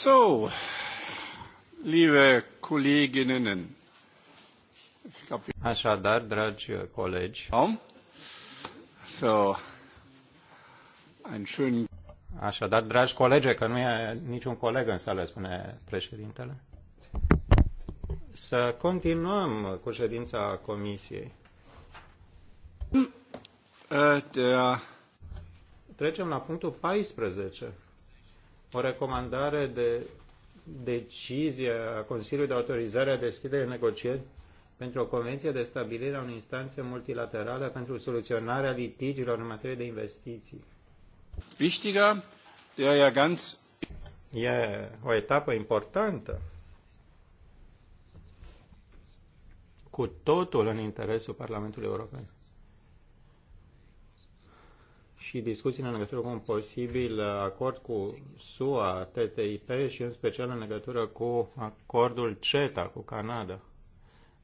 So, liebe Kolleginnen, Așadar, dragi colegi, so, ein schön... Așadar, dragi colegi, că nu e niciun coleg în sală, spune președintele. Să continuăm cu ședința comisiei. Mm, uh, Trecem la punctul 14 o recomandare de decizie a Consiliului de autorizare a deschiderii negocieri pentru o convenție de stabilire a unei instanțe multilaterale pentru soluționarea litigiilor în materie de investiții. Wichtiger, der ja ganz E o etapă importantă cu totul în interesul Parlamentului European și discuțiile în legătură cu un posibil acord cu SUA, TTIP și în special în legătură cu acordul CETA cu Canada.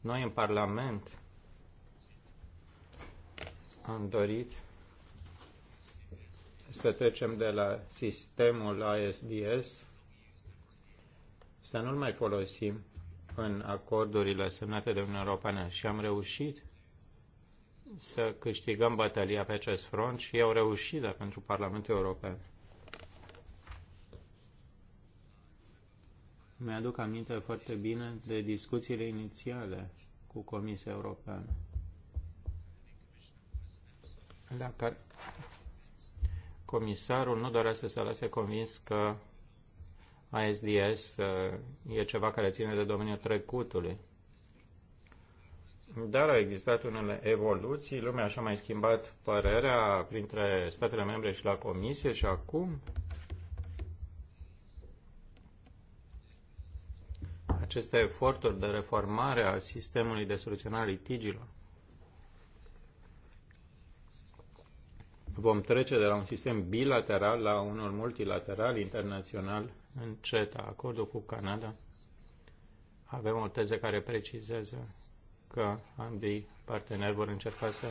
Noi în Parlament am dorit să trecem de la sistemul ISDS să nu-l mai folosim în acordurile semnate de Uniunea Europeană și am reușit să câștigăm bătălia pe acest front și e o reușită pentru Parlamentul European. Mi-aduc aminte foarte bine de discuțiile inițiale cu Comisia Europeană. La care comisarul nu dorea să se lase convins că ASDS uh, e ceva care ține de domeniul trecutului dar au existat unele evoluții, lumea și-a mai schimbat părerea printre statele membre și la comisie și acum aceste eforturi de reformare a sistemului de soluționare litigilor. Vom trece de la un sistem bilateral la unul multilateral internațional în CETA, acordul cu Canada. Avem o teză care precizează că ambii parteneri vor încerca să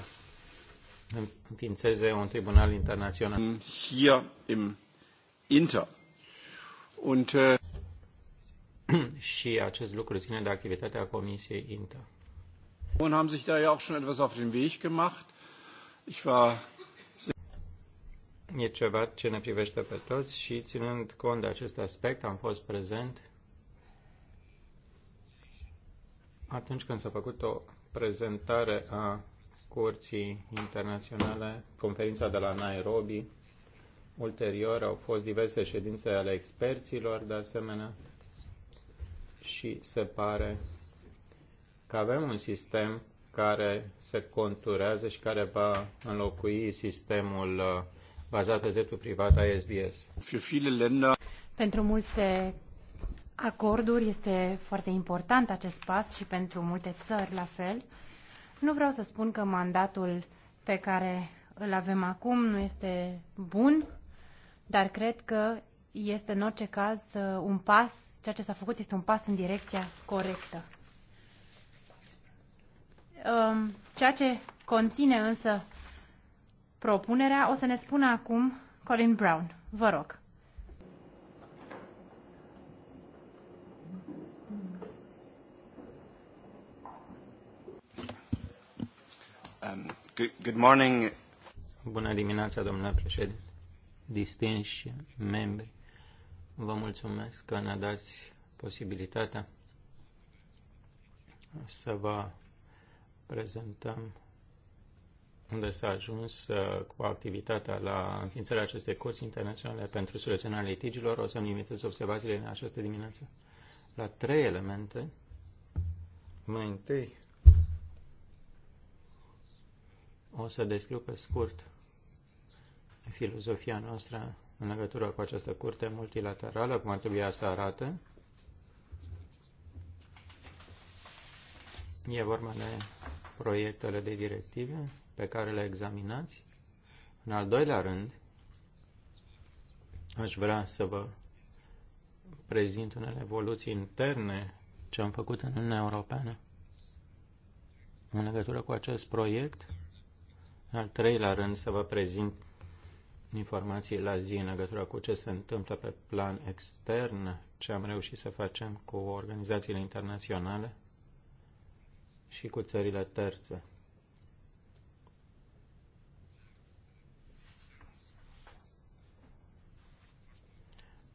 înființeze un tribunal internațional. Hier im Inter. Und, äh, și acest lucru ține de activitatea Comisiei Inter. Und haben sich da ja auch schon etwas auf den Weg gemacht. Ich war E ceva ce ne privește pe toți și ținând cont de acest aspect am fost prezent atunci când s-a făcut o prezentare a Curții Internaționale, conferința de la Nairobi, ulterior au fost diverse ședințe ale experților, de asemenea, și se pare că avem un sistem care se conturează și care va înlocui sistemul uh, bazat pe dreptul privat a SDS. Pentru multe acorduri este foarte important acest pas și pentru multe țări la fel. Nu vreau să spun că mandatul pe care îl avem acum nu este bun, dar cred că este în orice caz un pas, ceea ce s-a făcut este un pas în direcția corectă. Um, ceea ce conține însă propunerea o să ne spună acum Colin Brown. Vă rog. Good morning. Bună dimineața, domnule președinte, distinși membri. Vă mulțumesc că ne dați posibilitatea să vă prezentăm unde s-a ajuns uh, cu activitatea la înființarea acestei curți internaționale pentru soluționarea litigilor. O să-mi limitez observațiile în această dimineață la trei elemente. Mai întâi, O să descriu pe scurt filozofia noastră în legătură cu această curte multilaterală, cum ar trebui să arate. E vorba de proiectele de directive pe care le examinați. În al doilea rând, aș vrea să vă prezint unele evoluții interne ce am făcut în Uniunea Europeană în legătură cu acest proiect în al treilea rând să vă prezint informații la zi în legătură cu ce se întâmplă pe plan extern, ce am reușit să facem cu organizațiile internaționale și cu țările terțe.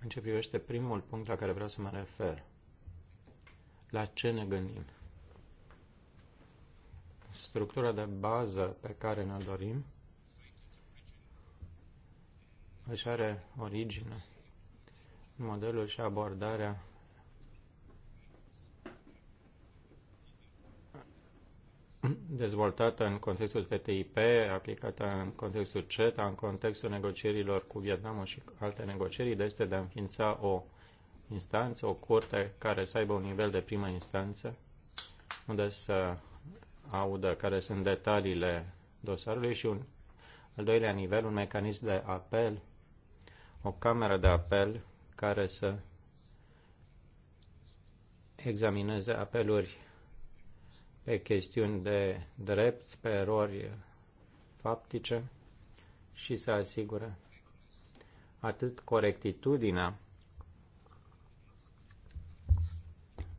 În ce privește primul punct la care vreau să mă refer, la ce ne gândim? structura de bază pe care ne dorim își are origine modelul și abordarea dezvoltată în contextul TTIP, aplicată în contextul CETA, în contextul negocierilor cu Vietnamul și alte negocieri, de este de a înființa o instanță, o curte care să aibă un nivel de primă instanță, unde să audă care sunt detaliile dosarului și un al doilea nivel, un mecanism de apel, o cameră de apel care să examineze apeluri pe chestiuni de drept, pe erori faptice și să asigure atât corectitudinea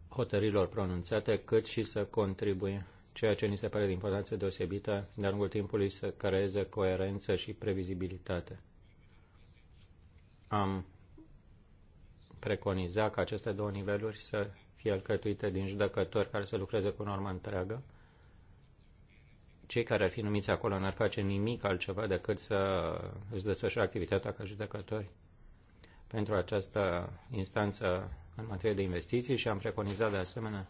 hotărilor pronunțate, cât și să contribuie ceea ce ni se pare de importanță deosebită de-a lungul timpului să creeze coerență și previzibilitate. Am preconiza ca aceste două niveluri să fie alcătuite din judecători care să lucreze cu norma întreagă. Cei care ar fi numiți acolo n-ar face nimic altceva decât să își desfășoare activitatea ca judecători pentru această instanță în materie de investiții și am preconizat de asemenea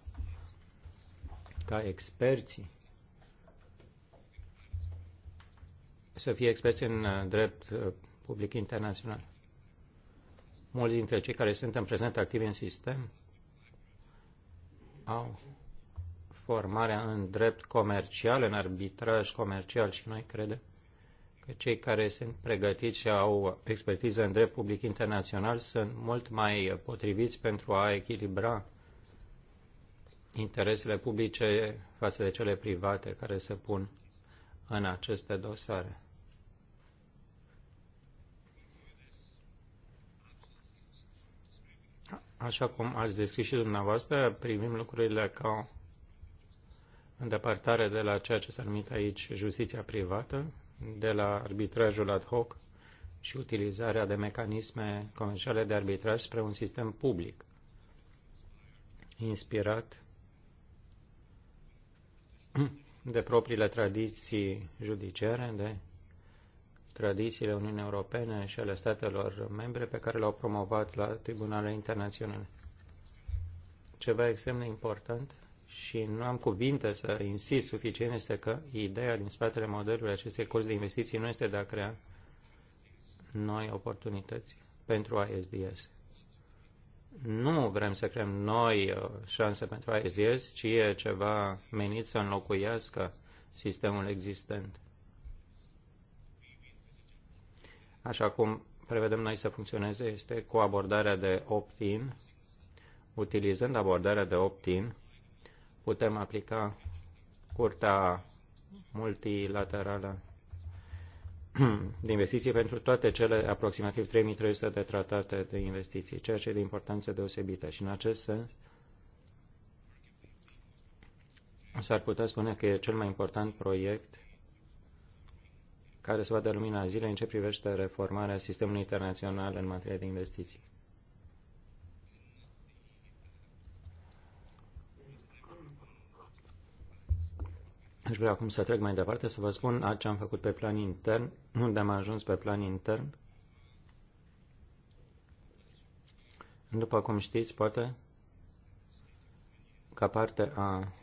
ca experții să fie experți în uh, drept uh, public internațional. Mulți dintre cei care sunt în prezent activi în sistem au formarea în drept comercial, în arbitraj comercial și noi credem că cei care sunt pregătiți și au expertiză în drept public internațional sunt mult mai uh, potriviți pentru a echilibra interesele publice față de cele private care se pun în aceste dosare. Așa cum ați descris și dumneavoastră, primim lucrurile ca o îndepărtare de la ceea ce s-a numit aici justiția privată, de la arbitrajul ad hoc și utilizarea de mecanisme comerciale de arbitraj spre un sistem public, inspirat de propriile tradiții judiciare, de tradițiile Uniunii Europene și ale statelor membre pe care le-au promovat la tribunale internaționale. Ceva extrem de important și nu am cuvinte să insist suficient este că ideea din spatele modelului acestei curs de investiții nu este de a crea noi oportunități pentru ISDS nu vrem să creăm noi uh, șanse pentru ISDS, ci e ceva menit să înlocuiască sistemul existent. Așa cum prevedem noi să funcționeze este cu abordarea de opt-in. Utilizând abordarea de opt-in, putem aplica curtea multilaterală de investiții pentru toate cele aproximativ 3300 de tratate de investiții, ceea ce e de importanță deosebită. Și în acest sens, s-ar putea spune că e cel mai important proiect care să vadă lumina zilei în ce privește reformarea sistemului internațional în materie de investiții. Aș vrea acum să trec mai departe să vă spun a ce am făcut pe plan intern, unde am ajuns pe plan intern. După cum știți, poate, ca parte a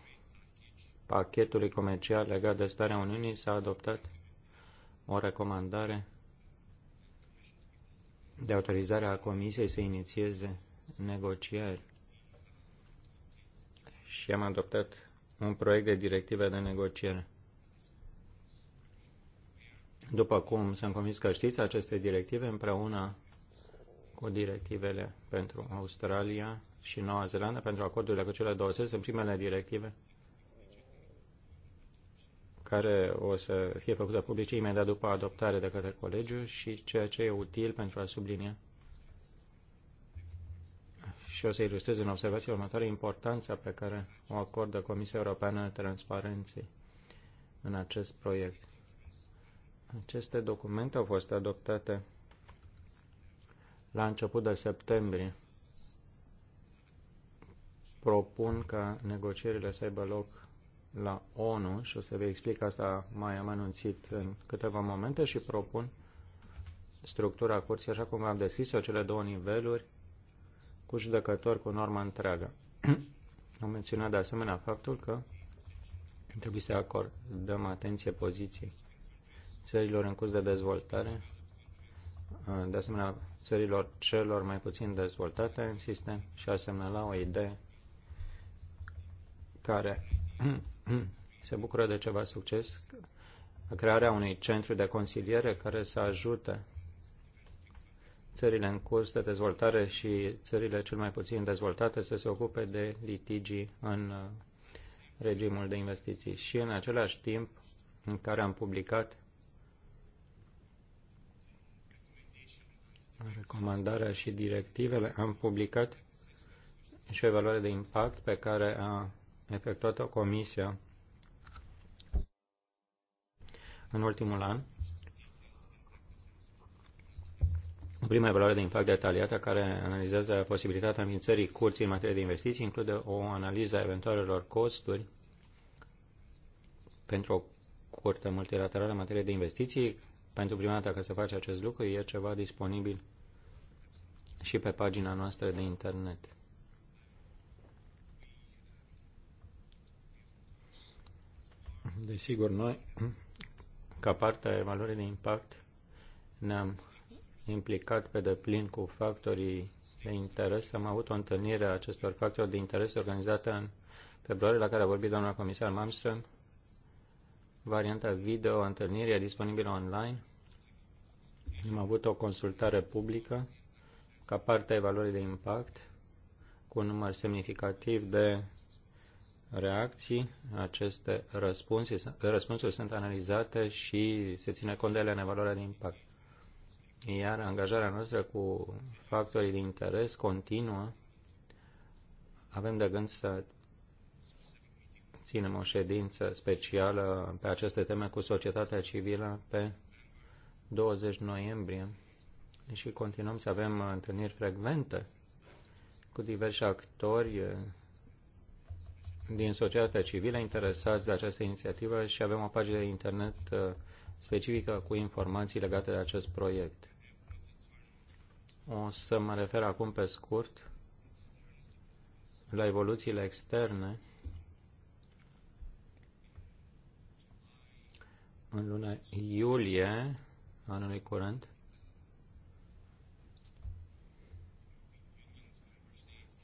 pachetului comercial legat de starea Uniunii s-a adoptat o recomandare de autorizare a Comisiei să inițieze negocieri și am adoptat un proiect de directive de negociere. După cum sunt convins că știți, aceste directive împreună cu directivele pentru Australia și Noua Zeelandă, pentru acordurile cu cele două țări, sunt primele directive care o să fie făcută publice imediat după adoptare de către colegiu și ceea ce e util pentru a sublinia și o să ilustrez în observația următoare importanța pe care o acordă Comisia Europeană Transparenței în acest proiect. Aceste documente au fost adoptate la început de septembrie. Propun ca negocierile să aibă loc la ONU și o să vă explic asta mai am anunțit în câteva momente și propun structura curții așa cum v-am descris-o, cele două niveluri, cu judecători cu norma întreagă. Am menționat de asemenea faptul că trebuie să acordăm atenție poziției țărilor în curs de dezvoltare, de asemenea țărilor celor mai puțin dezvoltate în sistem și a semnala o idee care se bucură de ceva succes, crearea unui centru de consiliere care să ajute țările în curs de dezvoltare și țările cel mai puțin dezvoltate să se ocupe de litigii în uh, regimul de investiții. Și în același timp în care am publicat recomandarea și directivele, am publicat și o evaluare de impact pe care a efectuat-o Comisia în ultimul an O primă evaluare de impact detaliată care analizează posibilitatea amințării curții în materie de investiții include o analiză a eventualelor costuri pentru o curte multilaterală în materie de investiții. Pentru prima dată că se face acest lucru, e ceva disponibil și pe pagina noastră de internet. Desigur, noi, ca parte a evaluării de impact, ne-am implicat pe deplin cu factorii de interes. Am avut o întâlnire a acestor factori de interes organizată în februarie, la care a vorbit doamna comisar Malmström. Varianta video a întâlnirii e disponibilă online. Am avut o consultare publică ca parte a evaluării de impact cu un număr semnificativ de reacții. Aceste răspunsuri, răspunsuri sunt analizate și se ține cont de ele în evaluarea de impact. Iar angajarea noastră cu factorii de interes continuă. Avem de gând să ținem o ședință specială pe aceste teme cu societatea civilă pe 20 noiembrie și continuăm să avem întâlniri frecvente cu diversi actori din societatea civilă interesați de această inițiativă și avem o pagină de internet uh, specifică cu informații legate de acest proiect. O să mă refer acum pe scurt la evoluțiile externe în luna iulie anului curent.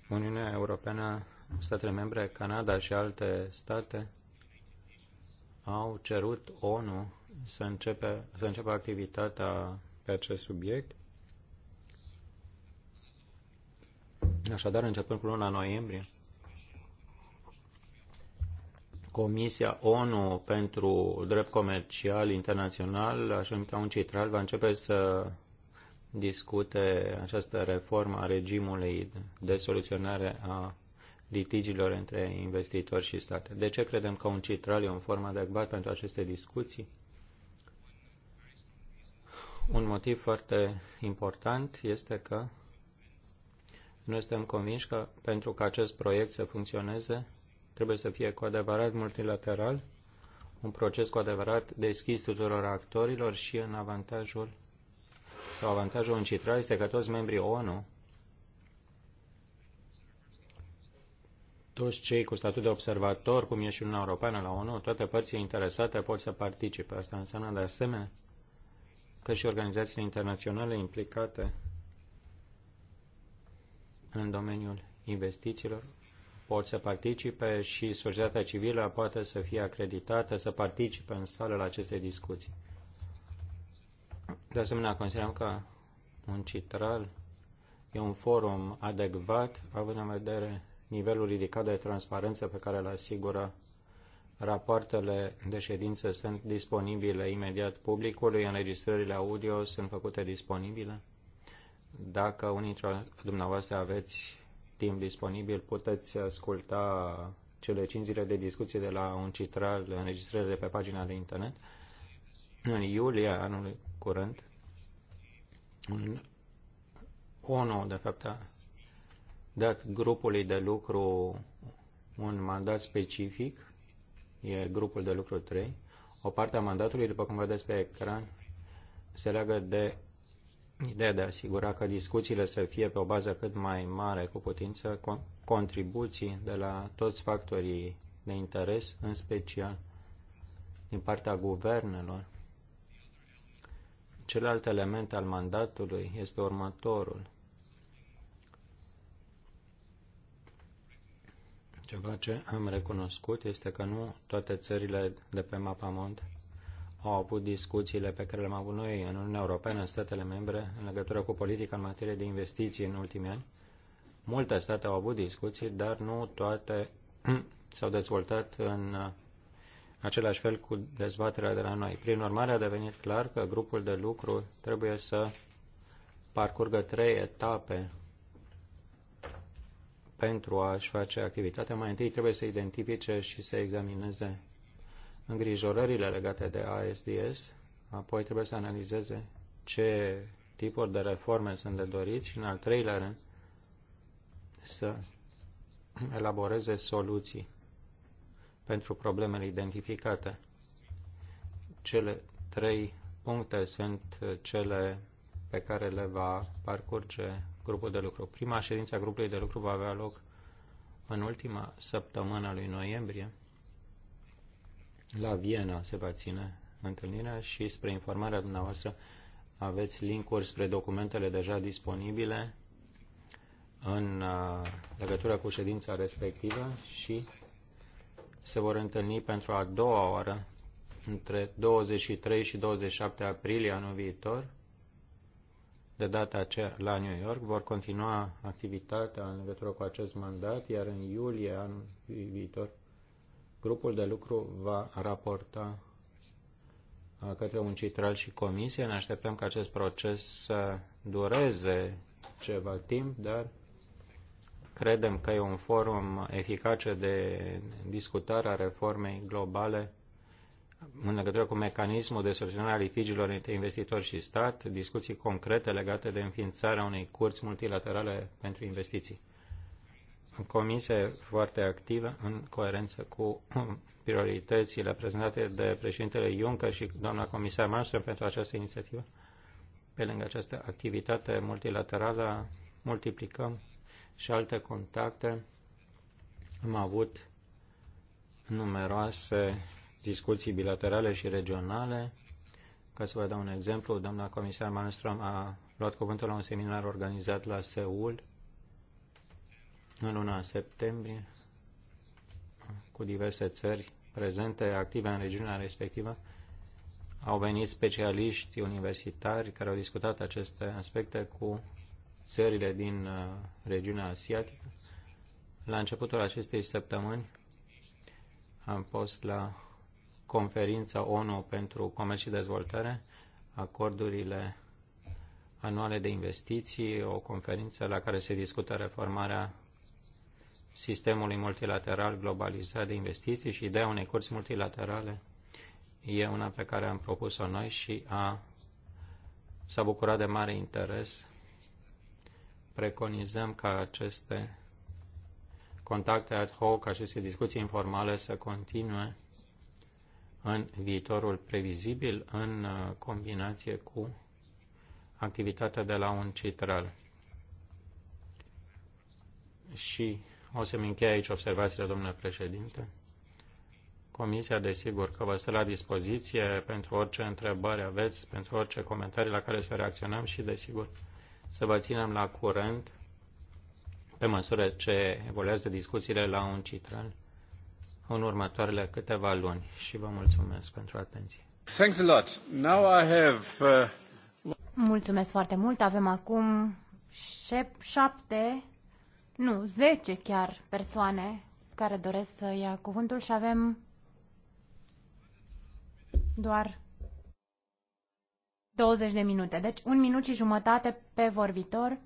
Uniunea Europeană, statele membre, Canada și alte state au cerut ONU să, începe, să înceapă activitatea pe acest subiect Așadar, începând cu luna noiembrie, Comisia ONU pentru Drept Comercial Internațional, așa numită un citral, va începe să discute această reformă a regimului de soluționare a litigiilor între investitori și state. De ce credem că un citral e o formă adecvat pentru aceste discuții? Un motiv foarte important este că noi suntem convinși că pentru ca acest proiect să funcționeze, trebuie să fie cu adevărat multilateral, un proces cu adevărat deschis tuturor actorilor și în avantajul sau avantajul încitrat este că toți membrii ONU, toți cei cu statut de observator, cum e și Uniunea Europeană la ONU, toate părțile interesate pot să participe. Asta înseamnă de asemenea că și organizațiile internaționale implicate în domeniul investițiilor pot să participe și societatea civilă poate să fie acreditată să participe în sală la aceste discuții. De asemenea, considerăm că un citral e un forum adecvat, având în vedere nivelul ridicat de transparență pe care îl asigură rapoartele de ședință sunt disponibile imediat publicului, înregistrările audio sunt făcute disponibile dacă unii dintre dumneavoastră aveți timp disponibil, puteți asculta cele cinci zile de discuție de la un citral înregistrări de pe pagina de internet. În iulie anului curent, în ONU, de fapt, a dat grupului de lucru un mandat specific, e grupul de lucru 3. O parte a mandatului, după cum vedeți pe ecran, se leagă de Ideea de a asigura că discuțiile să fie pe o bază cât mai mare cu putință, contribuții de la toți factorii de interes, în special din partea guvernelor. Celălalt element al mandatului este următorul. Ceva ce am recunoscut este că nu toate țările de pe mapa mond au avut discuțiile pe care le-am avut noi în Uniunea Europeană, în statele membre, în legătură cu politica în materie de investiții în ultimii ani. Multe state au avut discuții, dar nu toate s-au dezvoltat în uh, același fel cu dezbaterea de la noi. Prin urmare, a devenit clar că grupul de lucru trebuie să parcurgă trei etape pentru a-și face activitatea. Mai întâi trebuie să identifice și să examineze îngrijorările legate de ASDS, apoi trebuie să analizeze ce tipuri de reforme sunt de dorit și, în al treilea rând, să elaboreze soluții pentru problemele identificate. Cele trei puncte sunt cele pe care le va parcurge grupul de lucru. Prima ședință a grupului de lucru va avea loc în ultima săptămână lui noiembrie la Viena se va ține întâlnirea și spre informarea dumneavoastră aveți linkuri spre documentele deja disponibile în uh, legătură cu ședința respectivă și se vor întâlni pentru a doua oară între 23 și 27 aprilie anul viitor. De data aceea, la New York, vor continua activitatea în legătură cu acest mandat, iar în iulie anul viitor Grupul de lucru va raporta uh, către un citral și comisie. Ne așteptăm ca acest proces să dureze ceva timp, dar credem că e un forum eficace de discutare a reformei globale în legătură cu mecanismul de soluționare a litigiilor între investitori și stat, discuții concrete legate de înființarea unei curți multilaterale pentru investiții. Comisia e foarte activă, în coerență cu prioritățile prezentate de președintele Juncker și doamna comisar Malmström pentru această inițiativă. Pe lângă această activitate multilaterală, multiplicăm și alte contacte. Am avut numeroase discuții bilaterale și regionale. Ca să vă dau un exemplu, doamna comisar Manström a luat cuvântul la un seminar organizat la Seul în luna septembrie cu diverse țări prezente, active în regiunea respectivă. Au venit specialiști universitari care au discutat aceste aspecte cu țările din uh, regiunea asiatică. La începutul acestei săptămâni am fost la conferința ONU pentru Comerț și Dezvoltare, acordurile anuale de investiții, o conferință la care se discută reformarea sistemului multilateral globalizat de investiții și ideea unei curți multilaterale e una pe care am propus-o noi și a, s-a bucurat de mare interes. Preconizăm ca aceste contacte ad hoc, aceste discuții informale să continue în viitorul previzibil în uh, combinație cu activitatea de la un citral. Și o să-mi încheie aici observațiile, domnule președinte. Comisia, desigur, că vă stă la dispoziție pentru orice întrebări aveți, pentru orice comentarii la care să reacționăm și, desigur, să vă ținem la curent pe măsură ce evoluează discuțiile la un citral în următoarele câteva luni și vă mulțumesc pentru atenție. Thanks a lot. Now I have, uh... Mulțumesc foarte mult. Avem acum șapte nu, 10 chiar persoane care doresc să ia cuvântul și avem doar 20 de minute. Deci un minut și jumătate pe vorbitor.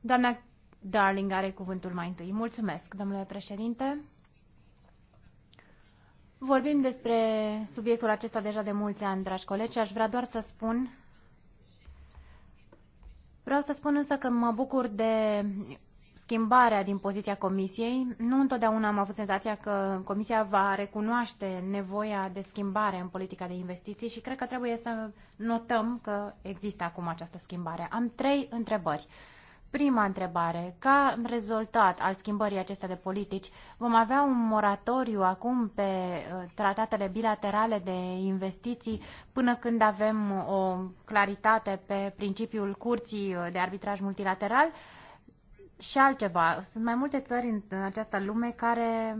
Doamna Darling are cuvântul mai întâi. Mulțumesc, domnule președinte. Vorbim despre subiectul acesta deja de mulți ani, dragi colegi, și aș vrea doar să spun Vreau să spun însă că mă bucur de schimbarea din poziția Comisiei. Nu întotdeauna am avut senzația că Comisia va recunoaște nevoia de schimbare în politica de investiții și cred că trebuie să notăm că există acum această schimbare. Am trei întrebări. Prima întrebare. Ca rezultat al schimbării acestea de politici, vom avea un moratoriu acum pe uh, tratatele bilaterale de investiții până când avem uh, o claritate pe principiul curții uh, de arbitraj multilateral? și altceva. Sunt mai multe țări în această lume care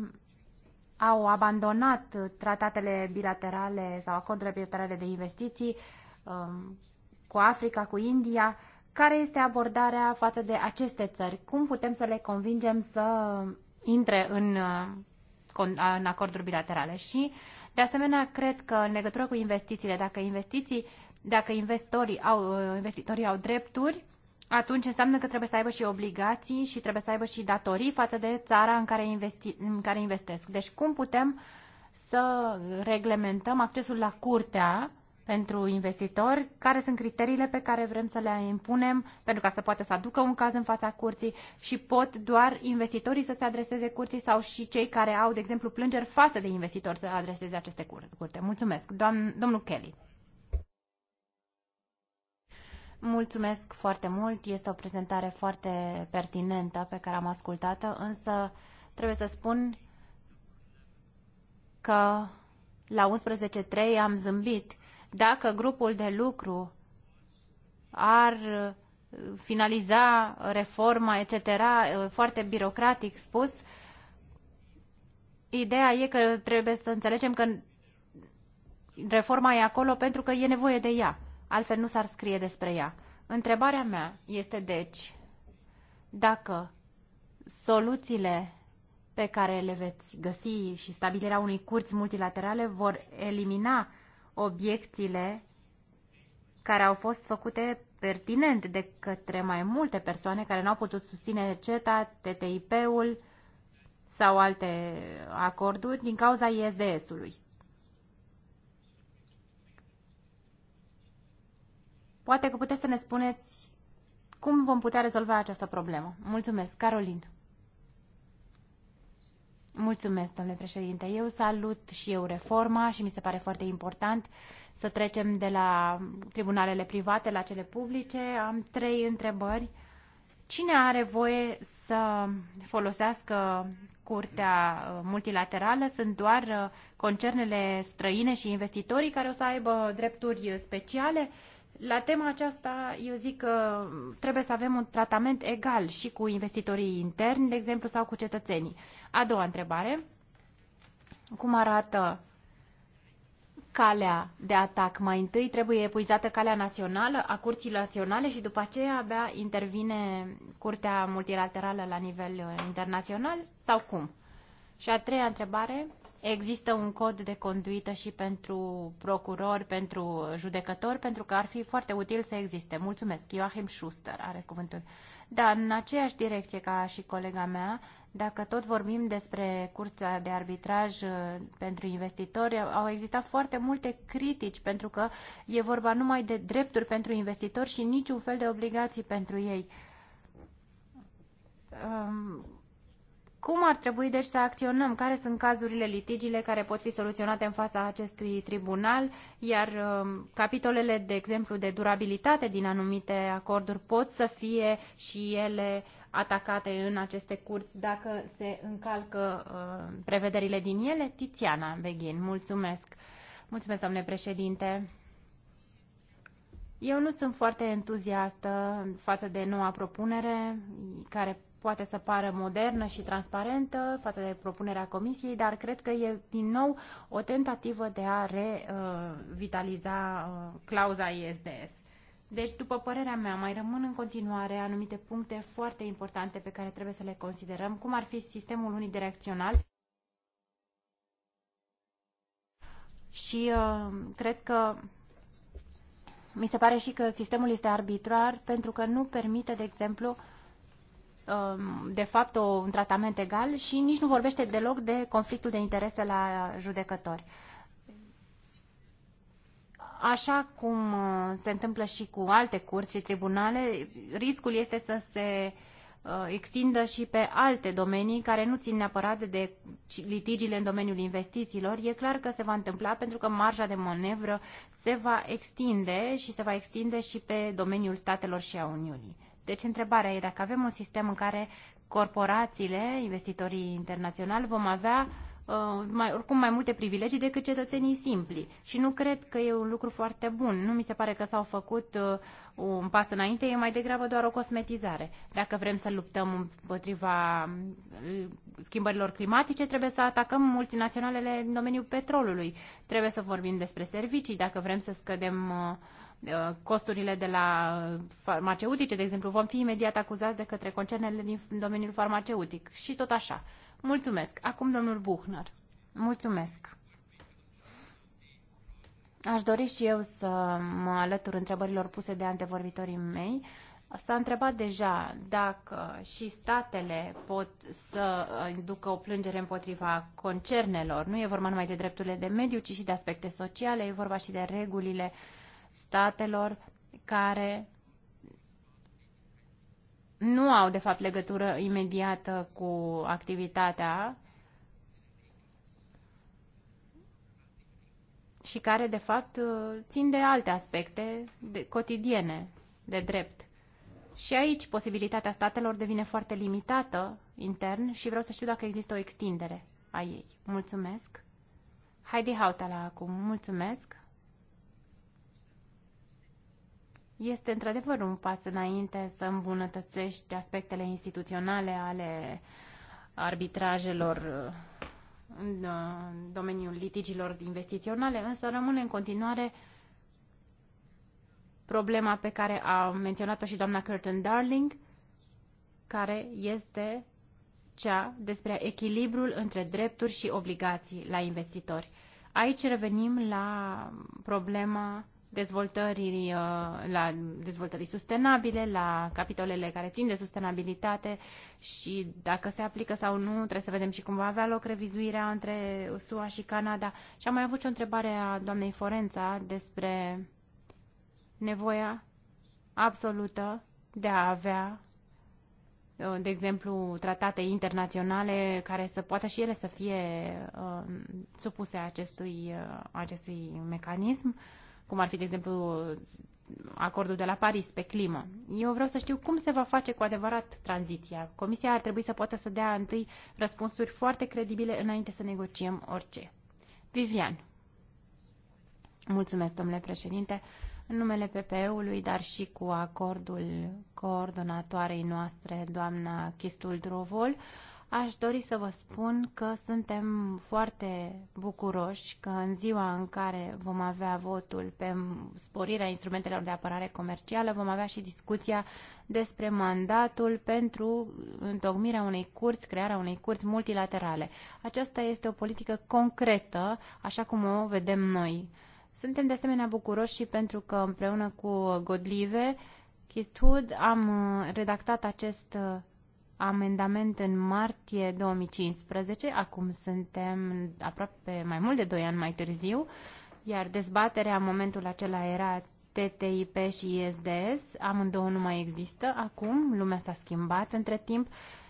au abandonat tratatele bilaterale sau acordurile bilaterale de investiții um, cu Africa, cu India. Care este abordarea față de aceste țări? Cum putem să le convingem să intre în, uh, uh, în acorduri bilaterale? Și, de asemenea, cred că în legătură cu investițiile, dacă investiții, dacă investitorii au, uh, investitorii au drepturi, atunci înseamnă că trebuie să aibă și obligații și trebuie să aibă și datorii față de țara în care, investi, în care investesc. Deci cum putem să reglementăm accesul la curtea pentru investitori, care sunt criteriile pe care vrem să le impunem pentru ca să poată să aducă un caz în fața curții și pot doar investitorii să se adreseze curții sau și cei care au, de exemplu, plângeri față de investitori să adreseze aceste curte. Mulțumesc. Doamn, domnul Kelly. Mulțumesc foarte mult, este o prezentare foarte pertinentă pe care am ascultat-o, însă trebuie să spun că la 11.3 am zâmbit. Dacă grupul de lucru ar finaliza reforma, etc., foarte birocratic spus, ideea e că trebuie să înțelegem că reforma e acolo pentru că e nevoie de ea altfel nu s-ar scrie despre ea. Întrebarea mea este deci dacă soluțiile pe care le veți găsi și stabilirea unui curți multilaterale vor elimina obiecțiile care au fost făcute pertinent de către mai multe persoane care n-au putut susține CETA, TTIP-ul sau alte acorduri din cauza ISDS-ului. Poate că puteți să ne spuneți cum vom putea rezolva această problemă. Mulțumesc, Carolin. Mulțumesc, domnule președinte. Eu salut și eu reforma și mi se pare foarte important să trecem de la tribunalele private la cele publice. Am trei întrebări. Cine are voie să folosească curtea uh, multilaterală? Sunt doar uh, concernele străine și investitorii care o să aibă drepturi uh, speciale la tema aceasta, eu zic că trebuie să avem un tratament egal și cu investitorii interni, de exemplu, sau cu cetățenii. A doua întrebare. Cum arată calea de atac? Mai întâi trebuie epuizată calea națională a curții naționale și după aceea abia intervine curtea multilaterală la nivel internațional sau cum? Și a treia întrebare, există un cod de conduită și pentru procurori, pentru judecători, pentru că ar fi foarte util să existe. Mulțumesc. Joachim Schuster are cuvântul. Da, în aceeași direcție ca și colega mea, dacă tot vorbim despre curța de arbitraj uh, pentru investitori, au existat foarte multe critici pentru că e vorba numai de drepturi pentru investitori și niciun fel de obligații pentru ei. Um cum ar trebui deci să acționăm? Care sunt cazurile, litigiile care pot fi soluționate în fața acestui tribunal? Iar um, capitolele, de exemplu, de durabilitate din anumite acorduri pot să fie și ele atacate în aceste curți dacă se încalcă uh, prevederile din ele? Tiziana Beghin, mulțumesc. Mulțumesc, domnule președinte. Eu nu sunt foarte entuziastă față de noua propunere care poate să pară modernă și transparentă față de propunerea Comisiei, dar cred că e din nou o tentativă de a revitaliza uh, clauza ISDS. Deci, după părerea mea, mai rămân în continuare anumite puncte foarte importante pe care trebuie să le considerăm, cum ar fi sistemul unidirecțional. Și uh, cred că mi se pare și că sistemul este arbitrar pentru că nu permite, de exemplu, uh, Um, de fapt o, un tratament egal și nici nu vorbește deloc de conflictul de interese la judecători. Așa cum uh, se întâmplă și cu alte curți și tribunale, riscul este să se uh, extindă și pe alte domenii care nu țin neapărat de litigiile în domeniul investițiilor. E clar că se va întâmpla pentru că marja de manevră se va extinde și se va extinde și pe domeniul statelor și a Uniunii. Deci întrebarea e dacă avem un sistem în care corporațiile, investitorii internaționali, vom avea uh, mai, oricum mai multe privilegii decât cetățenii simpli. Și nu cred că e un lucru foarte bun. Nu mi se pare că s-au făcut uh, un pas înainte, e mai degrabă doar o cosmetizare. Dacă vrem să luptăm împotriva uh, schimbărilor climatice, trebuie să atacăm multinaționalele în domeniul petrolului. Trebuie să vorbim despre servicii, dacă vrem să scădem uh, Uh, costurile de la uh, farmaceutice, de exemplu, vom fi imediat acuzați de către concernele din domeniul farmaceutic și tot așa. Mulțumesc. Acum domnul Buchner. Mulțumesc. Aș dori și eu să mă alătur întrebărilor puse de antevorbitorii mei. S-a întrebat deja dacă și statele pot să uh, ducă o plângere împotriva concernelor. Nu e vorba numai de drepturile de mediu, ci și de aspecte sociale, e vorba și de regulile uh, statelor care nu au, de fapt, legătură imediată cu activitatea și care, de fapt, țin de alte aspecte de, cotidiene, de drept. Și aici posibilitatea statelor devine foarte limitată intern și vreau să știu dacă există o extindere a ei. Mulțumesc! Heidi Hautala acum, mulțumesc! Este într-adevăr un pas înainte să îmbunătățești aspectele instituționale ale arbitrajelor uh, uh, în domeniul litigilor investiționale, însă rămâne în continuare problema pe care a menționat-o și doamna Curtin Darling, care este cea despre echilibrul între drepturi și obligații la investitori. Aici revenim la problema dezvoltării, uh, la dezvoltării sustenabile, la capitolele care țin de sustenabilitate și dacă se aplică sau nu, trebuie să vedem și cum va avea loc revizuirea între SUA și Canada. Și am mai avut și o întrebare a doamnei Forența despre nevoia absolută de a avea uh, de exemplu, tratate internaționale care să poată și ele să fie uh, supuse acestui, uh, acestui mecanism. Uh, cum ar fi, de exemplu, acordul de la Paris pe climă. Eu vreau să știu cum se va face cu adevărat tranziția. Comisia ar trebui să poată să dea întâi răspunsuri foarte credibile înainte să negociem orice. Vivian. Mulțumesc, domnule președinte. În numele PPE-ului, dar și cu acordul coordonatoarei noastre, doamna Chistul Drovol, uh, aș dori să vă spun că suntem foarte bucuroși că în ziua în care vom avea votul pe sporirea instrumentelor de apărare comercială, vom avea și discuția despre mandatul pentru întocmirea unei curți, crearea unei curți multilaterale. Aceasta este o politică concretă, așa cum o vedem noi. Suntem de asemenea bucuroși și pentru că împreună cu Godlive, Chistud, am redactat acest amendament în martie 2015, acum suntem aproape mai mult de 2 ani mai târziu, iar dezbaterea în momentul acela era TTIP și ISDS, amândouă nu mai există acum, lumea s-a schimbat între timp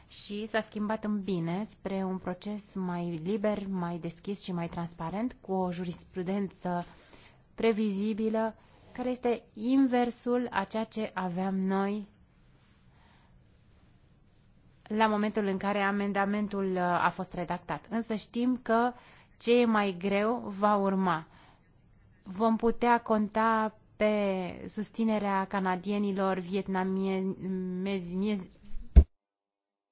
și s-a schimbat în bine spre un proces mai liber, mai deschis și mai transparent, cu o jurisprudență previzibilă, care este inversul a ceea ce aveam noi la momentul în care amendamentul uh, a fost redactat. Însă știm că ce e mai greu va urma. Vom putea conta pe susținerea canadienilor, vietnamiezilor,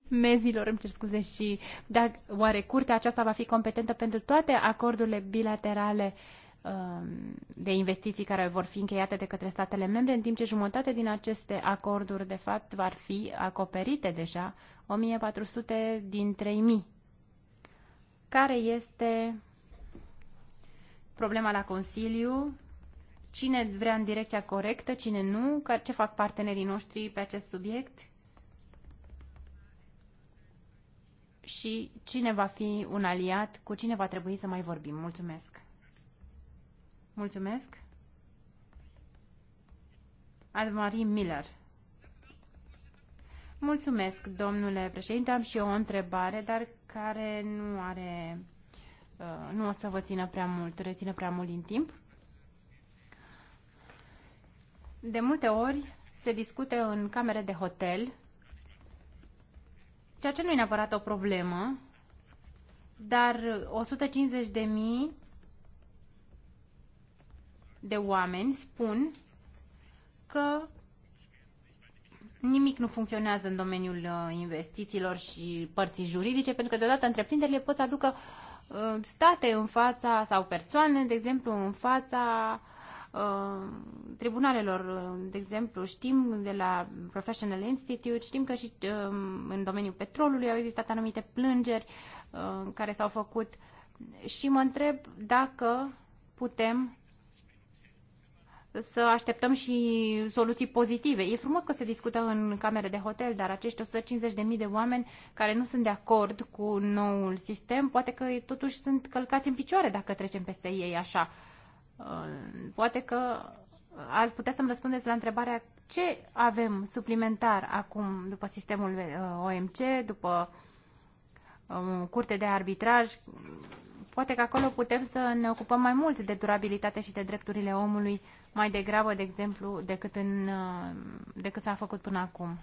mezilor, îmi cer scuze, și dacă, oare curtea aceasta va fi competentă pentru toate acordurile bilaterale uh, Um, de investiții care vor fi încheiate de către statele membre, în timp ce jumătate din aceste acorduri, de fapt, vor fi acoperite deja, 1400 din 3000. Care este problema la Consiliu? Cine vrea în direcția corectă, cine nu? Ce fac partenerii noștri pe acest subiect? Și cine va fi un aliat? Cu cine va trebui să mai vorbim? Mulțumesc! Mulțumesc. anne Miller. Mulțumesc, domnule președinte. Am și eu o întrebare, dar care nu are... Uh, nu o să vă țină prea mult, rețină prea mult din timp. De multe ori se discute în camere de hotel, ceea ce nu e neapărat o problemă, dar 150 de mii de oameni spun că nimic nu funcționează în domeniul uh, investițiilor și părții juridice, pentru că deodată întreprinderile pot să aducă uh, state în fața sau persoane, de exemplu, în fața uh, tribunalelor. De exemplu, știm de la Professional Institute, știm că și în domeniul petrolului au existat anumite plângeri care s-au făcut și mă întreb dacă putem să așteptăm și soluții pozitive. E frumos că se discută în camere de hotel, dar acești 150.000 de oameni care nu sunt de acord cu noul sistem, poate că totuși sunt călcați în picioare dacă trecem peste ei așa. Uh, poate că ați putea să-mi răspundeți la întrebarea ce avem suplimentar acum după sistemul uh, OMC, după um, curte de arbitraj, Poate că acolo putem să ne ocupăm mai mult de durabilitate și de drepturile omului, mai degrabă, de exemplu, decât, în, uh, decât s-a făcut până acum.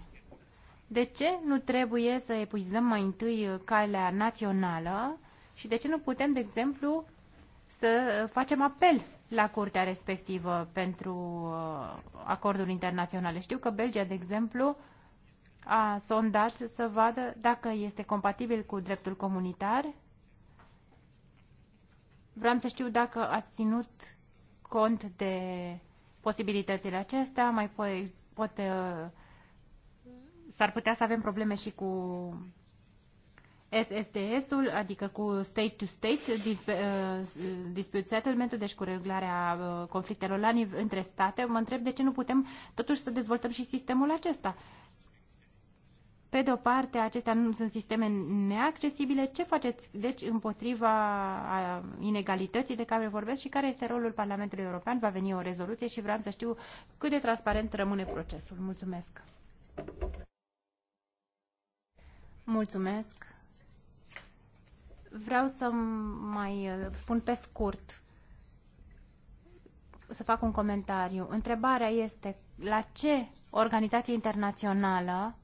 De ce nu trebuie să epuizăm mai întâi calea națională și de ce nu putem, de exemplu, să facem apel la curtea respectivă pentru uh, acorduri internaționale? Știu că Belgia, de exemplu, a sondat să vadă dacă este compatibil cu dreptul comunitar Vreau să știu dacă ați ținut cont de posibilitățile acestea, mai poate, poate uh, s-ar putea să avem probleme și cu SSDS-ul, adică cu state-to-state -state, uh, dispute settlement deci cu reglarea uh, conflictelor la nivel, între state. Mă întreb de ce nu putem totuși să dezvoltăm și sistemul acesta. Pe de o parte, acestea nu sunt sisteme neaccesibile. Ce faceți, deci, împotriva inegalității de care vorbesc și care este rolul Parlamentului European? Va veni o rezoluție și vreau să știu cât de transparent rămâne procesul. Mulțumesc! Mulțumesc! Vreau să mai uh, spun pe scurt, să fac un comentariu. Întrebarea este la ce organizație internațională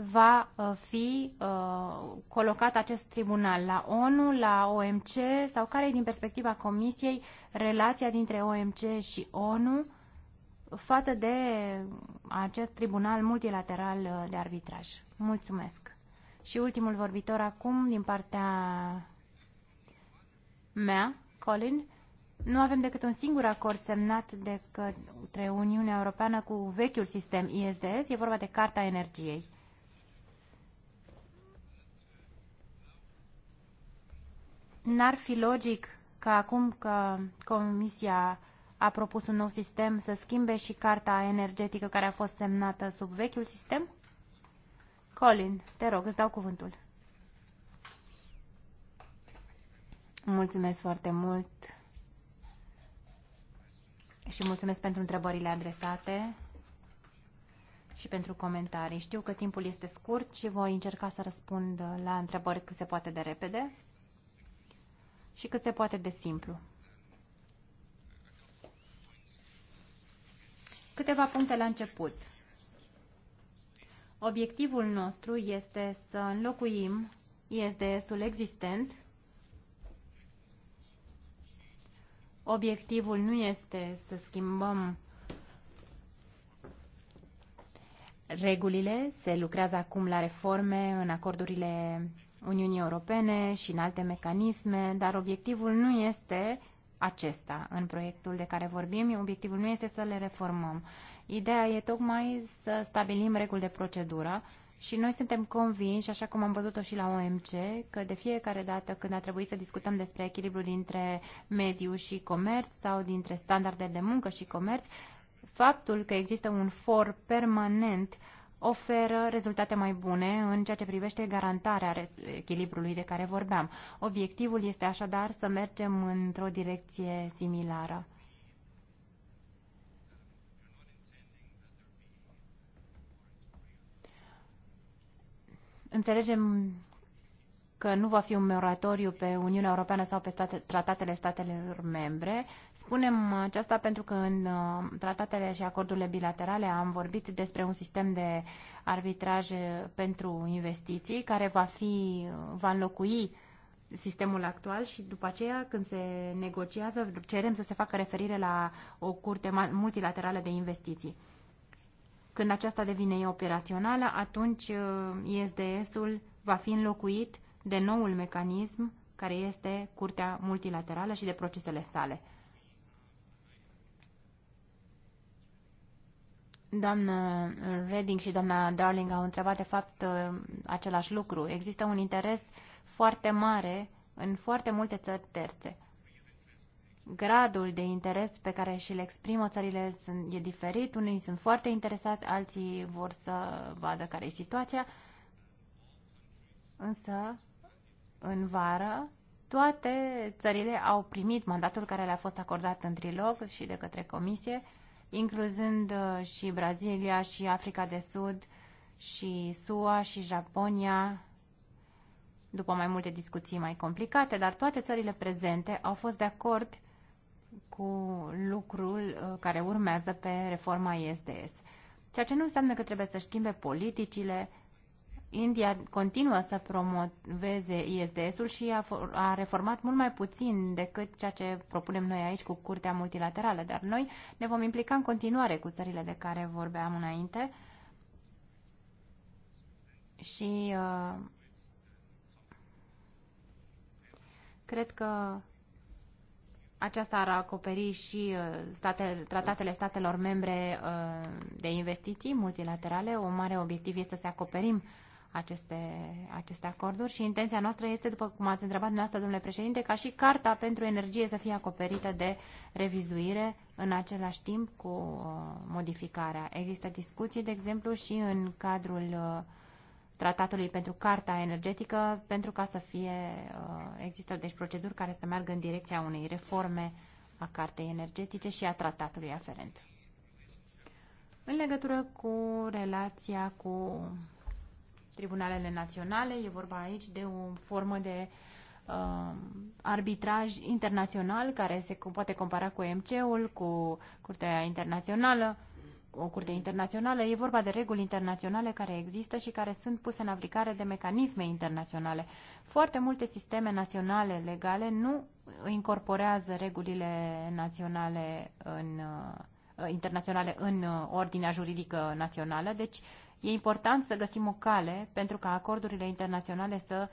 va uh, fi uh, colocat acest tribunal la ONU, la OMC sau care e din perspectiva Comisiei relația dintre OMC și ONU față de acest tribunal multilateral uh, de arbitraj. Mulțumesc. Și ultimul vorbitor acum din partea mea, Colin, nu avem decât un singur acord semnat de către Uniunea Europeană cu vechiul sistem ISDS, e vorba de Carta Energiei. N-ar fi logic ca acum că Comisia a propus un nou sistem să schimbe și Carta Energetică care a fost semnată sub vechiul sistem? Colin, te rog, îți dau cuvântul. Mulțumesc foarte mult și mulțumesc pentru întrebările adresate și pentru comentarii. Știu că timpul este scurt și voi încerca să răspund la întrebări cât se poate de repede și cât se poate de simplu. Câteva puncte la început. Obiectivul nostru este să înlocuim ISDS-ul existent Obiectivul nu este să schimbăm regulile, se lucrează acum la reforme în acordurile Uniunii Europene și în alte mecanisme, dar obiectivul nu este acesta în proiectul de care vorbim, obiectivul nu este să le reformăm. Ideea e tocmai să stabilim reguli de procedură și noi suntem convinși, așa cum am văzut-o și la OMC, că de fiecare dată când a trebuit să discutăm despre echilibru dintre mediu și comerț sau dintre standarde de muncă și comerț, faptul că există un for permanent oferă rezultate mai bune în ceea ce privește garantarea echilibrului de care vorbeam. Obiectivul este așadar să mergem într-o direcție similară. Înțelegem că nu va fi un moratoriu pe Uniunea Europeană sau pe state, tratatele statelor membre. Spunem aceasta pentru că în uh, tratatele și acordurile bilaterale am vorbit despre un sistem de arbitraj pentru investiții care va, fi, uh, va înlocui sistemul actual și după aceea când se negociază cerem să se facă referire la o curte multilaterală de investiții. Când aceasta devine operațională, atunci uh, ISDS-ul va fi înlocuit de noul mecanism care este Curtea Multilaterală și de procesele sale. Doamna Reding și doamna Darling au întrebat de fapt uh, același lucru. Există un interes foarte mare în foarte multe țări terțe gradul de interes pe care și-l exprimă țările sunt, e diferit. Unii sunt foarte interesați, alții vor să vadă care e situația. Însă, în vară, toate țările au primit mandatul care le-a fost acordat în trilog și de către comisie, incluzând uh, și Brazilia și Africa de Sud și SUA și Japonia, după mai multe discuții mai complicate, dar toate țările prezente au fost de acord cu lucrul uh, care urmează pe reforma ISDS. Ceea ce nu înseamnă că trebuie să schimbe politicile. India continuă să promoveze ISDS-ul și a, a reformat mult mai puțin decât ceea ce propunem noi aici cu Curtea Multilaterală, dar noi ne vom implica în continuare cu țările de care vorbeam înainte și uh, cred că aceasta ar acoperi și uh, state, tratatele statelor membre uh, de investiții multilaterale. Un mare obiectiv este să acoperim aceste, aceste acorduri și intenția noastră este, după cum ați întrebat dumneavoastră, domnule președinte, ca și Carta pentru Energie să fie acoperită de revizuire în același timp cu uh, modificarea. Există discuții, de exemplu, și în cadrul uh, tratatului pentru Carta Energetică pentru ca să fie, uh, există deci proceduri care să meargă în direcția unei reforme a Cartei Energetice și a tratatului aferent. În legătură cu relația cu tribunalele naționale, e vorba aici de o formă de uh, arbitraj internațional care se poate compara cu OMC-ul, cu Curtea Internațională o curte internațională, e vorba de reguli internaționale care există și care sunt puse în aplicare de mecanisme internaționale. Foarte multe sisteme naționale legale nu incorporează regulile naționale în, uh, internaționale în uh, ordinea juridică națională, deci e important să găsim o cale pentru ca acordurile internaționale să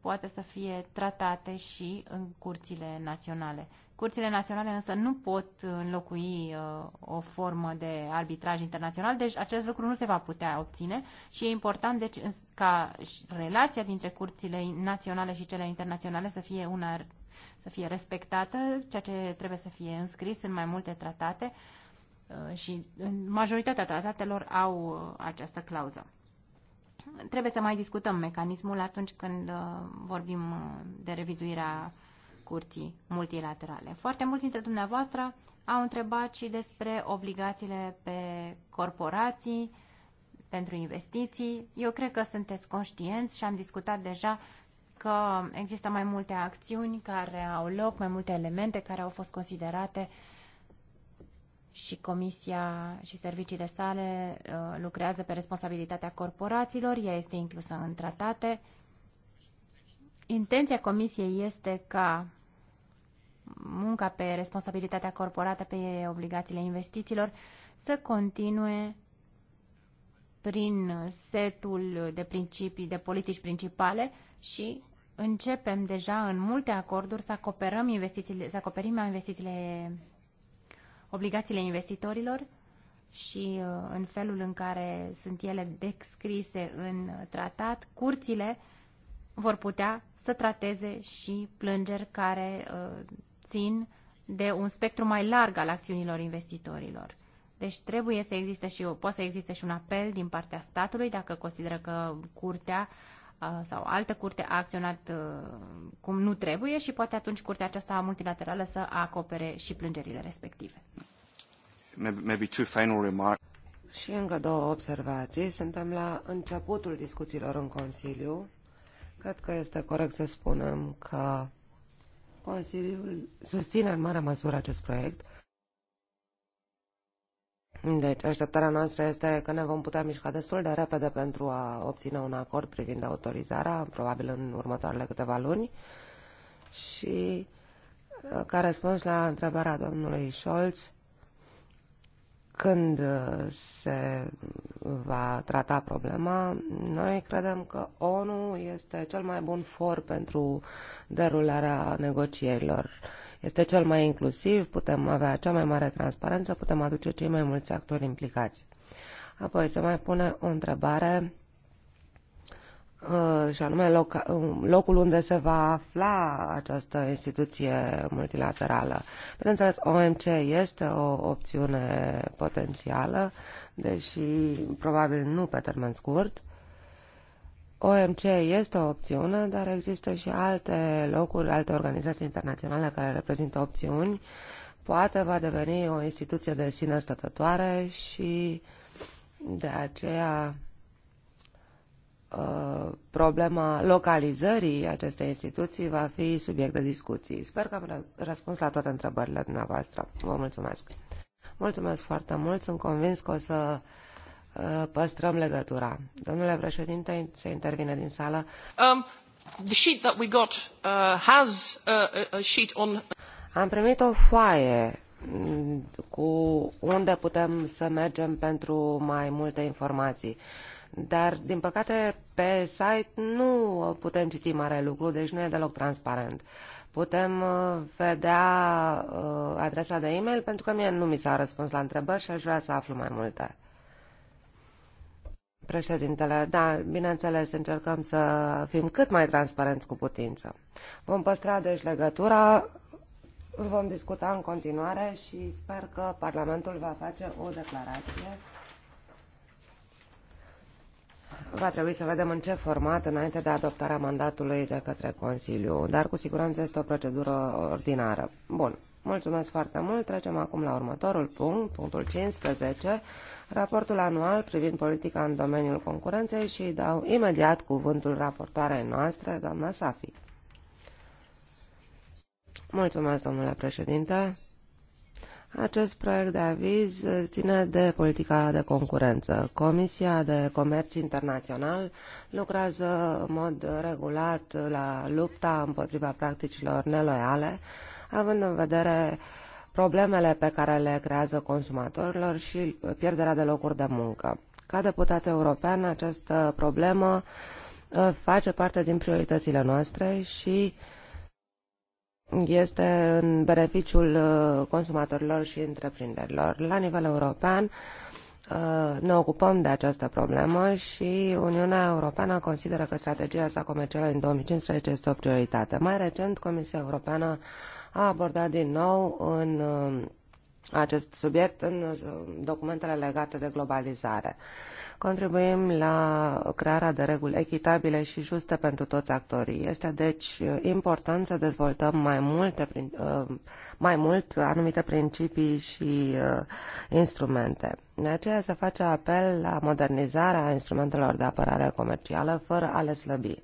poate să fie tratate și în curțile naționale. Curțile naționale însă nu pot înlocui uh, o formă de arbitraj internațional, deci acest lucru nu se va putea obține și e important deci, ca relația dintre curțile naționale și cele internaționale să fie una să fie respectată, ceea ce trebuie să fie înscris în mai multe tratate uh, și majoritatea tratatelor au uh, această clauză. Trebuie să mai discutăm mecanismul atunci când vorbim de revizuirea curții multilaterale. Foarte mulți dintre dumneavoastră au întrebat și despre obligațiile pe corporații, pentru investiții. Eu cred că sunteți conștienți și am discutat deja că există mai multe acțiuni care au loc, mai multe elemente care au fost considerate și Comisia și serviciile sale uh, lucrează pe responsabilitatea corporațiilor, ea este inclusă în tratate. Intenția Comisiei este ca munca pe responsabilitatea corporată, pe obligațiile investițiilor, să continue prin setul de principii, de politici principale și începem deja în multe acorduri să, acoperăm investițiile, să acoperim investițiile, obligațiile investitorilor și uh, în felul în care sunt ele descrise în tratat, curțile vor putea să trateze și plângeri care uh, țin de un spectru mai larg al acțiunilor investitorilor. Deci trebuie să existe și poate să existe și un apel din partea statului dacă consideră că curtea uh, sau altă curte a acționat uh, cum nu trebuie și poate atunci curtea aceasta multilaterală să acopere și plângerile respective. Maybe two final remarks. Și încă două observații. Suntem la începutul discuțiilor în Consiliu. Cred că este corect să spunem că Consiliul susține în mare măsură acest proiect. Deci, așteptarea noastră este că ne vom putea mișca destul de repede pentru a obține un acord privind autorizarea, probabil în următoarele câteva luni. Și ca răspuns la întrebarea domnului Scholz, când uh, se va trata problema, noi credem că ONU este cel mai bun for pentru derularea negocierilor. Este cel mai inclusiv, putem avea cea mai mare transparență, putem aduce cei mai mulți actori implicați. Apoi se mai pune o întrebare Uh, și anume loc, um, locul unde se va afla această instituție multilaterală. Bineînțeles, OMC este o opțiune potențială, deși probabil nu pe termen scurt. OMC este o opțiune, dar există și alte locuri, alte organizații internaționale care reprezintă opțiuni. Poate va deveni o instituție de sine stătătoare și de aceea Uh, problema localizării acestei instituții va fi subiect de discuții. Sper că am răspuns la toate întrebările dumneavoastră. Vă mulțumesc. Mulțumesc foarte mult. Sunt convins că o să uh, păstrăm legătura. Domnule președinte, se intervine din sală. Um, uh, am primit o foaie mm, cu unde putem să mergem pentru mai multe informații. Uh, dar, din păcate, pe site nu putem citi mare lucru, deci nu e deloc transparent. Putem uh, vedea uh, adresa de e-mail pentru că mie nu mi s-a răspuns la întrebări și aș vrea să aflu mai multe. Președintele, da, bineînțeles, încercăm să fim cât mai transparenți cu putință. Vom păstra, deci, legătura, vom discuta în continuare și sper că Parlamentul va face o declarație va trebui să vedem în ce format înainte de adoptarea mandatului de către Consiliu, dar cu siguranță este o procedură ordinară. Bun, mulțumesc foarte mult. Trecem acum la următorul punct, punctul 15, raportul anual privind politica în domeniul concurenței și dau imediat cuvântul raportoarei noastre, doamna Safi. Mulțumesc, domnule președinte. Acest proiect de aviz ține de politica de concurență. Comisia de Comerț Internațional lucrează în mod regulat la lupta împotriva practicilor neloiale, având în vedere problemele pe care le creează consumatorilor și pierderea de locuri de muncă. Ca deputat european, această problemă uh, face parte din prioritățile noastre și uh, este în beneficiul uh, consumatorilor și întreprinderilor. La nivel european uh, ne ocupăm de această problemă și Uniunea Europeană consideră că strategia sa comercială din 2015 este o prioritate. Mai recent, Comisia Europeană a abordat din nou în uh, acest subiect în documentele legate de globalizare. Uh, contribuim la crearea de reguli echitabile și juste pentru toți actorii. Este deci important să dezvoltăm mai, multe, uh, mai mult anumite principii și uh, instrumente. De aceea se face apel la modernizarea instrumentelor de apărare comercială fără a le slăbi.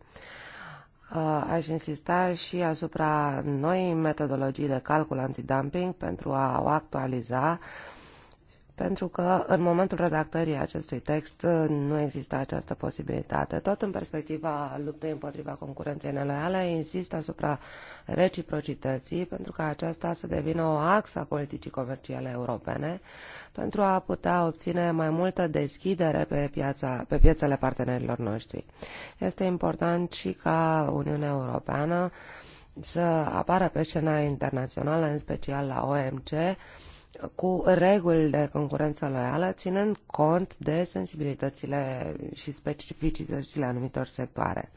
Uh, aș insista și asupra noii metodologii de calcul antidumping pentru a o actualiza pentru că în momentul redactării acestui text nu exista această posibilitate. Tot în perspectiva luptei împotriva concurenței neloiale, insist asupra reciprocității, pentru că aceasta să devină o axă a politicii comerciale europene, pentru a putea obține mai multă deschidere pe, piața, pe piețele partenerilor noștri. Este important și ca Uniunea Europeană să apară pe scena internațională, în special la OMC, cu reguli de concurență loială, ținând cont de sensibilitățile și specificitățile anumitor sectoare.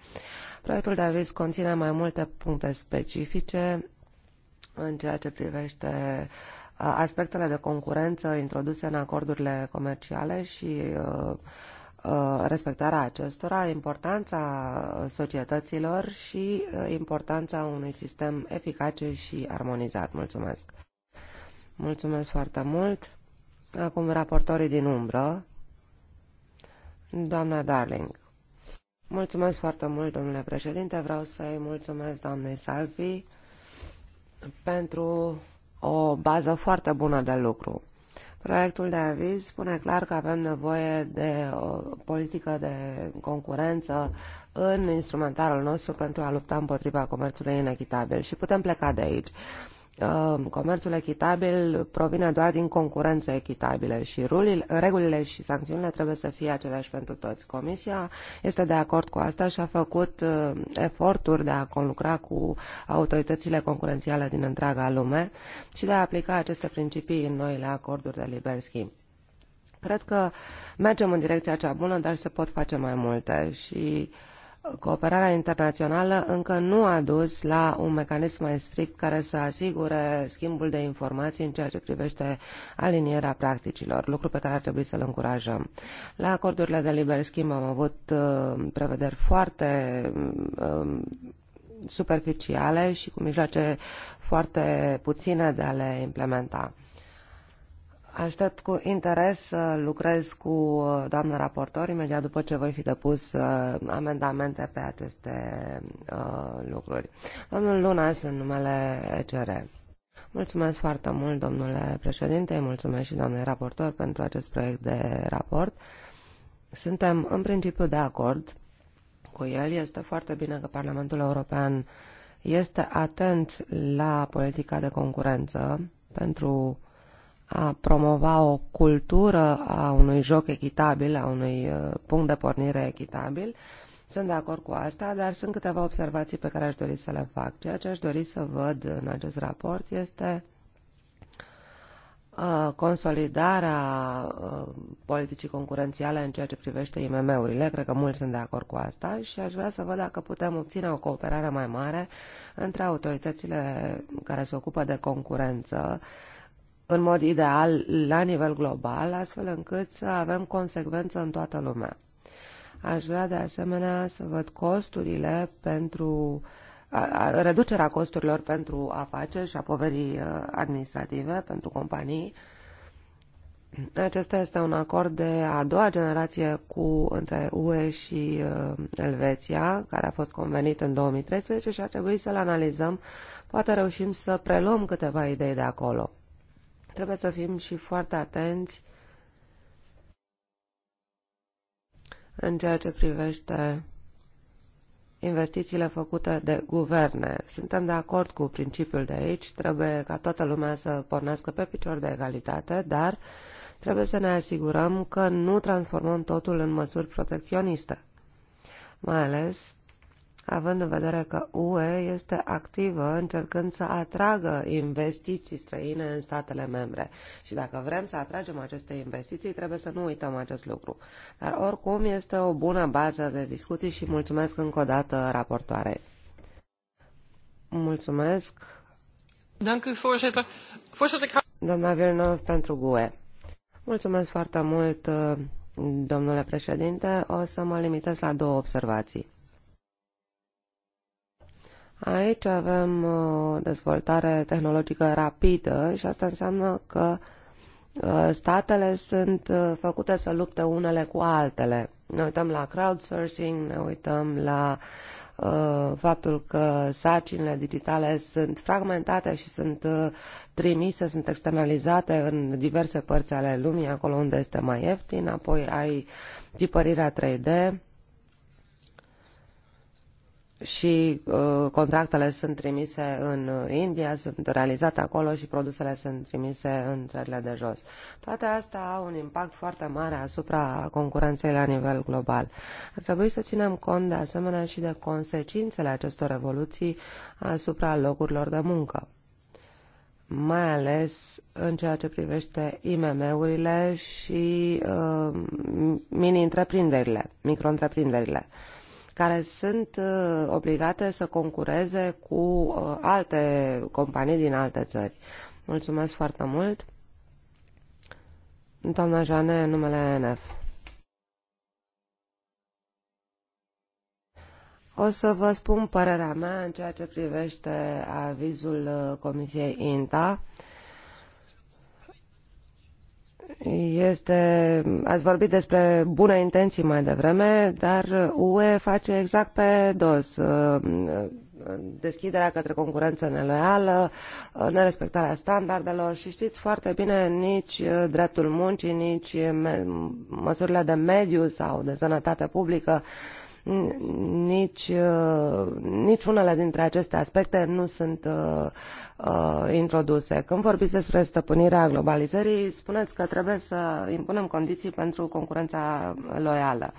Proiectul de aviz conține mai multe puncte specifice în ceea ce privește aspectele de concurență introduse în acordurile comerciale și respectarea acestora, importanța societăților și importanța unui sistem eficace și armonizat. Mulțumesc! Mulțumesc foarte mult. Acum raportorii din umbră. Doamna Darling. Mulțumesc foarte mult, domnule președinte. Vreau să-i mulțumesc doamnei Salvi pentru o bază foarte bună de lucru. Proiectul de aviz spune clar că avem nevoie de o politică de concurență în instrumentarul nostru pentru a lupta împotriva comerțului inechitabil și putem pleca de aici. Uh, comerțul echitabil provine doar din concurență echitabilă și rulile, regulile și sancțiunile trebuie să fie aceleași pentru toți. Comisia este de acord cu asta și a făcut uh, eforturi de a conlucra cu autoritățile concurențiale din întreaga lume și de a aplica aceste principii în noile acorduri de liber schimb. Cred că mergem în direcția cea bună, dar se pot face mai multe și uh, cooperarea internațională încă nu a dus la un mecanism mai strict care să asigure schimbul de informații în ceea ce privește alinierea practicilor, lucru pe care ar trebui să-l încurajăm. La acordurile de liber schimb am avut uh, prevederi foarte um, superficiale și cu mijloace foarte puține de a le implementa. Aștept cu interes să lucrez cu uh, doamna raportor imediat după ce voi fi depus uh, amendamente pe aceste uh, lucruri. Domnul Luna în numele ECR. Mulțumesc foarte mult, domnule președinte, mulțumesc și doamnei raportor pentru acest proiect de raport. Suntem în principiu de acord cu el. Este foarte bine că Parlamentul European este atent la politica de concurență pentru a promova o cultură a unui joc echitabil, a unui uh, punct de pornire echitabil. Sunt de acord cu asta, dar sunt câteva observații pe care aș dori să le fac. Ceea ce aș dori să văd în acest raport este uh, consolidarea uh, politicii concurențiale în ceea ce privește IMM-urile. Cred că mulți sunt de acord cu asta și aș vrea să văd dacă putem obține o cooperare mai mare între autoritățile care se ocupă de concurență în mod ideal la nivel global, astfel încât să avem consecvență în toată lumea. Aș vrea de asemenea să văd costurile pentru a, a, reducerea costurilor pentru afaceri și a poverii uh, administrative pentru companii. Acesta este un acord de a doua generație cu între UE și uh, Elveția, care a fost convenit în 2013 și a trebuit să-l analizăm. Poate reușim să preluăm câteva idei de acolo trebuie să fim și foarte atenți în ceea ce privește investițiile făcute de guverne. Suntem de acord cu principiul de aici, trebuie ca toată lumea să pornească pe picior de egalitate, dar trebuie să ne asigurăm că nu transformăm totul în măsuri protecționiste. Mai ales având în vedere că UE este activă încercând să atragă investiții străine în statele membre. Și dacă vrem să atragem aceste investiții, trebuie să nu uităm acest lucru. Dar oricum este o bună bază de discuții și mulțumesc încă o dată raportoare. Mulțumesc. Doamna Villeneuve pentru GUE. Mulțumesc foarte mult, domnule președinte. O să mă limitez la două observații. Aici avem o uh, dezvoltare tehnologică rapidă și asta înseamnă că uh, statele sunt uh, făcute să lupte unele cu altele. Ne uităm la crowdsourcing, ne uităm la faptul că sarcinile digitale sunt fragmentate și sunt trimise, sunt externalizate în diverse părți ale lumii, acolo unde este mai ieftin, apoi ai tipărirea 3D, și uh, contractele sunt trimise în uh, India, sunt realizate acolo și produsele sunt trimise în țările de jos. Toate astea au un impact foarte mare asupra concurenței la nivel global. Ar trebui să ținem cont de asemenea și de consecințele acestor evoluții asupra locurilor de muncă mai ales în ceea ce privește IMM-urile și uh, mini-întreprinderile, micro-întreprinderile. Uh, care sunt uh, obligate să concureze cu uh, alte companii din alte țări. Mulțumesc foarte mult. Doamna Joane, numele NF. O să vă spun părerea mea în ceea ce privește avizul uh, Comisiei INTA. Uh, este, ați vorbit despre bune intenții mai devreme, dar UE face exact pe dos. Uh, deschiderea către concurență neloială, uh, nerespectarea standardelor și știți foarte bine nici uh, dreptul muncii, nici măsurile de mediu sau de sănătate publică nici, uh, nici unele dintre aceste aspecte nu sunt uh, uh, introduse. Când vorbiți despre stăpânirea globalizării, spuneți că trebuie să impunem condiții pentru concurența loială.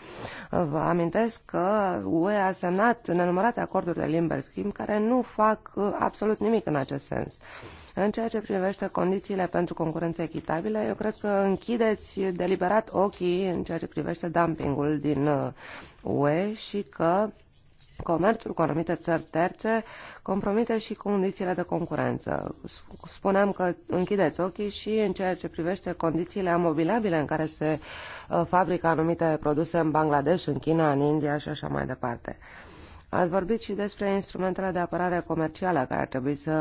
Vă amintesc că UE a semnat nenumărate acorduri de liber schimb care nu fac uh, absolut nimic în acest sens. Uh, în ceea ce privește condițiile pentru concurență echitabilă, eu cred că închideți deliberat ochii în ceea ce privește dumpingul din UE uh, și că comerțul cu anumite țări terțe compromite și condițiile de concurență. Spuneam că închideți ochii și în ceea ce privește condițiile amobilabile în care se uh, fabrică anumite produse în Bangladesh, în China, în India și așa mai departe. Ați vorbit și despre instrumentele de apărare comercială care ar trebui să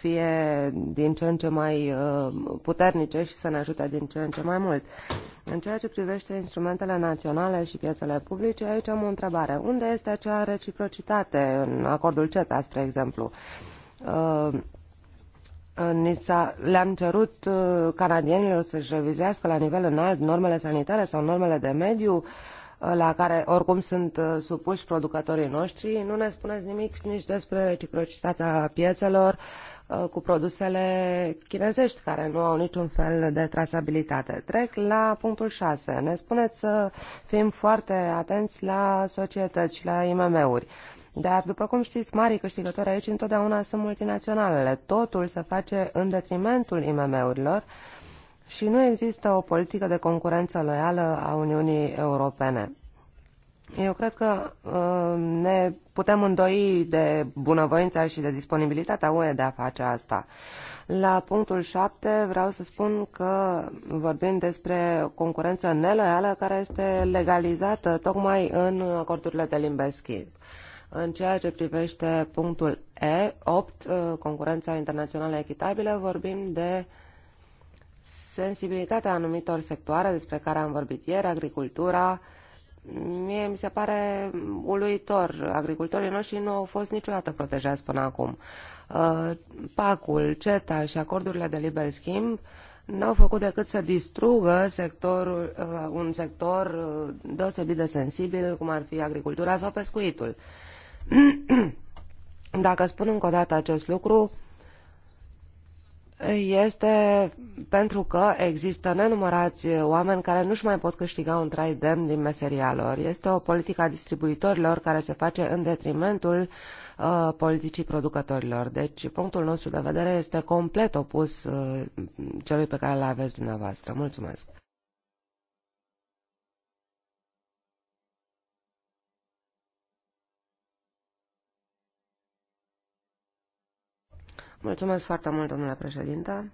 fie din ce în ce mai uh, puternice și să ne ajute din ce în ce mai mult. În ceea ce privește instrumentele naționale și piețele publice, aici am o întrebare. Unde este acea reciprocitate în acordul CETA, spre exemplu? Uh, le-am cerut uh, canadienilor să-și revizuiască la nivel înalt normele sanitare sau normele de mediu, uh, la care oricum sunt uh, supuși producătorii noștri. Nu ne spuneți nimic nici despre reciprocitatea piețelor uh, cu produsele chinezești care nu au niciun fel de trasabilitate. Trec la punctul 6. Ne spuneți să fim foarte atenți la societăți și la IMM-uri. Dar, după cum știți, marii câștigători aici întotdeauna sunt multinaționalele. Totul se face în detrimentul IMM-urilor, uh, și nu există o politică de concurență loială a Uniunii Europene. Eu cred că uh, ne putem îndoi de bunăvoința și de disponibilitatea UE de a face asta. La punctul 7 vreau să spun că vorbim despre concurență neloială care este legalizată tocmai în acordurile de limbă schimb. În ceea ce privește punctul E8, uh, concurența internațională echitabilă, vorbim de uh, sensibilitatea anumitor sectoare despre care am vorbit ieri, agricultura, mie mi se pare uluitor. Agricultorii noștri nu au fost niciodată protejați până acum. Uh, pacul, CETA și acordurile de liber schimb n-au făcut decât să distrugă sectorul, uh, un sector uh, deosebit de sensibil, cum ar fi agricultura sau pescuitul. Dacă spun încă o dată acest lucru, este pentru că există nenumărați oameni care nu-și mai pot câștiga un trai demn din meseria lor. Este o politică a distribuitorilor care se face în detrimentul uh, politicii producătorilor. Deci punctul nostru de vedere este complet opus uh, celui pe care l aveți dumneavoastră. Mulțumesc! Mulțumesc foarte mult, domnule președinte.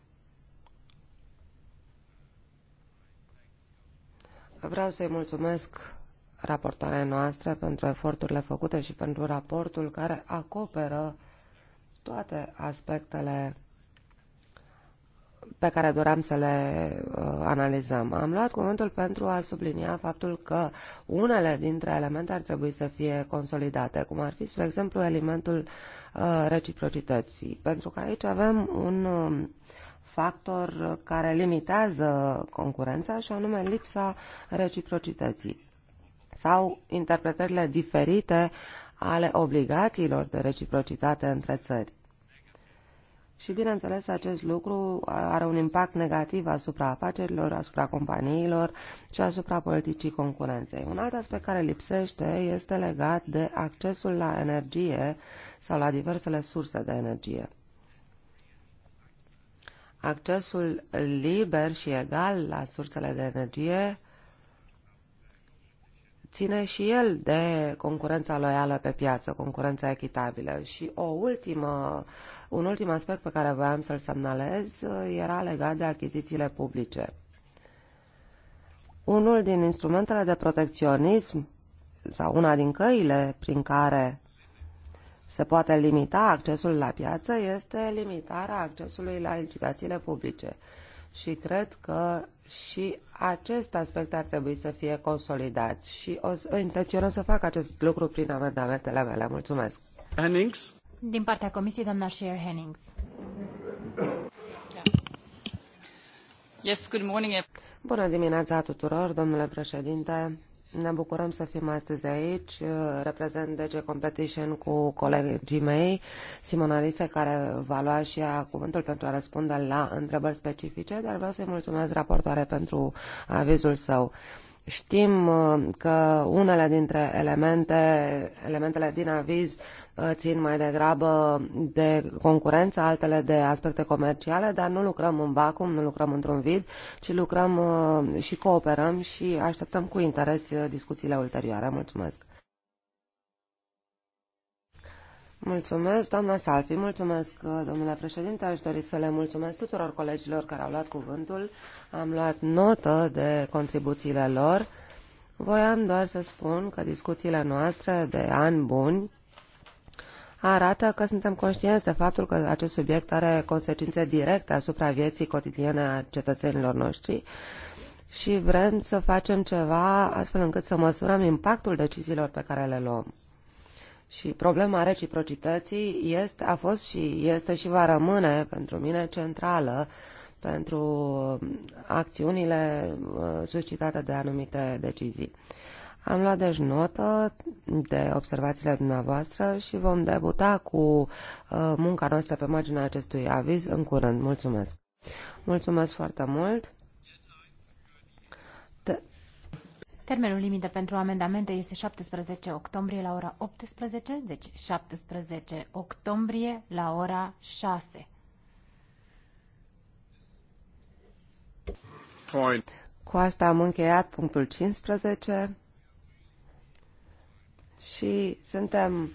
Vreau să-i mulțumesc raportarea noastră pentru eforturile făcute și pentru raportul care acoperă toate aspectele pe care doream să le uh, analizăm. Am luat cuvântul pentru a sublinia faptul că unele dintre elemente ar trebui să fie consolidate, cum ar fi, spre exemplu, elementul uh, reciprocității, pentru că aici avem un uh, factor care limitează concurența și anume lipsa reciprocității sau interpretările diferite ale obligațiilor de reciprocitate între țări. Și, bineînțeles, acest lucru are un impact negativ asupra afacerilor, asupra companiilor și asupra politicii concurenței. Un alt aspect care lipsește este legat de accesul la energie sau la diversele surse de energie. Accesul liber și egal la sursele de energie ține și el de concurența loială pe piață, concurența echitabilă. Și o ultimă, un ultim aspect pe care voiam să-l semnalez uh, era legat de achizițiile publice. Unul din instrumentele de protecționism sau una din căile prin care se poate limita accesul la piață este limitarea accesului la licitațiile publice și cred că și acest aspect ar trebui să fie consolidat și o să intenționăm să fac acest lucru prin amendamentele mele. Mulțumesc. Hennings. Din partea Comisiei, doamna Sheer Hennings. Yes, good morning. Bună dimineața tuturor, domnule președinte. Ne bucurăm să fim astăzi aici. Reprezent DG Competition cu colegii mei, Simona Lise, care va lua și ea cuvântul pentru a răspunde la întrebări specifice, dar vreau să-i mulțumesc raportoare pentru avizul său. Uh, Știm uh, că unele dintre elemente, elementele din aviz uh, țin mai degrabă de concurență, altele de aspecte comerciale, dar nu lucrăm în vacuum, nu lucrăm într-un vid, ci lucrăm uh, și cooperăm și așteptăm cu interes discuțiile ulterioare. Mulțumesc! Mulțumesc, doamna Salfi, mulțumesc, domnule președinte. Aș dori să le mulțumesc tuturor colegilor care au luat cuvântul. Am luat notă de contribuțiile lor. Voiam doar să spun că discuțiile noastre de ani buni arată că suntem conștienți de faptul că acest subiect are consecințe directe asupra vieții cotidiene a cetățenilor noștri și vrem să facem ceva astfel încât să măsurăm impactul deciziilor pe care le luăm. Și problema reciprocității este, a fost și este și va rămâne pentru mine centrală pentru uh, acțiunile uh, suscitate de anumite decizii. Am luat deci notă de observațiile dumneavoastră și vom debuta cu uh, munca noastră pe marginea acestui aviz în curând. Mulțumesc! Mulțumesc foarte mult! Termenul limită pentru amendamente este 17 octombrie la ora 18, deci 17 octombrie la ora 6. Point. Cu asta am încheiat punctul 15 și suntem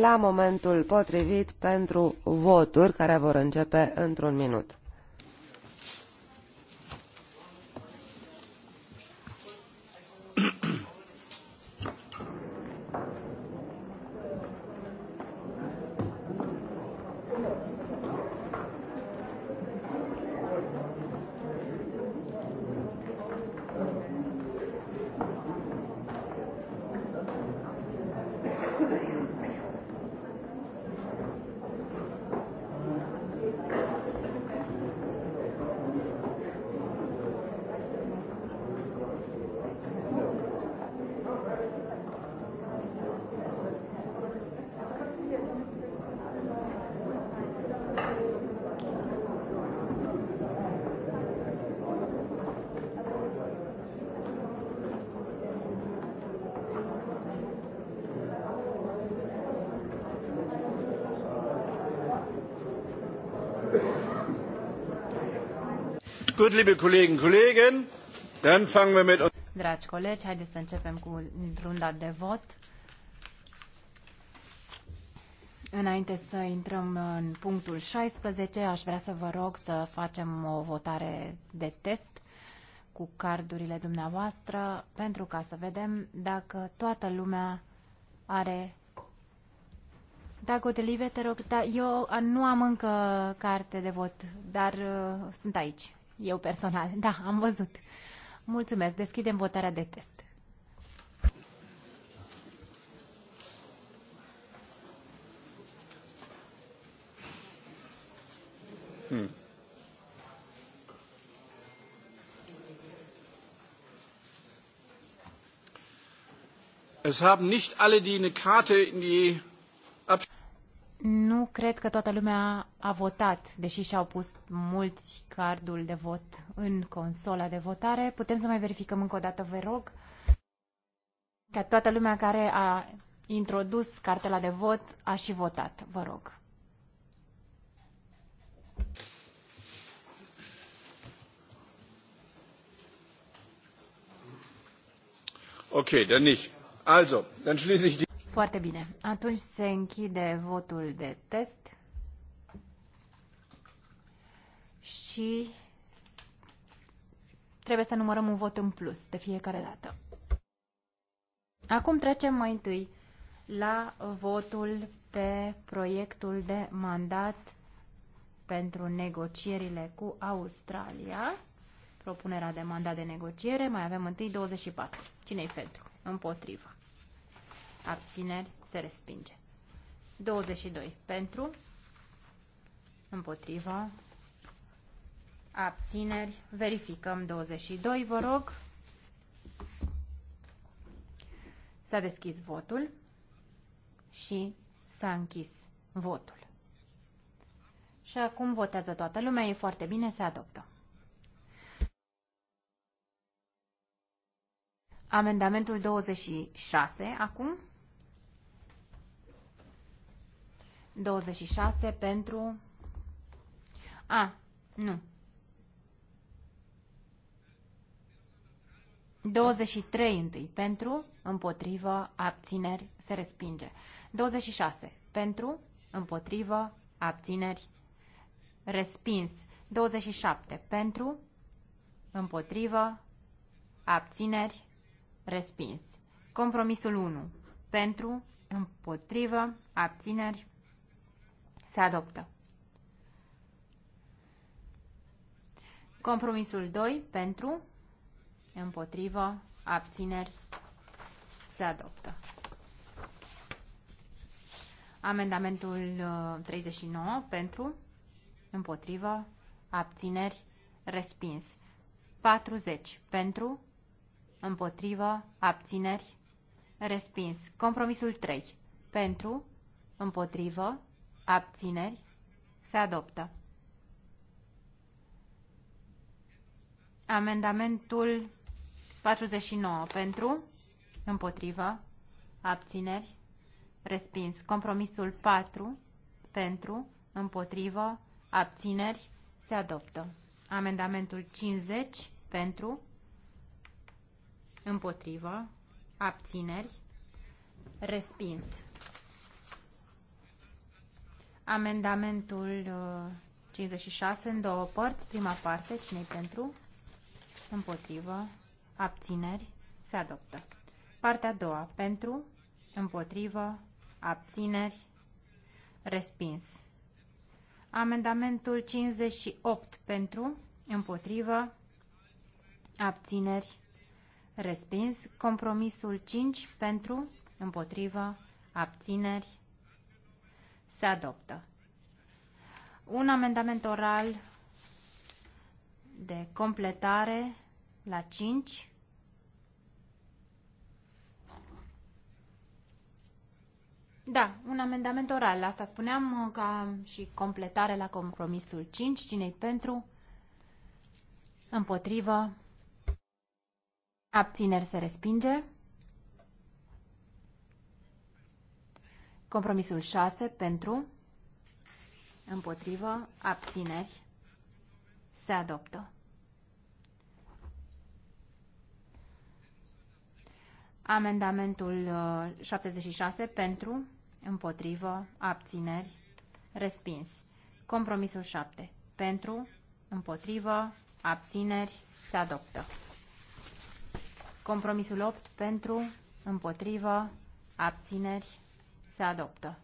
la momentul potrivit pentru voturi care vor începe într-un minut. Dragi colegi, haideți să începem cu runda de vot. Înainte să intrăm în punctul 16, aș vrea să vă rog să facem o votare de test cu cardurile dumneavoastră pentru ca să vedem dacă toată lumea are... Da, o te rog, da, eu nu am încă carte de vot, dar uh, sunt aici eu personal. Da, am văzut. Mulțumesc. Deschidem votarea de test. Hmm. Es haben nicht alle, die eine Karte in die nu cred că toată lumea a votat, deși și-au pus mulți cardul de vot în consola de votare. Putem să mai verificăm încă o dată, vă rog, că toată lumea care a introdus cartela de vot a și votat, vă rog. Okay, dann nicht. Also, dann schließe ich die foarte bine. Atunci se închide votul de test și trebuie să numărăm un vot în plus de fiecare dată. Acum trecem mai întâi la votul pe proiectul de mandat pentru negocierile cu Australia. Propunerea de mandat de negociere. Mai avem întâi 24. Cine-i pentru? Împotrivă abțineri, se respinge. 22 pentru, împotriva, abțineri, verificăm 22, vă rog. S-a deschis votul și s-a închis votul. Și acum votează toată lumea, e foarte bine, se adoptă. Amendamentul 26, acum, 26 pentru... A, nu. 23 întâi pentru, împotrivă, abțineri, se respinge. 26 pentru, împotrivă, abțineri, respins. 27 pentru, împotrivă, abțineri, respins. Compromisul 1 pentru, împotrivă, abțineri, se adoptă. Compromisul 2 pentru, împotrivă, abțineri, se adoptă. Amendamentul 39 uh, pentru, împotrivă, abțineri, respins. 40 pentru, împotrivă, abțineri, respins. Compromisul 3 pentru, împotrivă, Abțineri? Se adoptă. Amendamentul 49 pentru, împotrivă, abțineri, respins. Compromisul 4 pentru, împotrivă, abțineri, se adoptă. Amendamentul 50 pentru, împotrivă, abțineri, respins. Amendamentul 56 uh, în două părți. Prima parte, cine pentru? Împotrivă. Abțineri. Se adoptă. Partea a doua, pentru? Împotrivă. Abțineri. Respins. Amendamentul 58 pentru, împotrivă, abțineri, respins. Compromisul 5 pentru, împotrivă, abțineri, se adoptă. Un amendament oral de completare la 5. Da, un amendament oral. Asta spuneam uh, ca și completare la compromisul 5. Cine-i pentru? Împotrivă? Abțineri se respinge. Compromisul 6 pentru, împotrivă, abțineri, se adoptă. Amendamentul 76 uh, pentru, împotrivă, abțineri, respins. Compromisul 7 pentru, împotrivă, abțineri, se adoptă. Compromisul 8 pentru, împotrivă, abțineri, se adoptă.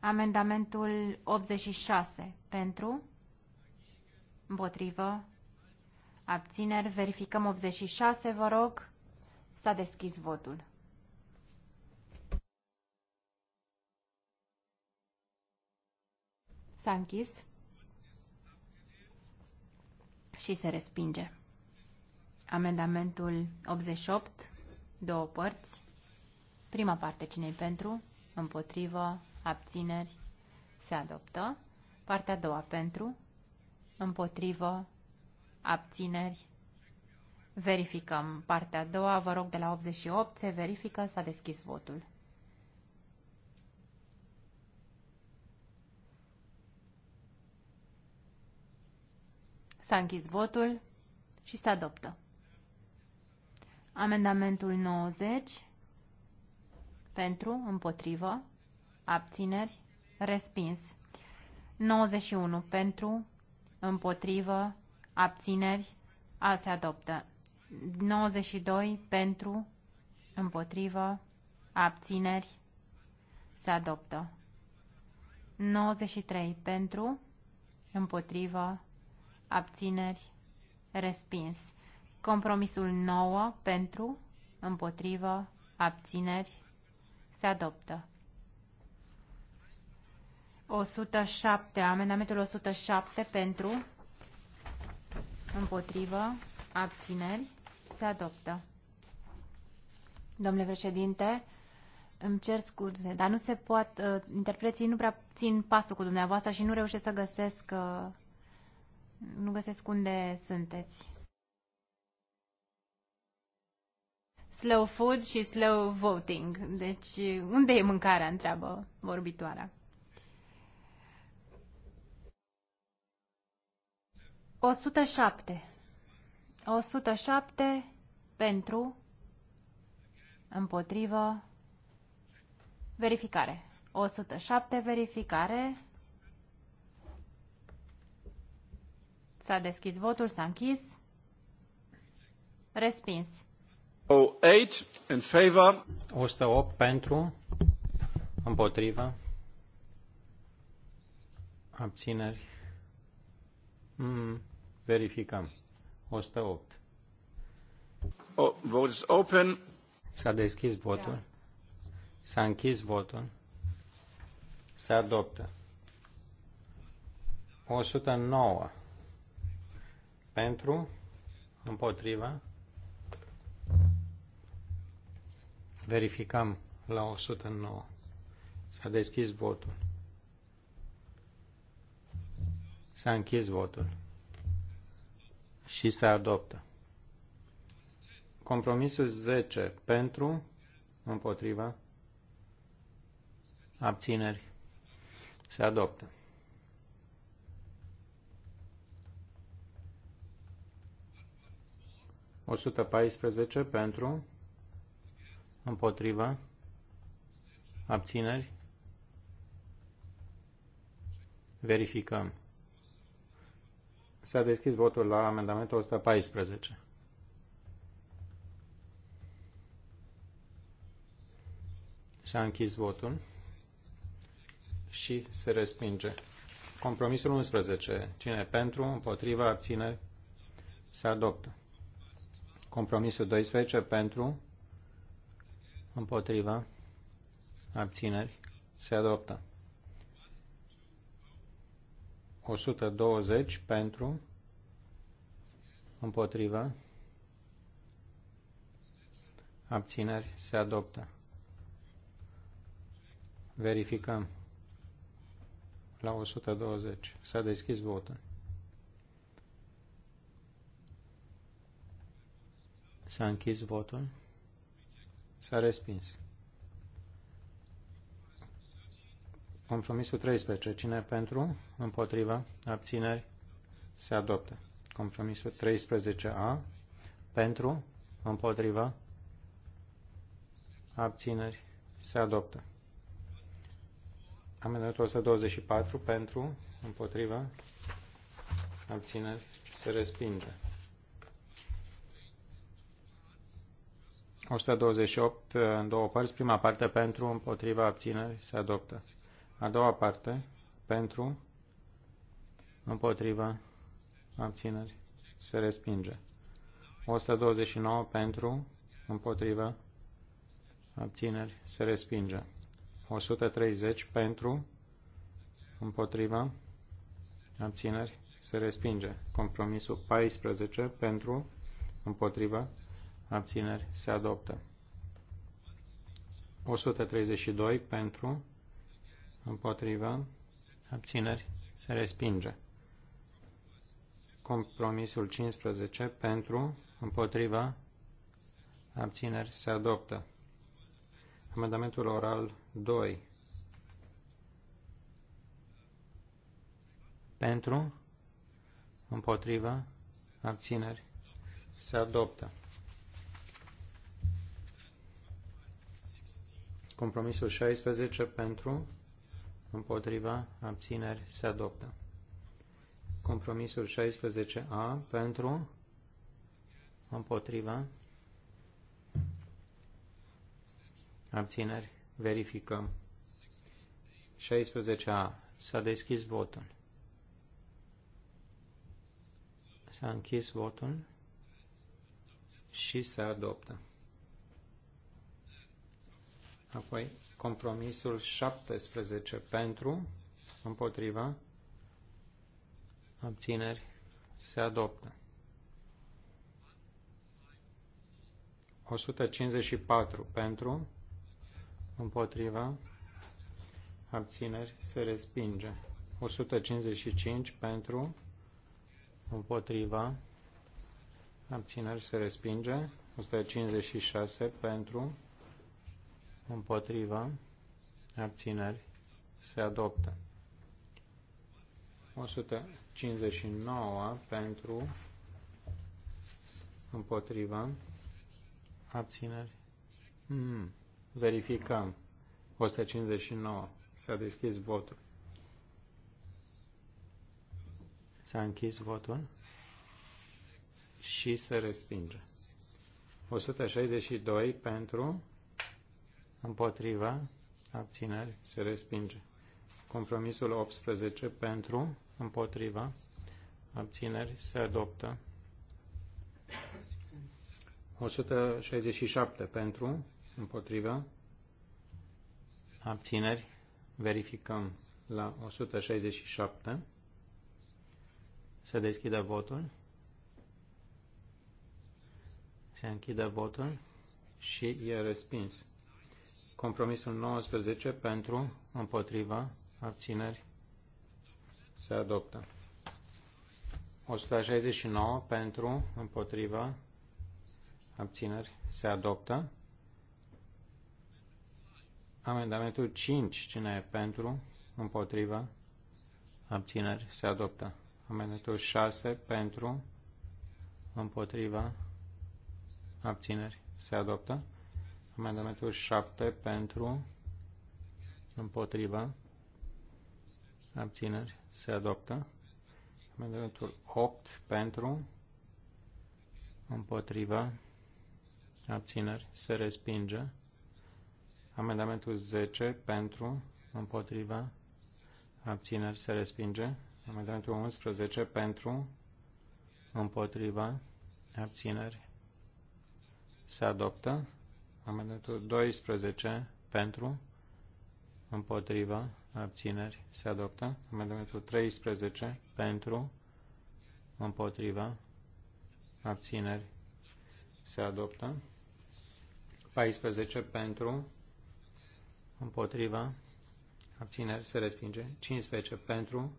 Amendamentul 86. Pentru? Împotrivă? Abțineri. Verificăm 86, vă rog. S-a deschis votul. S-a închis și se respinge. Amendamentul 88, două părți. Prima parte, cine pentru? Împotrivă, abțineri, se adoptă. Partea a doua, pentru? Împotrivă, abțineri, verificăm. Partea a doua, vă rog, de la 88, se verifică, s-a deschis votul. S-a închis votul și se adoptă. Amendamentul 90 pentru, împotrivă, abțineri, respins. 91 pentru, împotrivă, abțineri, a se adoptă. 92 pentru, împotrivă, abțineri, se adoptă. 93 pentru, împotrivă, abțineri, respins. Compromisul 9 pentru, împotrivă, abțineri, se adoptă. 107. Amendamentul 107 pentru, împotrivă, abțineri. Se adoptă. Domnule președinte, îmi cer scuze, dar nu se poate, uh, interpreții nu prea țin pasul cu dumneavoastră și nu reușesc să găsesc, uh, nu găsesc unde sunteți. slow food și slow voting. Deci, unde e mâncarea, întreabă vorbitoarea. O 107. 107 pentru, împotrivă, verificare. 107 verificare. S-a deschis votul, s-a închis. Respins. 108 in favor. 108 pentru, împotrivă, abțineri. Mm, verificăm. 108. Oh, vote open. S-a deschis votul. Da. S-a închis votul. Se adoptă. 109 pentru, împotriva, Verificăm la 109. S-a deschis votul. S-a închis votul. Și se adoptă. Compromisul 10 pentru, împotriva, abțineri. Se adoptă. O 114 pentru, Împotriva. Abțineri. Verificăm. S-a deschis votul la amendamentul 114. S-a închis votul și se respinge. Compromisul 11. Cine pentru, împotriva, abține, se adoptă. Compromisul 12. Pentru, împotriva, abțineri, se adoptă. 120 pentru, împotriva, abțineri, se adoptă. Verificăm. La 120 s-a deschis votul. S-a închis votul. S-a respins. Compromisul 13. Cine pentru? Împotrivă? Abțineri? Se adoptă. Compromisul 13A. Pentru? Împotrivă? Abțineri? Se adoptă. Amendamentul 124. Pentru? Împotrivă? Abțineri? Se respinge. 128 în două părți. Prima parte pentru, împotriva, abțineri, se adoptă. A doua parte pentru, împotriva, abțineri, se respinge. 129 pentru, împotriva, abțineri, se respinge. 130 pentru, împotriva, abțineri, se respinge. Compromisul 14 pentru, împotriva, abțineri, se adoptă. 132 pentru, împotriva, abțineri, se respinge. Compromisul 15 pentru, împotriva, abțineri, se adoptă. Amendamentul oral 2 pentru, împotriva, abțineri, se adoptă. Compromisul 16 pentru, împotriva, abțineri se adoptă. Compromisul 16A pentru, împotriva, abțineri, verificăm. 16A. S-a deschis votul. S-a închis votul și se adoptă. Apoi compromisul 17 pentru, împotriva, abțineri, se adoptă. 154 pentru, împotriva, abțineri, se respinge. 155 pentru, împotriva, abțineri, se respinge. 156 pentru, împotriva, abțineri, se adoptă. 159 pentru, împotriva, abțineri. Mm. Verificăm. 159. S-a deschis votul. S-a închis votul și se respinge. 162 pentru împotriva, abțineri, se respinge. Compromisul 18 pentru, împotriva, abțineri, se adoptă. 167 pentru, împotriva, abțineri, verificăm la 167. Se deschide votul. Se închide votul și e respins. Compromisul 19 pentru, împotriva, abțineri, se adoptă. 169 pentru, împotriva, abțineri, se adoptă. Amendamentul 5, cine e pentru, împotriva, abțineri, se adoptă. Amendamentul 6, pentru, împotriva, abțineri, se adoptă. Amendamentul 7 pentru, împotriva, abțineri, se adoptă. Amendamentul 8 pentru, împotriva, abțineri, se respinge. Amendamentul 10 pentru, împotriva, abțineri, se respinge. Amendamentul 11 pentru, împotriva, abțineri, se adoptă. Amendamentul 12 pentru, împotriva, abțineri, se adoptă. Amendamentul 13 pentru, împotriva, abțineri, se adoptă. 14 pentru, împotriva, abțineri, se respinge. 15 pentru,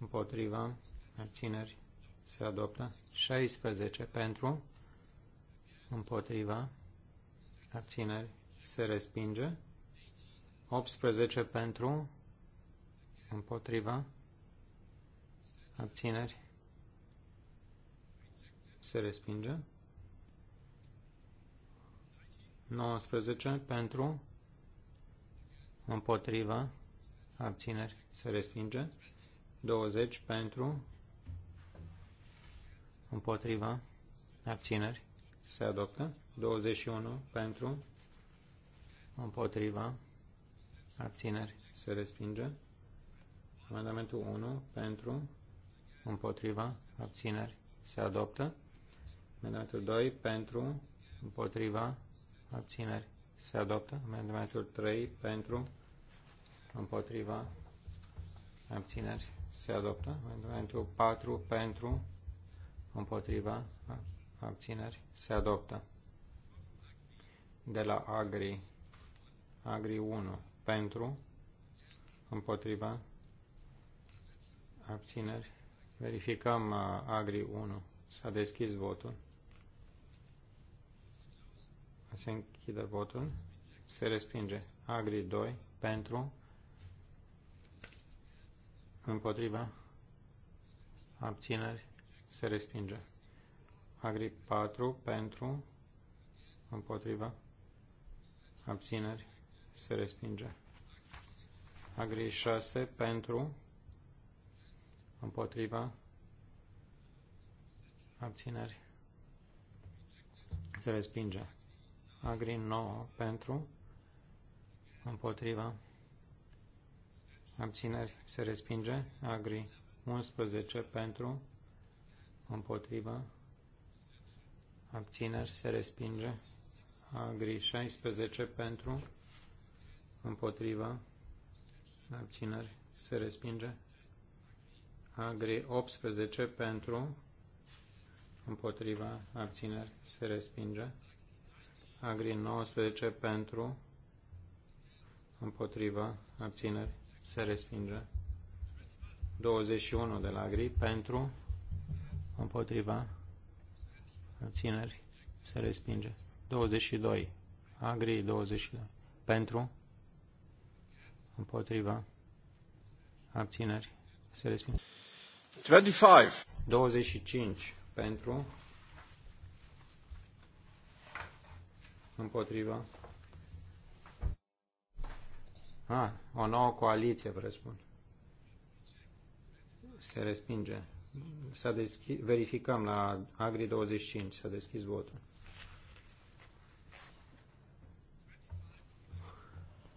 împotriva, abțineri, se adoptă. 16 pentru, împotriva, abțineri, se respinge. 18 pentru, împotriva, abțineri, se respinge. 19 pentru, împotriva, abțineri, se respinge. 20 pentru, împotriva, abțineri, se adoptă. 21 pentru, împotriva, abțineri, se respinge. Amendamentul 1 pentru, împotriva, abțineri, se adoptă. Amendamentul 2 pentru, împotriva, abțineri, se adoptă. Amendamentul 3 pentru, împotriva, abțineri, se adoptă. Amendamentul 4 pentru, împotriva, abțineri, se adoptă de la Agri, Agri 1, pentru, împotriva, abțineri. Verificăm uh, Agri 1. S-a deschis votul. Se închide votul. Se respinge. Agri 2, pentru, împotriva, abțineri. Se respinge. Agri 4, pentru, împotriva, abțineri, se respinge. Agri 6 pentru, împotriva, abțineri, se respinge. Agri 9 pentru, împotriva, abțineri, se respinge. Agri 11 pentru, împotriva, abțineri, se respinge. Agri 16 pentru, împotriva, abțineri, se respinge. Agri 18 pentru, împotriva, abțineri, se respinge. Agri 19 pentru, împotriva, abțineri, se respinge. 21 de la Agri pentru, împotriva, abțineri, se respinge. 22. Agri 22. Pentru. Împotriva. Abțineri. Se respinge. 25. 25. Pentru. Împotriva. Ah, o nouă coaliție, vă spun? Se respinge. Să deschis, verificăm la Agri 25, s-a deschis votul.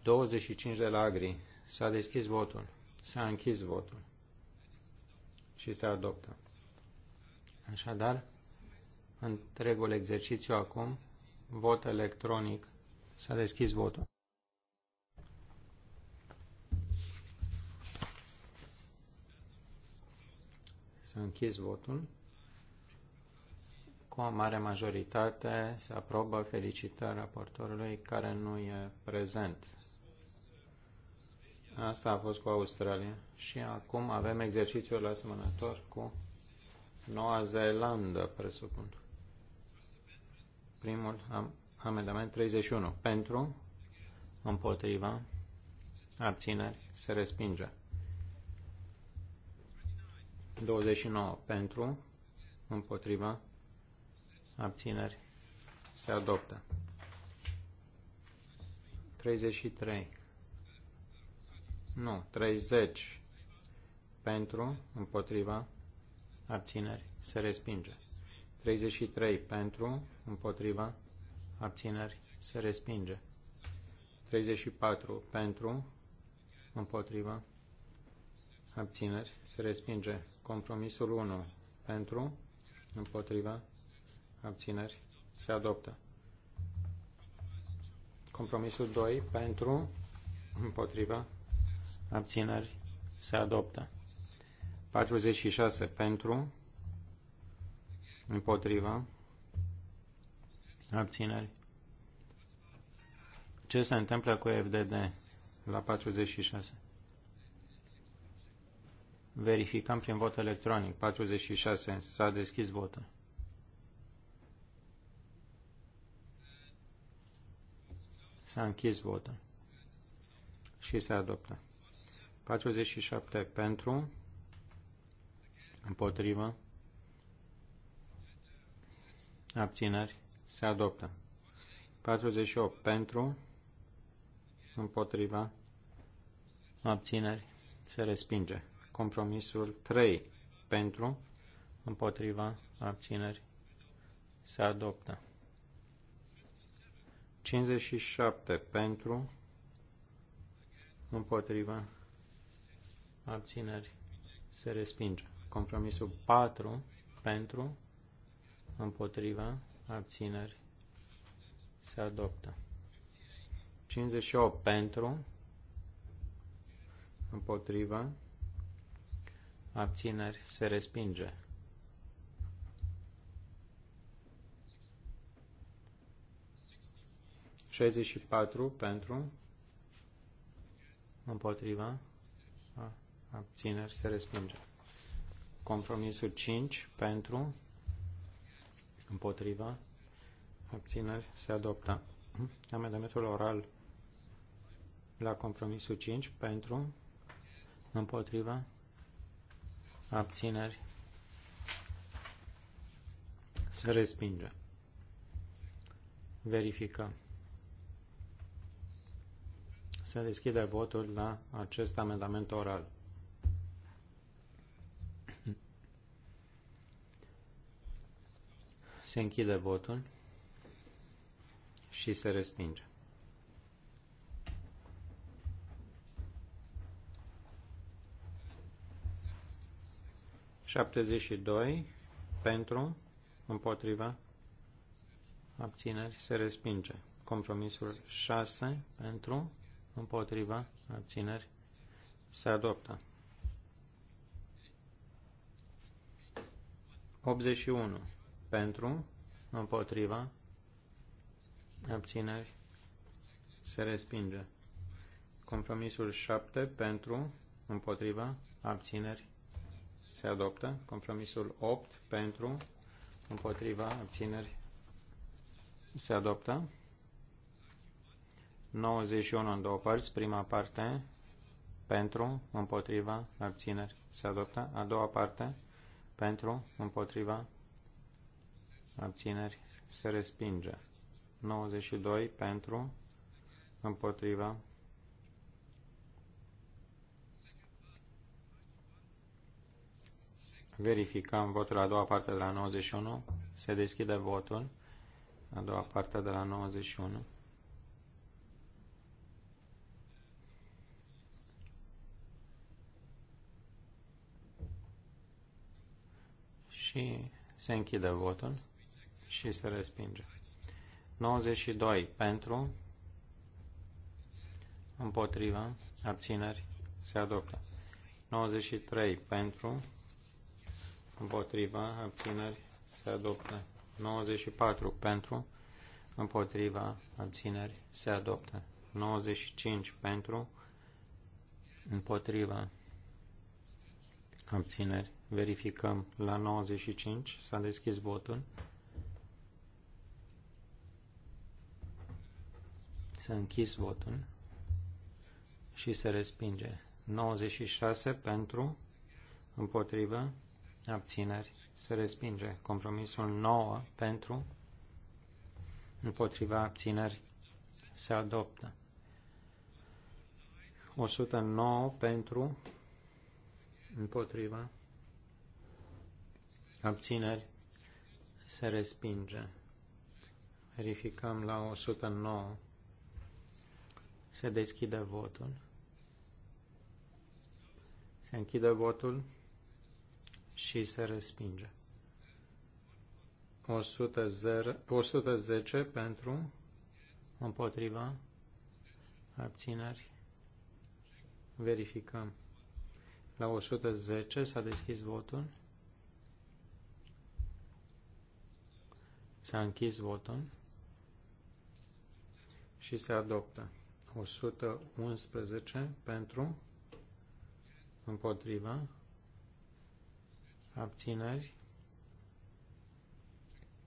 25 de la Agri. S-a deschis votul. S-a închis votul. Și se adoptă. Așadar, întregul exercițiu acum, vot electronic, s-a deschis votul. S-a închis votul. Cu o mare majoritate se aprobă felicitări raportorului care nu e prezent. Asta a fost cu Australia. Și acum avem exercițiul asemănător cu Noua Zeelandă, presupun. Primul am, amendament 31. Pentru, împotriva, abțineri, se respinge. 29. Pentru, împotriva, abțineri, se adoptă. 33 nu, 30 pentru, împotriva, abțineri, se respinge. 33 pentru, împotriva, abțineri, se respinge. 34 pentru, împotriva, abțineri, se respinge. Compromisul 1 pentru, împotriva, abțineri, se adoptă. Compromisul 2 pentru, împotriva, abțineri, se adoptă. 46 pentru, împotriva, abțineri. Ce se întâmplă cu FDD la 46? Verificăm prin vot electronic. 46. S-a deschis votul. S-a închis votul. Și se adoptă. 47 pentru, împotrivă, abțineri, se adoptă. 48 pentru, împotriva, abțineri, se respinge. Compromisul 3 pentru, împotriva, abțineri, se adoptă. 57 pentru, împotriva, abțineri, se respinge. Compromisul 4 pentru, împotriva, abțineri, se adoptă. 58 pentru, împotriva, abțineri, se respinge. Șaizeci patru pentru împotriva abțineri, se respinge. Compromisul 5 pentru, împotriva, abțineri, se adoptă. Amendamentul oral la compromisul 5 pentru, împotriva, abțineri, se respinge. Verificăm. Se deschide votul la acest amendament oral. Se închide votul și se respinge. Șaptezeci și doi pentru, împotriva, abțineri, se respinge. Compromisul 6 pentru, împotriva, abțineri, se adoptă. 81 pentru, împotriva, abțineri, se respinge. Compromisul 7 pentru, împotriva, abțineri, se adoptă. Compromisul 8 pentru, împotriva, abțineri, se adoptă. 91 în două părți, prima parte, pentru, împotriva, abțineri, se adoptă. A doua parte, pentru, împotriva, abțineri, se respinge. 92 pentru, împotriva, verificăm votul la a doua parte de la 91, se deschide votul, a doua parte de la 91. Și se închide votul și se respinge. 92 pentru, împotriva, abțineri, se adoptă. 93 pentru, împotriva, abțineri, se adoptă. 94 pentru, împotriva, abțineri, se adoptă. 95 pentru, împotriva, abțineri. Verificăm la 95, s-a deschis votul. S-a închis votul și se respinge. 96 pentru, împotrivă, abțineri, se respinge. Compromisul 9 pentru, împotriva abțineri, se adoptă. 109 pentru, împotriva, abțineri, se respinge. Verificăm la 109. Se deschide votul. Se închide votul și se respinge. 110, 110 pentru, împotriva, abțineri. Verificăm. La 110 s-a deschis votul. S-a închis votul și se adoptă. 111 pentru, împotriva, abțineri,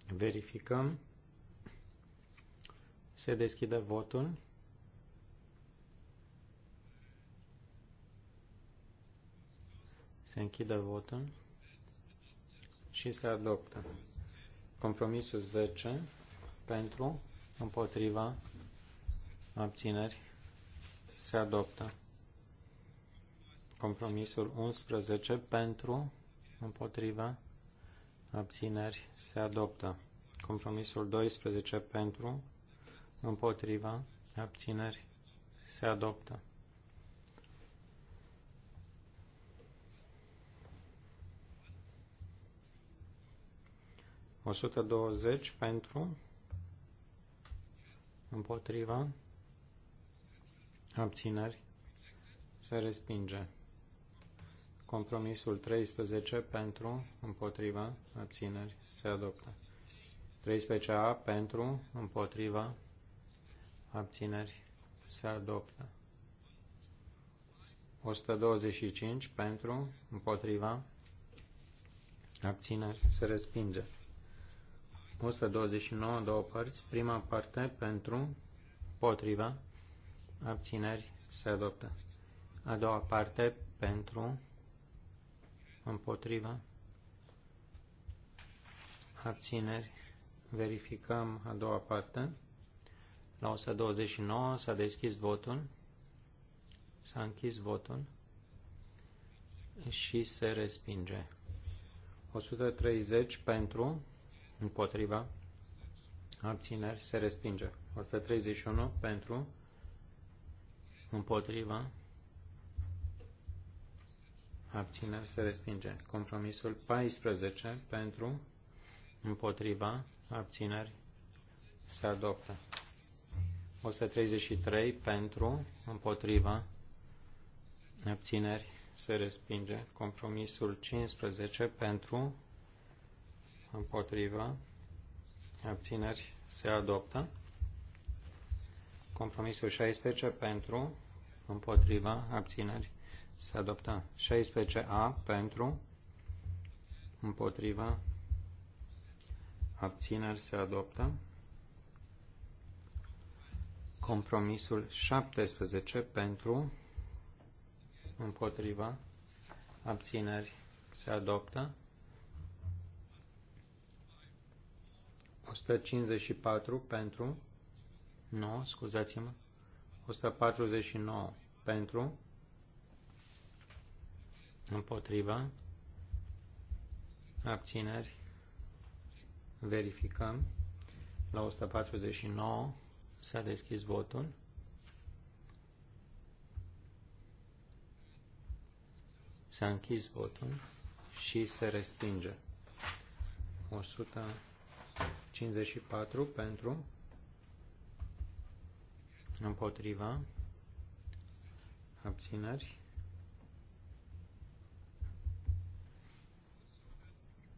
verificăm, se deschide votul, se închide votul și se adoptă. Compromisul 10 pentru, împotriva, abțineri, se adoptă. Compromisul 11 pentru, împotriva, abțineri, se adoptă. Compromisul 12 pentru, împotriva, abțineri, se adoptă. O 120 pentru, împotriva, abțineri, se respinge. Compromisul 13 pentru, împotriva, abțineri, se adoptă. 13A pentru, împotriva, abțineri, se adoptă. 125 pentru, împotriva, abțineri, se respinge. 129, două părți, prima parte pentru, împotriva, abțineri, se adoptă. A doua parte, pentru, împotriva, abțineri, verificăm a doua parte. La 129 s-a deschis votul, s-a închis votul și se respinge. 130 pentru, împotriva, abțineri, se respinge. 131 pentru, împotriva, abțineri se respinge. Compromisul 14 pentru, împotriva, abțineri se adoptă. 133 pentru, împotriva, abțineri se respinge. Compromisul 15 pentru, împotriva, abțineri se adoptă. Compromisul 16 pentru, împotriva, abțineri, se adoptă. 16A pentru, împotriva, abțineri, se adoptă. Compromisul 17 pentru, împotriva, abțineri, se adoptă. 154 pentru, nu, scuzați-mă, 149 pentru, împotriva, abțineri, verificăm. La 149 s-a deschis votul. S-a închis votul și se respinge. 154 pentru împotriva, abțineri.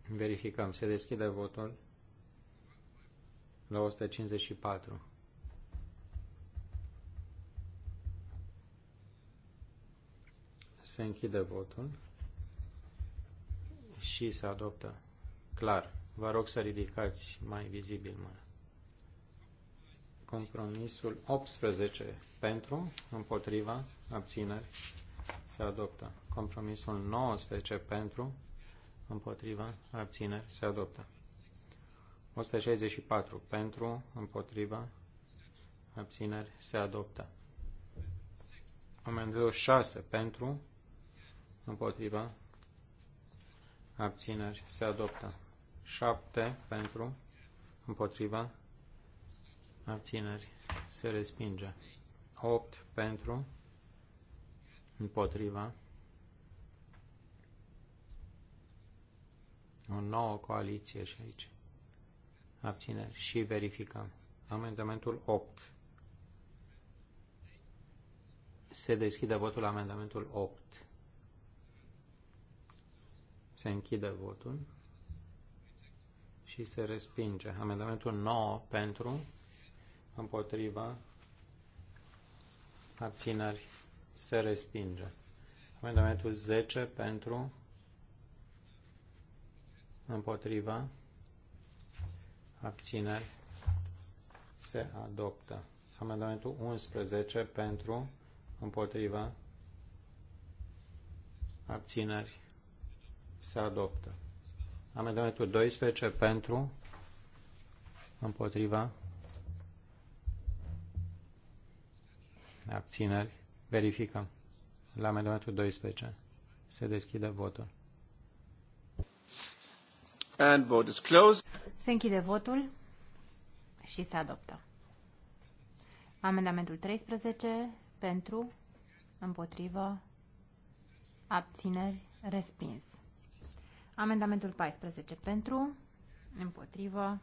Verificăm. Se deschide votul la 154. Se închide votul și se adoptă. Clar. Vă rog să ridicați mai vizibil mâna. Compromisul 18 pentru, împotriva, abțineri, se adoptă. Compromisul 19 pentru, împotriva, abțineri, se adoptă. 164 pentru, împotriva, abțineri, se adoptă. Amendul 6 pentru, împotriva, abțineri, se adoptă. 7 pentru, împotriva, abțineri, se respinge. 8 pentru, împotriva, o nouă coaliție și aici, abțineri și verificăm. Amendamentul 8. Se deschide votul amendamentul 8. Se închide votul și se respinge. Amendamentul 9 pentru împotriva, abțineri, se respinge. Amendamentul 10 pentru, împotriva, abțineri, se adoptă. Amendamentul 11 pentru, împotriva, abțineri, se adoptă. Amendamentul 12 pentru, împotriva, abțineri, verificăm. La amendamentul 12 se deschide votul. And vote is closed. Se închide votul și se adoptă. Amendamentul 13 pentru, împotrivă, abțineri, respins. Amendamentul 14 pentru, împotrivă,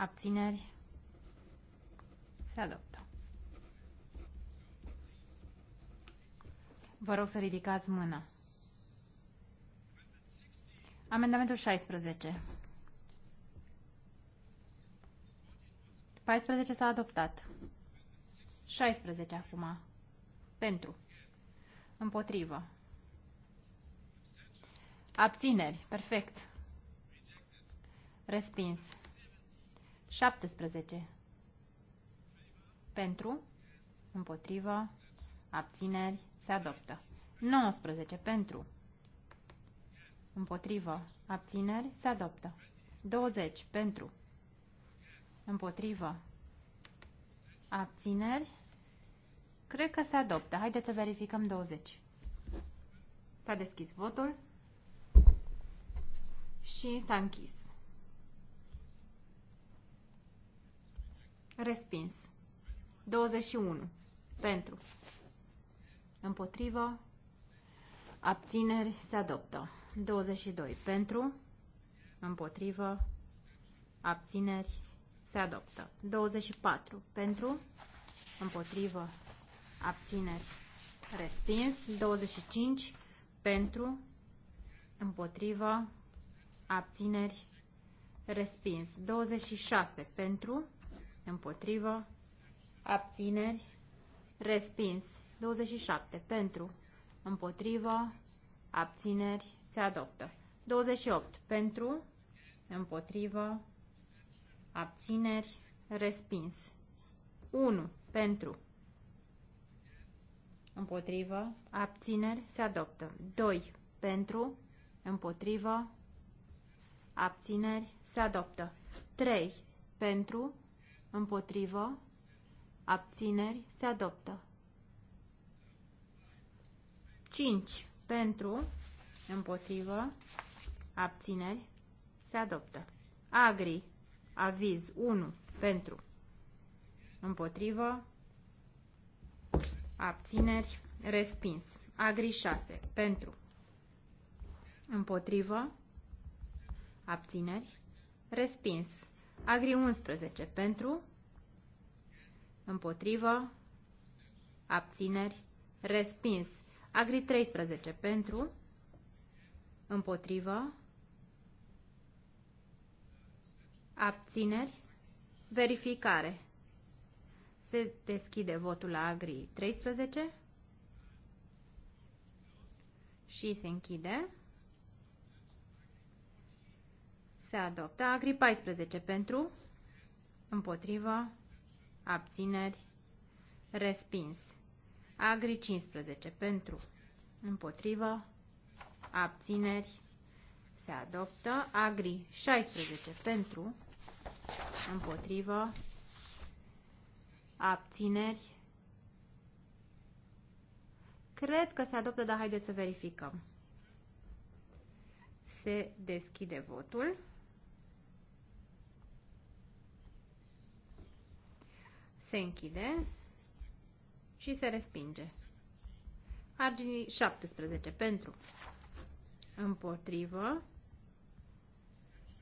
Abțineri? Se adoptă. Vă rog să ridicați mâna. Amendamentul 16. 14 s-a adoptat. 16 acum. Pentru. Împotrivă. Abțineri. Perfect. Respins. 17. Pentru, împotrivă, abțineri, se adoptă. 19. Pentru, împotrivă, abțineri, se adoptă. 20. Pentru, împotrivă, abțineri, cred că se adoptă. Haideți să verificăm 20. S-a deschis votul și s-a închis. Respins. 21. Pentru. Împotrivă. Abțineri se adoptă. 22. Pentru. Împotrivă. Abțineri se adoptă. 24. Pentru. Împotrivă. Abțineri. Respins. 25. Pentru. Împotrivă. Abțineri. Respins. 26. Pentru. Împotrivă. Abțineri. Respins. 27. Pentru. Împotrivă. Abțineri. Se adoptă. 28. Pentru. Împotrivă. Abțineri. Respins. 1. Pentru. Împotrivă. Abțineri. Se adoptă. 2. Pentru. Împotrivă. Abțineri. Se adoptă. 3. Pentru împotrivă, abțineri, se adoptă. 5 pentru, împotrivă, abțineri, se adoptă. Agri, aviz 1 pentru, împotrivă, abțineri, respins. Agri 6 pentru, împotrivă, abțineri, respins. Agri 11 pentru, împotrivă, abțineri, respins. Agri 13 pentru, împotrivă, abțineri, verificare. Se deschide votul la Agri 13 și se închide. Se adoptă. Agri 14 pentru, împotrivă, abțineri, respins. Agri 15 pentru, împotrivă, abțineri, se adoptă. Agri 16 pentru, împotrivă, abțineri. Cred că se adoptă, dar haideți să verificăm. Se deschide votul. se închide și se respinge. Arginii 17 pentru împotrivă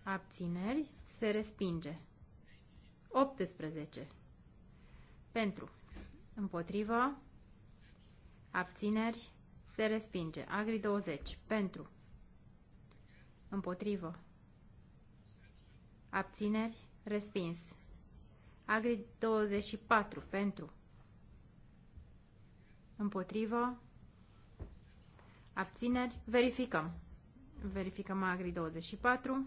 abțineri se respinge. 18 pentru împotrivă abțineri se respinge. Agri 20 pentru împotrivă abțineri respins. Agri 24 pentru. Împotrivă. Abțineri. Verificăm. Verificăm Agri 24.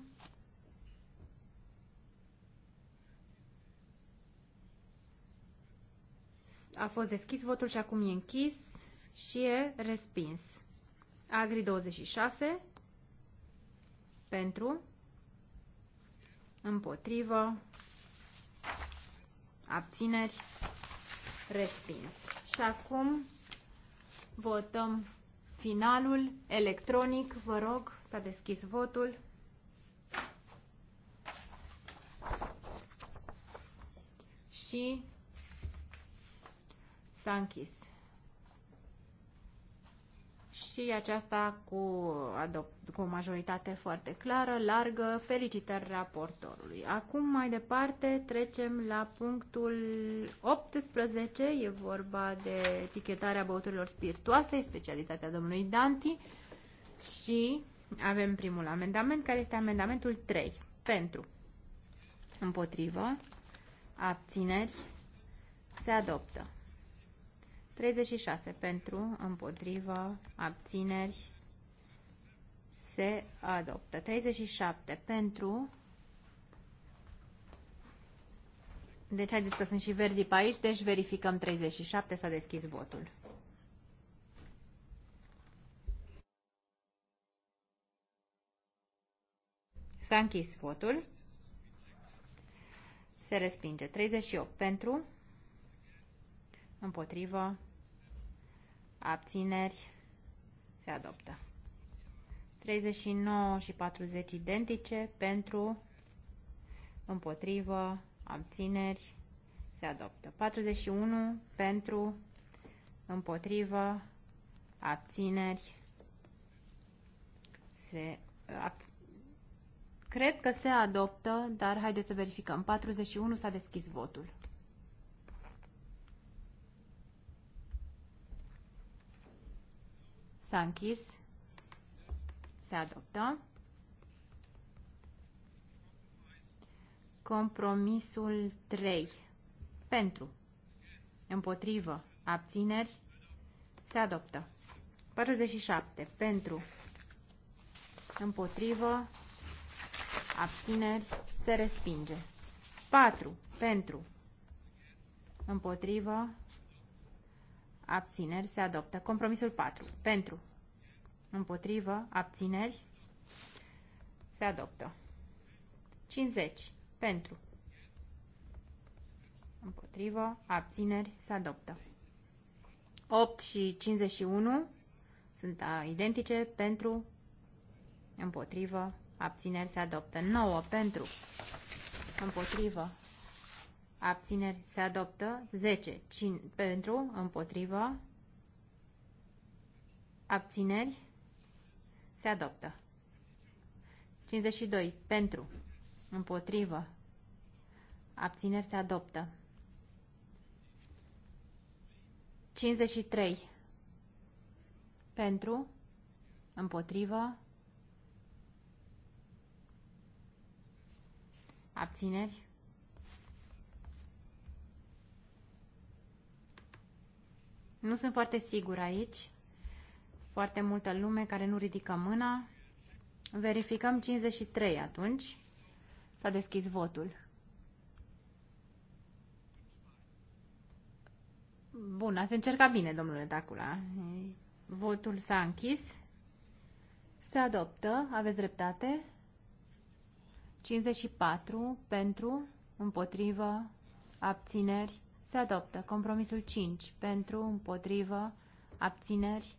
A fost deschis votul și acum e închis și e respins. Agri 26 pentru, împotrivă, abțineri, respins. Și acum votăm finalul electronic, vă rog, s-a deschis votul. Și s-a închis și aceasta cu, cu o majoritate foarte clară, largă. Felicitări raportorului. Acum, mai departe, trecem la punctul 18. E vorba de etichetarea băuturilor spiritoase, specialitatea domnului Danti. Și avem primul amendament, care este amendamentul 3. Pentru. Împotrivă. Abțineri. Se adoptă. 36 pentru, împotriva, abțineri, se adoptă. 37 pentru, deci haideți că sunt și verzii pe aici, deci verificăm 37, s-a deschis votul. S-a închis votul. Se respinge. 38 pentru, împotriva, abțineri, se adoptă. 39 și 40 identice pentru, împotrivă, abțineri, se adoptă. 41 pentru, împotrivă, abțineri, se ab... Cred că se adoptă, dar haideți să verificăm. 41 s-a deschis votul. S-a închis. Se adoptă. Compromisul 3. Pentru. Împotrivă. Abțineri. Se adoptă. 47. Pentru. Împotrivă. Abțineri. Se respinge. 4. Pentru. Împotrivă abțineri, se adoptă. Compromisul 4, pentru, împotrivă, abțineri, se adoptă. 50, pentru, împotrivă, abțineri, se adoptă. 8 și 51 sunt identice, pentru, împotrivă, abțineri, se adoptă. 9, pentru, împotrivă, abțineri se adoptă, 10 cin, pentru, împotrivă, abțineri se adoptă. 52 pentru, împotrivă, abțineri se adoptă. 53 pentru, împotrivă, abțineri Nu sunt foarte sigur aici. Foarte multă lume care nu ridică mâna. Verificăm 53 atunci. S-a deschis votul. Bun, ați încercat bine, domnule Dacula. Votul s-a închis. Se adoptă, aveți dreptate. 54 pentru, împotrivă, abțineri, se adoptă. Compromisul 5 pentru, împotrivă, abțineri,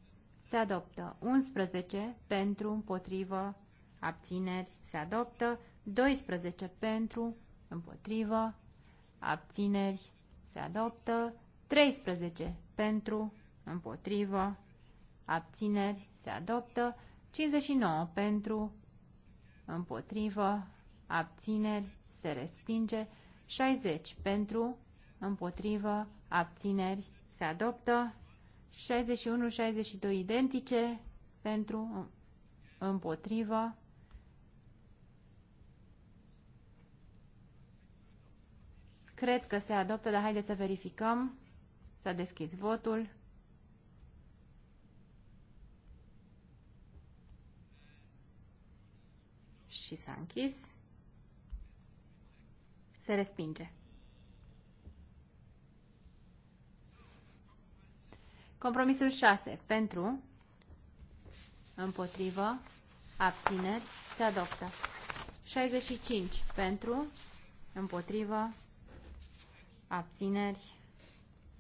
se adoptă. 11 pentru, împotrivă, abțineri, se adoptă. 12 pentru, împotrivă, abțineri, se adoptă. 13 pentru, împotrivă, abțineri, se adoptă. 59 pentru, împotrivă, abțineri, se respinge. 60 pentru, împotrivă, abțineri, se adoptă. 61-62 identice, pentru, împotrivă, Cred că se adoptă, dar haideți să verificăm. S-a deschis votul. Și s-a închis. Se respinge. Compromisul 6. Pentru, împotrivă, abțineri, se adoptă. 65. Pentru, împotrivă, abțineri,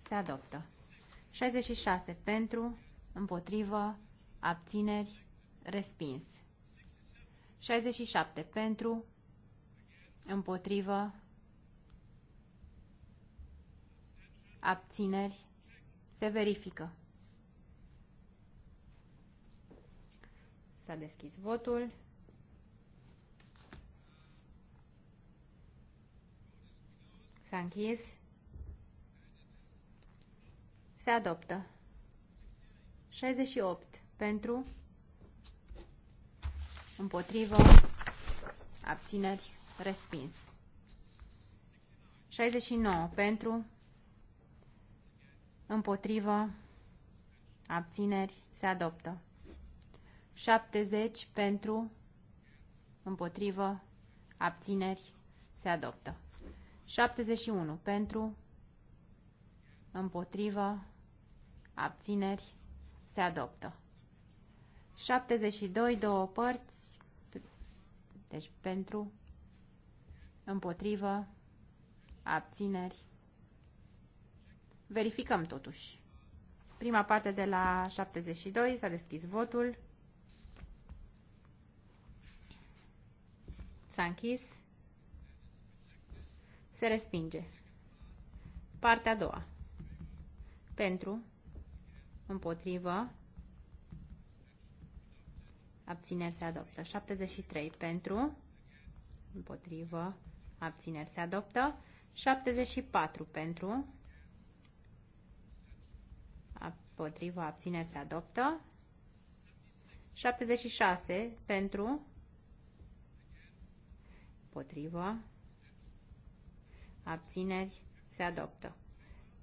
se adoptă. 66. Pentru, împotrivă, abțineri, respins. 67. Pentru, împotrivă, abțineri, se verifică. S-a deschis votul. S-a închis. Se adoptă. 68 pentru, împotrivă, abțineri, respins. 69 pentru, împotrivă, abțineri, se adoptă. 70 pentru, împotrivă, abțineri, se adoptă. 71 pentru, împotrivă, abțineri, se adoptă. 72, două părți, deci pentru, împotrivă, abțineri, Verificăm totuși. Prima parte de la 72 s-a deschis votul. S-a închis. Se respinge. Partea a doua. Pentru, împotrivă, abțineri se adoptă. 73 pentru, împotrivă, abțineri se adoptă. 74 pentru, împotriva, abțineri se adoptă. 76 pentru, împotriva, abțineri se adoptă.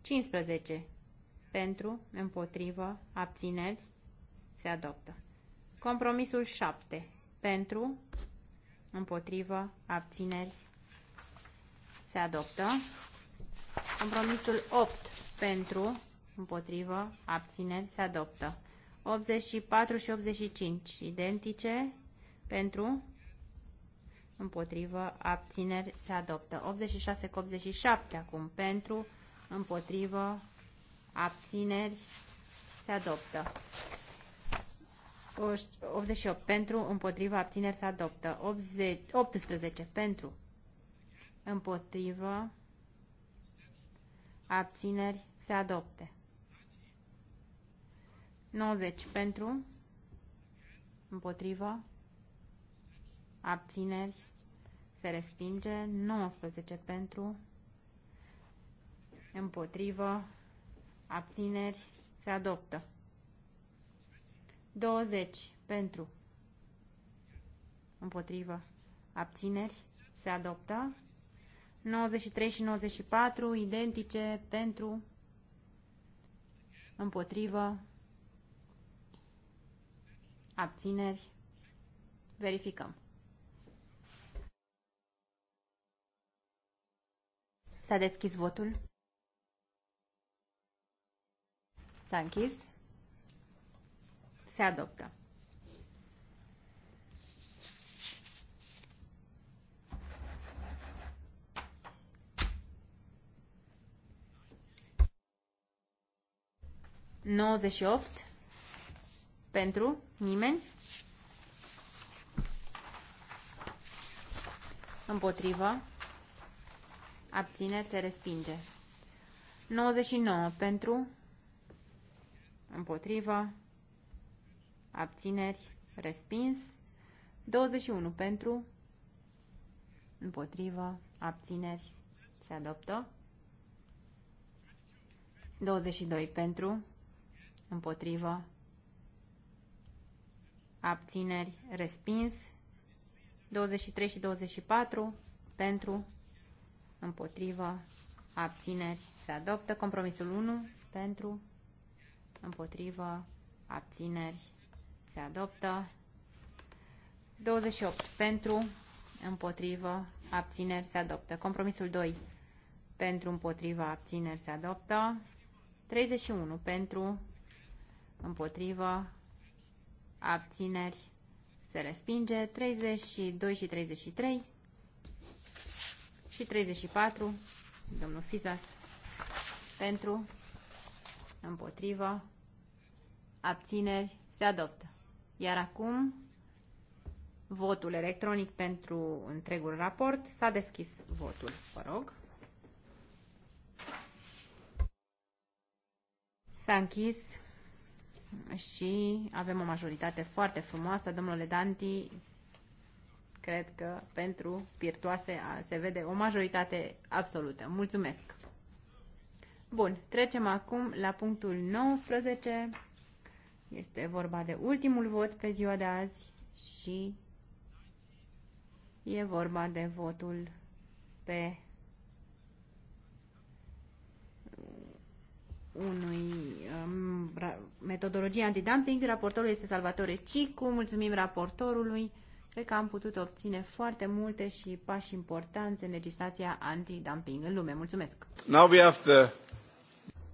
15 pentru, Împotriva. abțineri se adoptă. Compromisul 7 pentru, Împotriva. abțineri se adoptă. Compromisul 8 pentru, împotrivă, abțineri, se adoptă. 84 și 85, identice, pentru, împotrivă, abțineri, se adoptă. 86 cu 87 acum, pentru, împotrivă, abțineri, se adoptă. 88 pentru, Împotrivă. abțineri se adoptă. 80, 18 pentru, împotrivă, abțineri se adopte. 90 pentru, împotrivă, abțineri, se respinge, 19 pentru, împotrivă, abțineri, se adoptă. 20 pentru, împotrivă, abțineri, se adoptă. 93 și 94 identice pentru, împotrivă, abțineri, verificăm. S-a deschis votul. S-a închis. Se adoptă. Nouăzeci opt pentru Nimeni? Împotrivă. Abține, se respinge. 99 pentru. Împotrivă. Abțineri, respins. 21 pentru. Împotrivă. Abțineri, se adoptă. 22 pentru. Împotrivă abțineri, respins. 23 și 24 pentru, împotrivă, abțineri, se adoptă. Compromisul 1 pentru, împotrivă, abțineri, se adoptă. 28 pentru, împotrivă, abțineri, se adoptă. Compromisul 2 pentru, împotrivă, abțineri, se adoptă. 31 pentru, împotrivă, abțineri, se respinge. 32 și 33 și 34, domnul Fizas, pentru, împotrivă, abțineri, se adoptă. Iar acum, votul electronic pentru întregul raport. S-a deschis votul, vă rog. S-a închis și avem o majoritate foarte frumoasă. Domnule Danti, cred că pentru spiritoase se vede o majoritate absolută. Mulțumesc! Bun, trecem acum la punctul 19. Este vorba de ultimul vot pe ziua de azi și e vorba de votul pe unui um, metodologie antidumping. Raportorul este Salvatore Cicu. Mulțumim raportorului. Cred că am putut obține foarte multe și pași importanți în legislația antidumping în lume. Mulțumesc! Now we have the...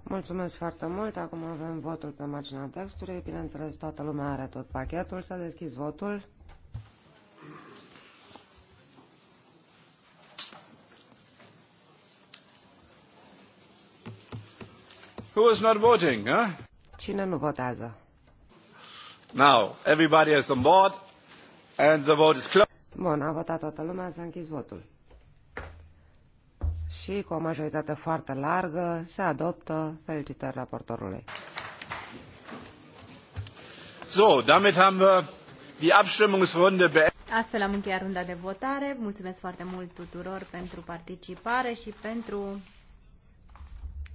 Mulțumesc foarte mult. Acum avem votul pe marginea textului. Bineînțeles, toată lumea are tot pachetul. S-a deschis votul. Who is not voting, huh? Cine nu votează? Now, everybody is on board and the vote is closed. Bun, a votat toată lumea, s-a închis votul. Și cu o majoritate foarte largă se adoptă. Felicitări raportorului. So, damit haben wir die Abstimmungsrunde beendet. Astfel am încheiat runda de votare. Mulțumesc foarte mult tuturor pentru participare și pentru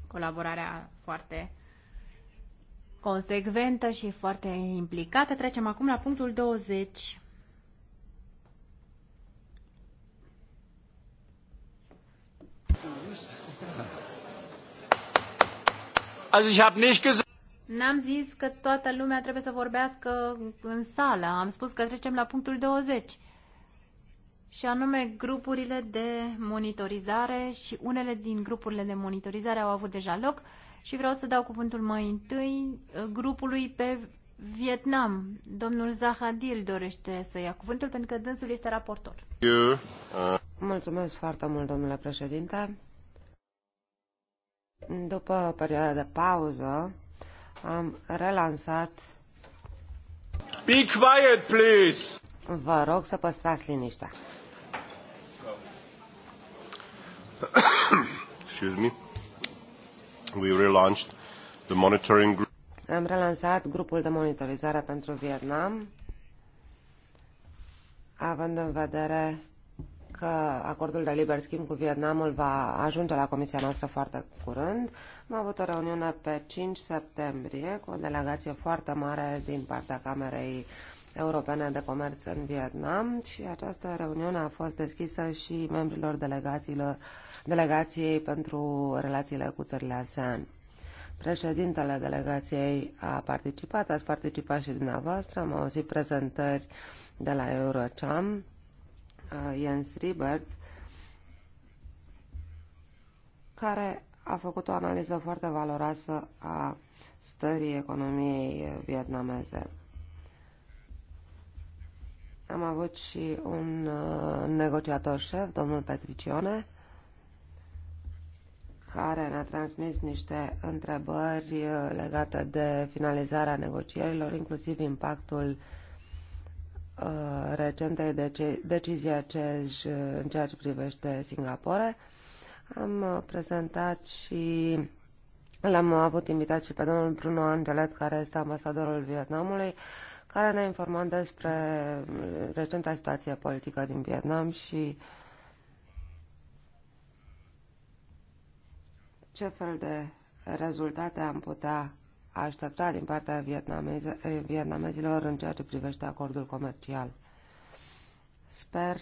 colaborarea foarte consecventă și foarte implicată. Trecem acum la punctul 20. Also ich habe nicht gesagt. N-am zis că toată lumea trebuie să vorbească în sală. Am spus că trecem la punctul 20 și anume grupurile de monitorizare și unele din grupurile de monitorizare au avut deja loc și vreau să dau cuvântul mai întâi uh, grupului pe Vietnam. Domnul Zahadil dorește să ia cuvântul pentru că dânsul este raportor. Mulțumesc foarte mult, domnule președinte. După perioada de pauză, am relansat Be quiet, please! Vă rog să păstrați liniștea. Excuse me. We relaunched the monitoring group. Am relansat grupul de monitorizare pentru Vietnam, având în vedere că acordul de liber schimb cu Vietnamul va ajunge la comisia noastră foarte curând. Am avut o reuniune pe 5 septembrie cu o delegație foarte mare din partea Camerei uh, Europene de Comerț în Vietnam și această reuniune a fost deschisă și membrilor delegațiilor, delegației pentru relațiile cu țările ASEAN. Președintele delegației a participat, ați participat și dumneavoastră, am auzit prezentări de la Eurocham, uh, Jens Riebert, care a făcut o analiză foarte valoroasă a stării economiei vietnameze. Am avut și un uh, negociator șef, domnul Petricione, care ne-a transmis niște întrebări uh, legate de finalizarea negocierilor, inclusiv impactul uh, recentei deci decizii ACEJ în ceea ce privește Singapore. Am prezentat și l-am avut invitat și pe domnul Bruno Angelet, care este ambasadorul Vietnamului, care ne-a informat despre recenta situație politică din Vietnam și ce fel de rezultate am putea aștepta din partea eh, vietnamezilor în ceea ce privește acordul comercial. Sper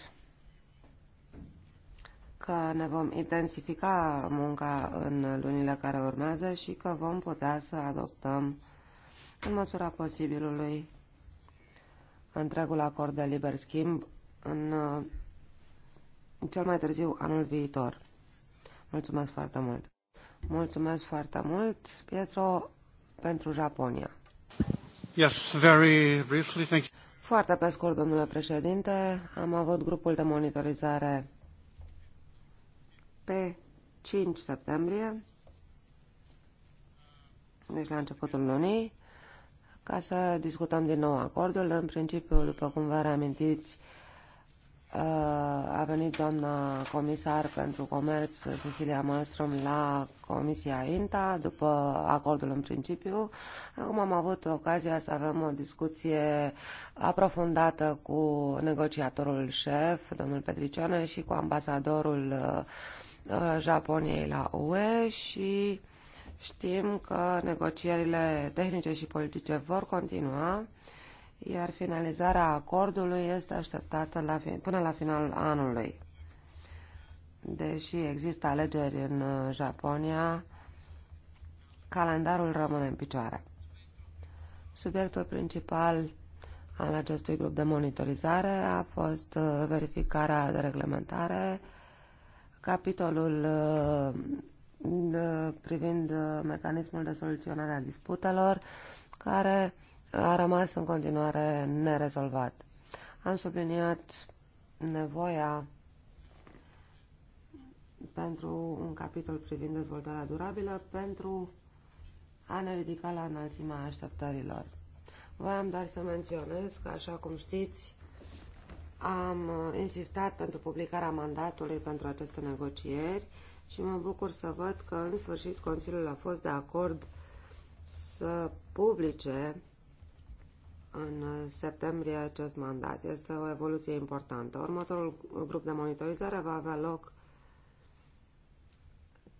că ne vom intensifica munca în lunile care urmează și că vom putea să adoptăm în măsura posibilului întregul acord de liber schimb în uh, cel mai târziu anul viitor. Mulțumesc foarte mult! Mulțumesc foarte mult, Pietro, pentru Japonia. Yes, very briefly, thank you. Foarte pe scurt, domnule președinte, am avut grupul de monitorizare pe 5 septembrie, deci la începutul lunii ca să discutăm din nou acordul. În principiu, după cum vă reamintiți, uh, a venit doamna comisar pentru comerț, Cecilia Malmström, la Comisia INTA, după acordul în principiu. Acum am avut ocazia să avem o discuție aprofundată cu negociatorul șef, domnul Petricione, și cu ambasadorul uh, Japoniei la UE și uh, Știm că negocierile tehnice și politice vor continua, iar finalizarea acordului este așteptată la, până la finalul anului. Deși există alegeri în uh, Japonia, calendarul rămâne în picioare. Subiectul principal al acestui grup de monitorizare a fost uh, verificarea de reglementare, capitolul uh, privind uh, mecanismul de soluționare a disputelor, care a rămas în continuare nerezolvat. Am subliniat nevoia pentru un capitol privind dezvoltarea durabilă pentru a ne ridica la înălțimea așteptărilor. Voiam doar să menționez că, așa cum știți, am uh, insistat pentru publicarea mandatului pentru aceste negocieri și mă bucur să văd că în sfârșit Consiliul a fost de acord să publice în septembrie acest mandat. Este o evoluție importantă. Următorul grup de monitorizare va avea loc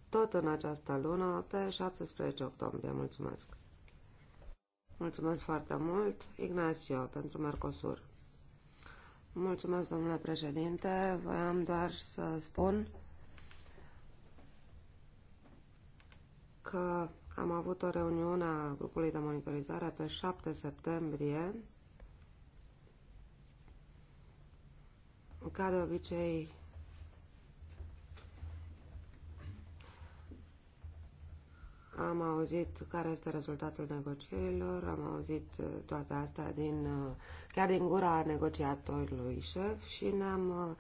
tot în această lună, pe 17 octombrie. Mulțumesc! Mulțumesc foarte mult, Ignacio, pentru Mercosur. Mulțumesc, domnule președinte. Voiam doar să spun că am avut o reuniune a grupului de monitorizare pe 7 septembrie. Ca de obicei, Am auzit care este rezultatul negocierilor, am auzit uh, toate astea din, uh, chiar din gura negociatorului șef și ne-am uh,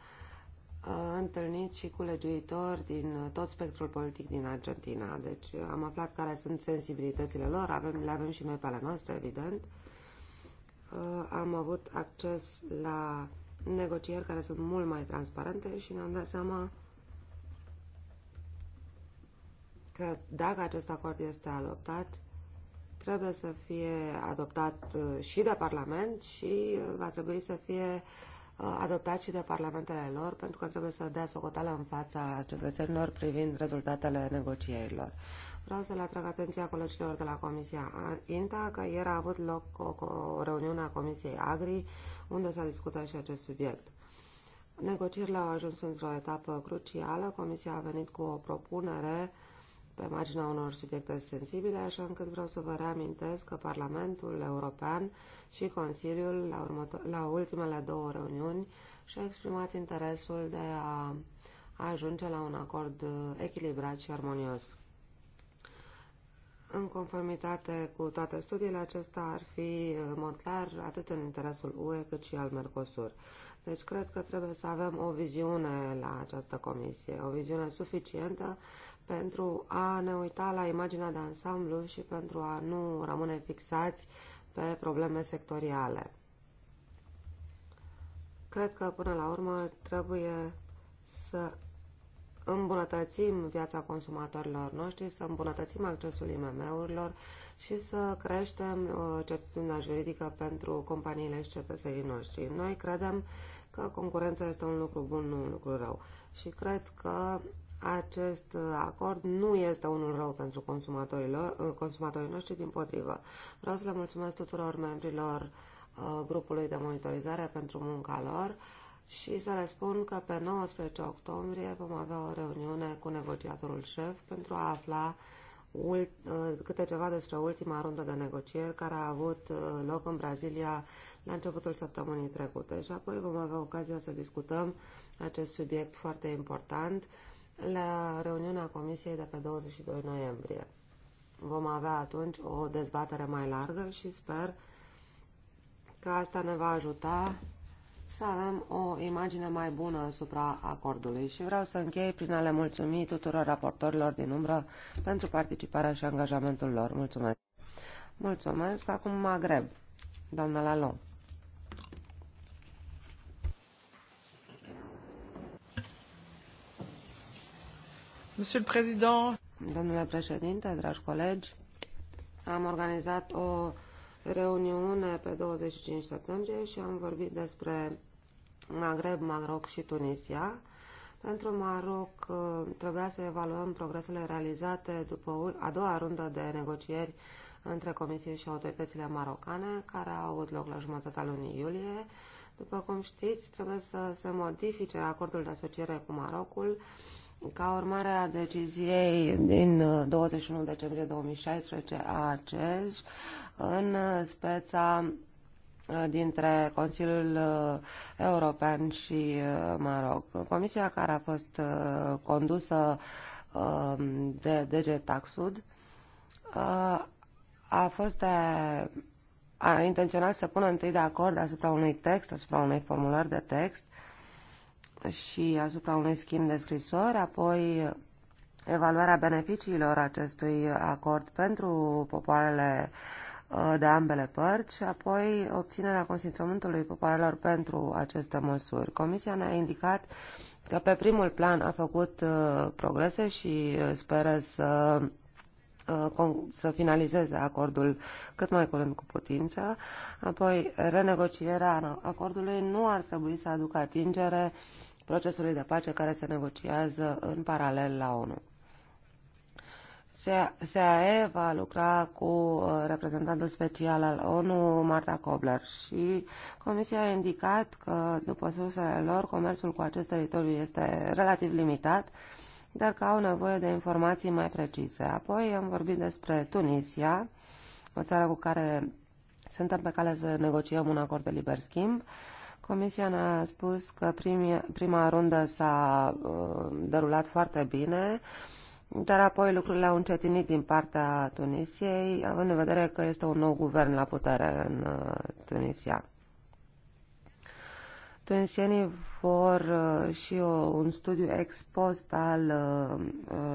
întâlnit și cu legiuitori din uh, tot spectrul politic din Argentina. Deci uh, am aflat care sunt sensibilitățile lor, avem, le avem și noi pe ale noastre, evident. Uh, am avut acces la negocieri care sunt mult mai transparente și ne-am dat seama că dacă acest acord este adoptat, trebuie să fie adoptat și de Parlament și va trebui să fie uh, adoptat și de parlamentele lor, pentru că trebuie să dea socoteală în fața cetățenilor privind rezultatele negocierilor. Vreau să le atrag atenția colegilor de la Comisia INTA că ieri a avut loc o, o reuniune a Comisiei Agri, unde s-a discutat și acest subiect. Negocierile au ajuns într-o etapă crucială. Comisia a venit cu o propunere uh, pe marginea unor subiecte sensibile, așa încât vreau să vă reamintesc că Parlamentul European și Consiliul, la, următo- la ultimele două reuniuni, și-au exprimat interesul de a ajunge la un acord echilibrat și armonios. În conformitate cu toate studiile, acesta ar fi, în mod clar, atât în interesul UE cât și al Mercosur. Deci cred că trebuie să avem o viziune la această comisie, o viziune suficientă pentru a ne uita la imaginea de ansamblu și pentru a nu rămâne fixați pe probleme sectoriale. Cred că până la urmă trebuie să îmbunătățim viața consumatorilor noștri, să îmbunătățim accesul IMM-urilor și să creștem uh, certitudinea juridică pentru companiile și cetățenii noștri. Noi credem că concurența este un lucru bun, nu un lucru rău. Și cred că acest uh, acord nu este unul rău pentru consumatorilor, uh, consumatorii noștri, din potrivă. Vreau să le mulțumesc tuturor membrilor uh, grupului de monitorizare pentru munca lor și să le spun că pe 19 octombrie vom avea o reuniune cu negociatorul șef pentru a afla câte ceva despre ultima rundă de negocieri care a avut loc în Brazilia la începutul săptămânii trecute și apoi vom avea ocazia să discutăm acest subiect foarte important la reuniunea Comisiei de pe 22 noiembrie. Vom avea atunci o dezbatere mai largă și sper că asta ne va ajuta să avem o imagine mai bună asupra acordului și vreau să închei prin a le mulțumi tuturor raportorilor din umbră pentru participarea și angajamentul lor. Mulțumesc! Mulțumesc! Acum Magreb, doamna Lalon. Domnule președinte, dragi colegi, am organizat o reuniune pe 25 septembrie și am vorbit despre Maghreb, Maroc și Tunisia. Pentru Maroc uh, trebuia să evaluăm progresele realizate după a doua rundă de negocieri între Comisie și autoritățile marocane, care au avut loc la jumătatea lunii iulie. După cum știți, trebuie să se modifice acordul de asociere cu Marocul ca urmare a deciziei din 21 uh, decembrie 2016 a ACES, în speța uh, dintre Consiliul uh, European și Maroc. Comisia care a fost condusă de DG Taxud a fost de, a intenționat să pună întâi de acord asupra unui text, asupra unui formular de text și asupra unui schimb de scrisori, apoi evaluarea beneficiilor acestui acord pentru popoarele uh, de ambele părți apoi obținerea consimțământului popoarelor pentru aceste măsuri. Comisia ne-a indicat că pe primul plan a făcut uh, progrese și uh, speră să Uh, să finalizeze acordul cât mai curând cu putință. Apoi, renegocierea acordului nu ar trebui să aducă atingere procesului de pace care se negociază în paralel la ONU. SAE va lucra cu uh, reprezentantul special al ONU, Marta Kobler, și Comisia a indicat că, după sursele lor, comerțul cu acest teritoriu este relativ limitat dar că au nevoie de informații mai precise. Apoi am vorbit despre Tunisia, o țară cu care suntem pe cale să negociem un acord de liber schimb. Comisia ne-a spus că primi, prima rundă s-a uh, derulat foarte bine, dar apoi lucrurile au încetinit din partea Tunisiei, având în vedere că este un nou guvern la putere în uh, Tunisia. Tensienii vor uh, și o, un studiu ex post al uh,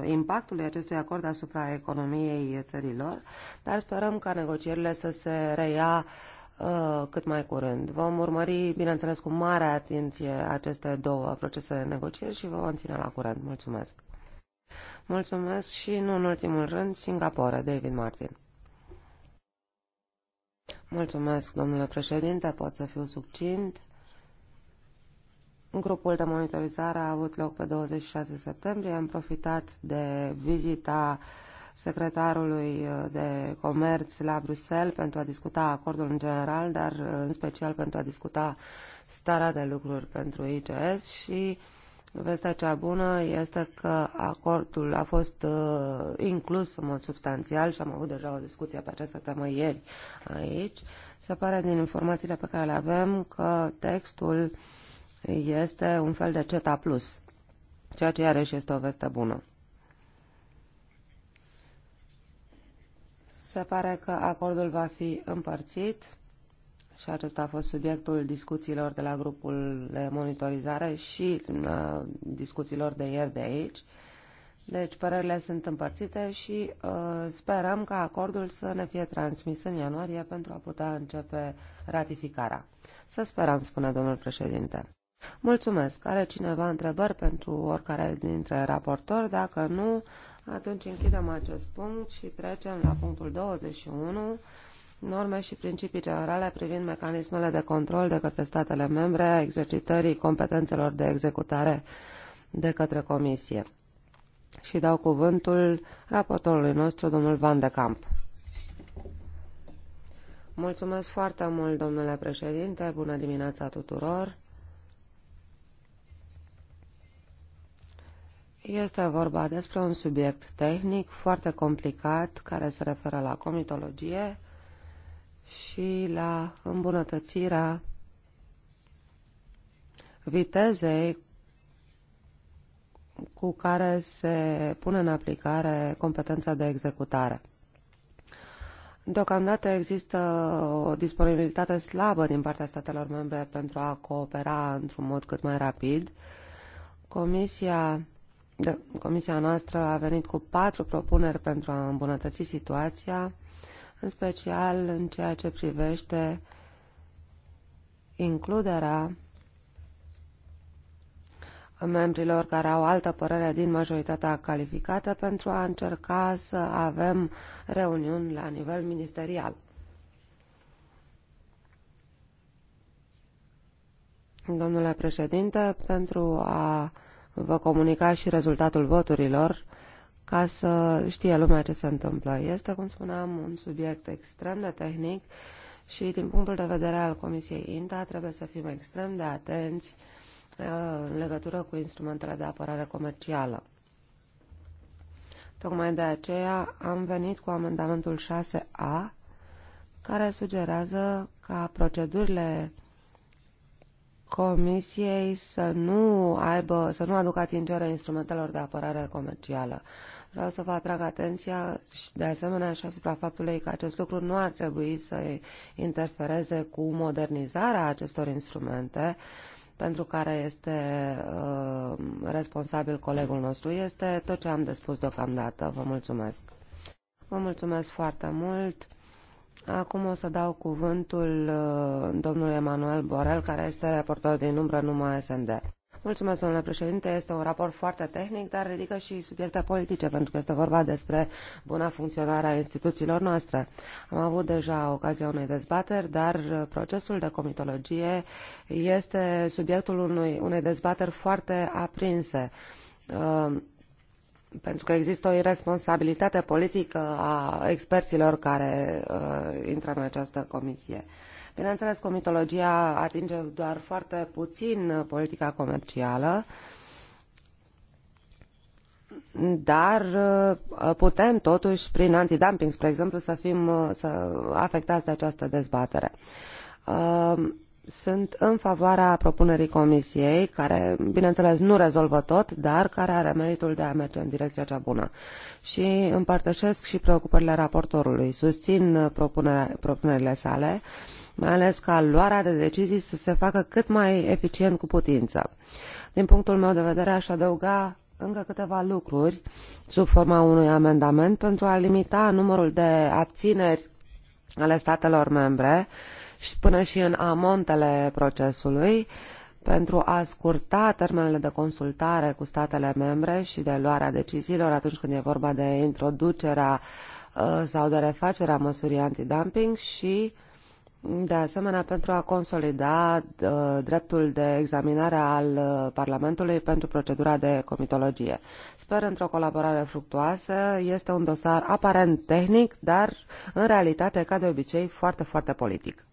uh, impactului acestui acord asupra economiei țărilor, dar sperăm ca negocierile să se reia uh, cât mai curând. Vom urmări, bineînțeles, cu mare atenție aceste două procese de negocieri și vă vom ține la curent. Mulțumesc! Mulțumesc și, nu în ultimul rând, Singapore, David Martin. Mulțumesc, domnule președinte, pot să fiu succint. Grupul de monitorizare a avut loc pe 26 septembrie. Am profitat de vizita secretarului uh, de comerț la Bruxelles pentru a discuta acordul în general, dar uh, în special pentru a discuta starea de lucruri pentru IGS și vestea cea bună este că acordul a fost uh, inclus în mod substanțial și am avut deja o discuție pe această temă ieri aici. Se pare din informațiile pe care le avem că textul uh, este un fel de CETA+, plus, ceea ce iarăși este o veste bună. Se pare că acordul va fi împărțit și acesta a fost subiectul discuțiilor de la grupul de monitorizare și uh, discuțiilor de ieri de aici. Deci părerile sunt împărțite și uh, sperăm ca acordul să ne fie transmis în ianuarie pentru a putea începe ratificarea. Să sperăm, spune domnul președinte. Mulțumesc. Are cineva întrebări pentru oricare dintre raportori? Dacă nu, atunci închidem acest punct și trecem la punctul 21, norme și principii generale privind mecanismele de control de către statele membre a exercitării competențelor de executare de către Comisie. Și dau cuvântul raportorului nostru, domnul Van de Camp. Mulțumesc foarte mult, domnule președinte, bună dimineața tuturor. Este vorba despre un subiect tehnic foarte complicat care se referă la comitologie și la îmbunătățirea vitezei cu care se pune în aplicare competența de executare. Deocamdată există o disponibilitate slabă din partea statelor membre pentru a coopera într-un mod cât mai rapid. Comisia da, comisia noastră a venit cu patru propuneri pentru a îmbunătăți situația, în special în ceea ce privește includerea membrilor care au altă părere din majoritatea calificată pentru a încerca să avem reuniuni la nivel ministerial. Domnule președinte, pentru a vă comunica și rezultatul voturilor ca să știe lumea ce se întâmplă. Este, cum spuneam, un subiect extrem de tehnic și din punctul de vedere al Comisiei INTA trebuie să fim extrem de atenți uh, în legătură cu instrumentele de apărare comercială. Tocmai de aceea am venit cu amendamentul 6A, care sugerează ca procedurile Comisiei să nu aibă, să nu aducă atingere instrumentelor de apărare comercială. Vreau să vă atrag atenția și de asemenea și asupra faptului că acest lucru nu ar trebui să interfereze cu modernizarea acestor instrumente pentru care este uh, responsabil colegul nostru. Este tot ce am de spus deocamdată. Vă mulțumesc. Vă mulțumesc foarte mult. Acum o să dau cuvântul uh, domnului Emanuel Borel, care este raportor din umbră numai SND. Mulțumesc, domnule președinte. Este un raport foarte tehnic, dar ridică și subiecte politice, pentru că este vorba despre buna funcționare a instituțiilor noastre. Am avut deja ocazia unei dezbateri, dar uh, procesul de comitologie este subiectul unui, unei dezbateri foarte aprinse. Uh, pentru că există o irresponsabilitate politică a experților care uh, intră în această comisie. Bineînțeles, comitologia atinge doar foarte puțin politica comercială, dar uh, putem totuși, prin antidumping, spre exemplu, să fim uh, să afectați de această dezbatere. Uh, sunt în favoarea propunerii comisiei, care, bineînțeles, nu rezolvă tot, dar care are meritul de a merge în direcția cea bună. Și împărtășesc și preocupările raportorului. Susțin propunerile sale, mai ales ca luarea de decizii să se facă cât mai eficient cu putință. Din punctul meu de vedere, aș adăuga încă câteva lucruri sub forma unui amendament pentru a limita numărul de abțineri ale statelor membre uh, și până și în amontele procesului pentru a scurta termenele de consultare cu statele membre și de luarea deciziilor atunci când e vorba de introducerea uh, sau de refacerea măsurii antidumping și de asemenea, pentru a consolida uh, dreptul de examinare al uh, Parlamentului pentru procedura de comitologie. Sper într-o colaborare fructuoasă. Este un dosar aparent tehnic, dar în realitate, ca de obicei, foarte, foarte politic.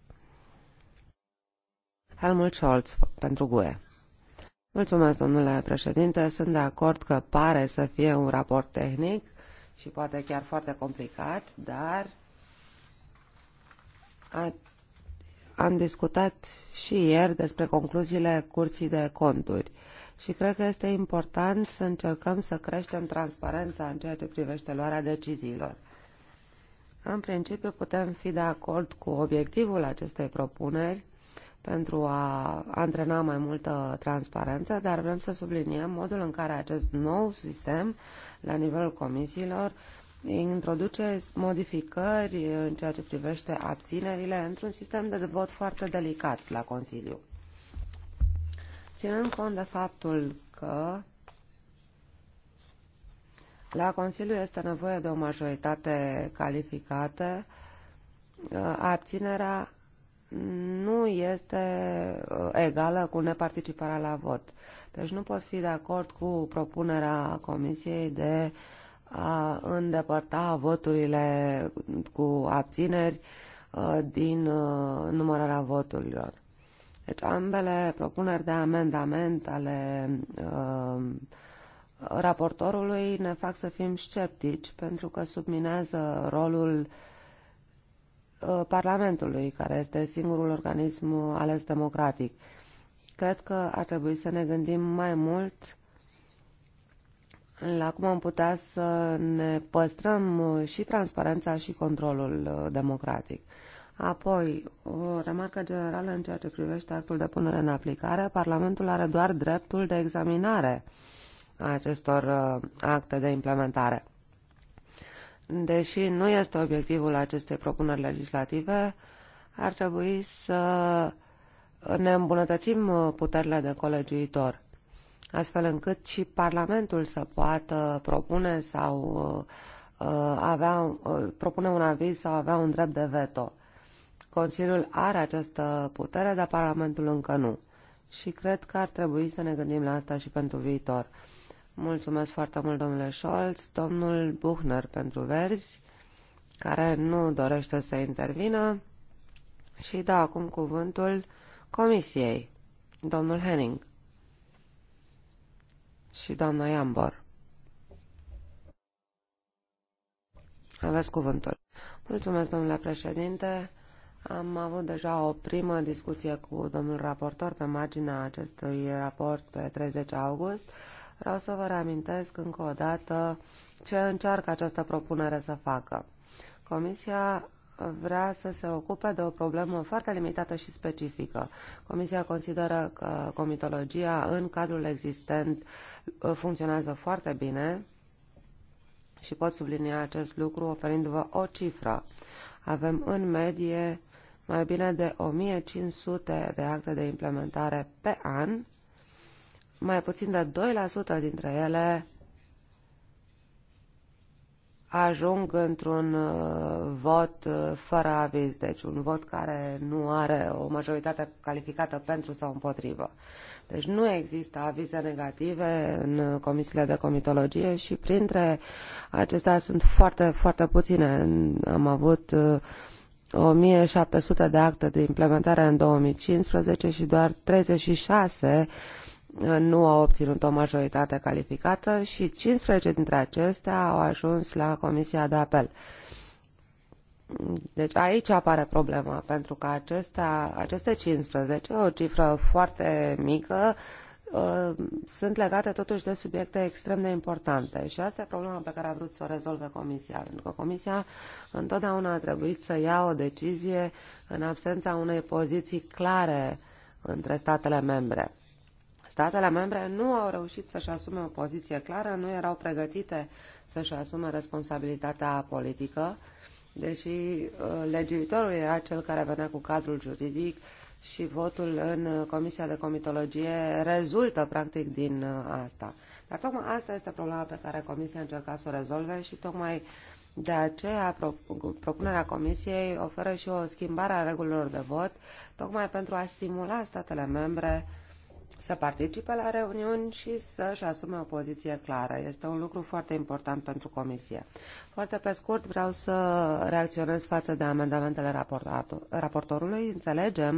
Helmut Scholz pentru GUE. Mulțumesc, domnule președinte. Sunt de acord că pare să fie un raport tehnic și poate chiar foarte complicat, dar a, am discutat și ieri despre concluziile Curții de Conturi și cred că este important să încercăm să creștem transparența în ceea ce privește luarea deciziilor. În principiu putem fi de acord cu obiectivul acestei propuneri, pentru a antrena mai multă transparență, dar vrem să subliniem modul în care acest nou sistem, la nivelul comisiilor, introduce modificări în ceea ce privește abținerile într-un sistem de vot foarte delicat la Consiliu. Ținând cont de faptul că la Consiliu este nevoie de o majoritate calificată, abținerea nu este uh, egală cu neparticiparea la vot. Deci nu pot fi de acord cu propunerea Comisiei de a îndepărta voturile cu abțineri uh, din uh, numărarea voturilor. Deci ambele propuneri de amendament ale raportorului ne fac să fim sceptici pentru că subminează rolul Uh, Parlamentului, care este singurul organism uh, ales democratic. Cred că ar trebui să ne gândim mai mult la cum am putea să ne păstrăm uh, și transparența și controlul democratic. Apoi, o remarcă generală în ceea ce privește actul de punere în aplicare, Parlamentul are doar dreptul de examinare a acestor acte de implementare deși nu este obiectivul acestei propuneri legislative, ar trebui să ne îmbunătățim puterile de colegiuitor, astfel încât și Parlamentul să poată propune sau uh, avea, uh, propune un aviz sau avea un drept de veto. Consiliul are această putere, dar Parlamentul încă nu. Și cred că ar trebui să ne gândim la asta și pentru viitor. Mulțumesc foarte mult, domnule Scholz. Domnul Buchner pentru Verzi, care nu dorește să intervină. Și dă acum cuvântul Comisiei, domnul Henning și doamna Iambor. Aveți cuvântul. Mulțumesc, domnule președinte. Am avut deja o primă discuție cu domnul raportor pe marginea acestui raport pe 30 august. Vreau să vă reamintesc încă o dată ce încearcă această propunere să facă. Comisia vrea să se ocupe de o problemă foarte limitată și specifică. Comisia consideră că comitologia în cadrul existent uh, funcționează foarte bine și pot sublinia acest lucru oferindu-vă o cifră. Avem în medie mai bine de 1500 de acte de implementare pe an mai puțin de 2% dintre ele ajung într-un uh, vot uh, fără aviz, deci un vot care nu are o majoritate calificată pentru sau împotrivă. Deci nu există avize negative în uh, comisiile de comitologie și printre acestea sunt foarte, foarte puține. Am avut 1700 de acte de implementare în 2015 și doar 36 nu au obținut o majoritate calificată și 15 dintre acestea au ajuns la Comisia de Apel. Deci aici apare problema, pentru că acestea, aceste 15, o cifră foarte mică, ă, sunt legate totuși de subiecte extrem de importante și asta e problema pe care a vrut să o rezolve Comisia, pentru că Comisia întotdeauna a trebuit să ia o decizie în absența unei poziții clare între statele membre. Statele membre nu au reușit să-și asume o poziție clară, nu erau pregătite să-și asume responsabilitatea politică, deși uh, legiuitorul era cel care venea cu cadrul juridic și votul în uh, Comisia de Comitologie rezultă practic din uh, asta. Dar tocmai asta este problema pe care Comisia încerca să o rezolve și tocmai de aceea, propunerea Comisiei oferă și o schimbare a regulilor de vot, tocmai pentru a stimula statele membre uh, să participe la reuniuni și să-și asume o poziție clară. Este un lucru foarte important pentru Comisie. Foarte pe scurt vreau să reacționez față de amendamentele raportorului. Înțelegem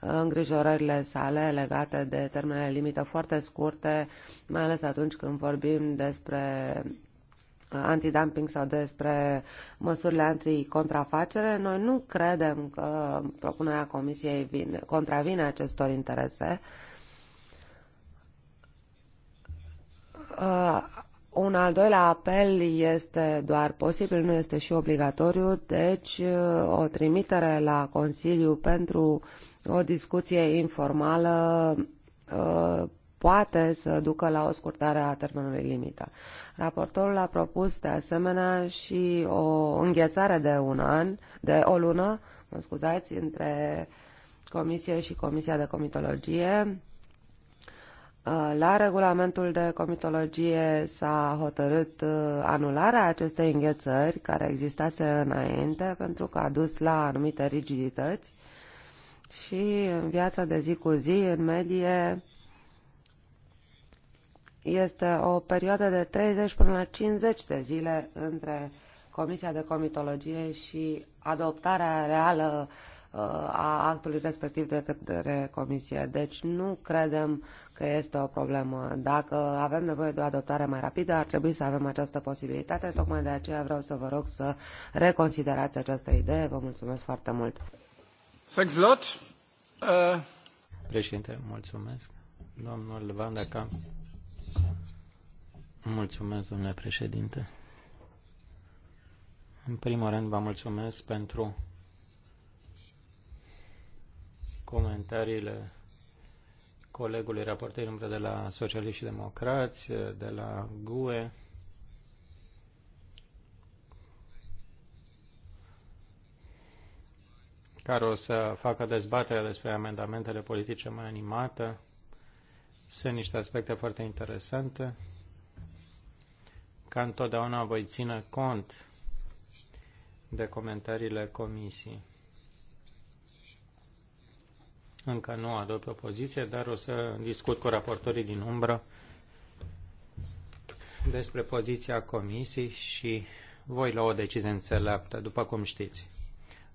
uh, îngrijorările sale legate de termenele limită foarte scurte, mai ales atunci când vorbim despre uh, antidumping sau despre măsurile anticontrafacere, noi nu credem că propunerea Comisiei vine, contravine acestor interese. Uh, Uh, un al doilea apel este doar posibil, nu este și obligatoriu, deci uh, o trimitere la Consiliu pentru o discuție informală uh, poate să ducă la o scurtare a termenului limită. Raportorul a propus de asemenea și o înghețare de un an, de o lună, mă scuzați, între Comisie și Comisia de Comitologie, Uh, la regulamentul de comitologie s-a hotărât uh, anularea acestei înghețări care existase înainte pentru că a dus la anumite rigidități și în viața de zi cu zi, în medie, este o perioadă de 30 până la 50 de zile între Comisia de Comitologie și adoptarea reală uh, a actului respectiv de către Comisie. Deci nu credem că este o problemă. Dacă avem nevoie de o adoptare mai rapidă, ar trebui să avem această posibilitate. Tocmai de aceea vreau să vă rog să reconsiderați această idee. Vă mulțumesc foarte mult. Thanks a lot. Uh... Președinte, mulțumesc. Domnul Van de Cam. Mulțumesc, domnule președinte. În primul rând, vă mulțumesc pentru comentariile colegului raportor de la Socialiști și Democrați, de la GUE. care o să facă dezbaterea despre amendamentele politice mai animată. Sunt niște aspecte foarte interesante. Ca întotdeauna voi ține cont de comentariile comisiei. Încă nu adopt o poziție, dar o să discut cu raportorii din umbră despre poziția comisiei și voi lua o decizie înțeleaptă, după cum știți.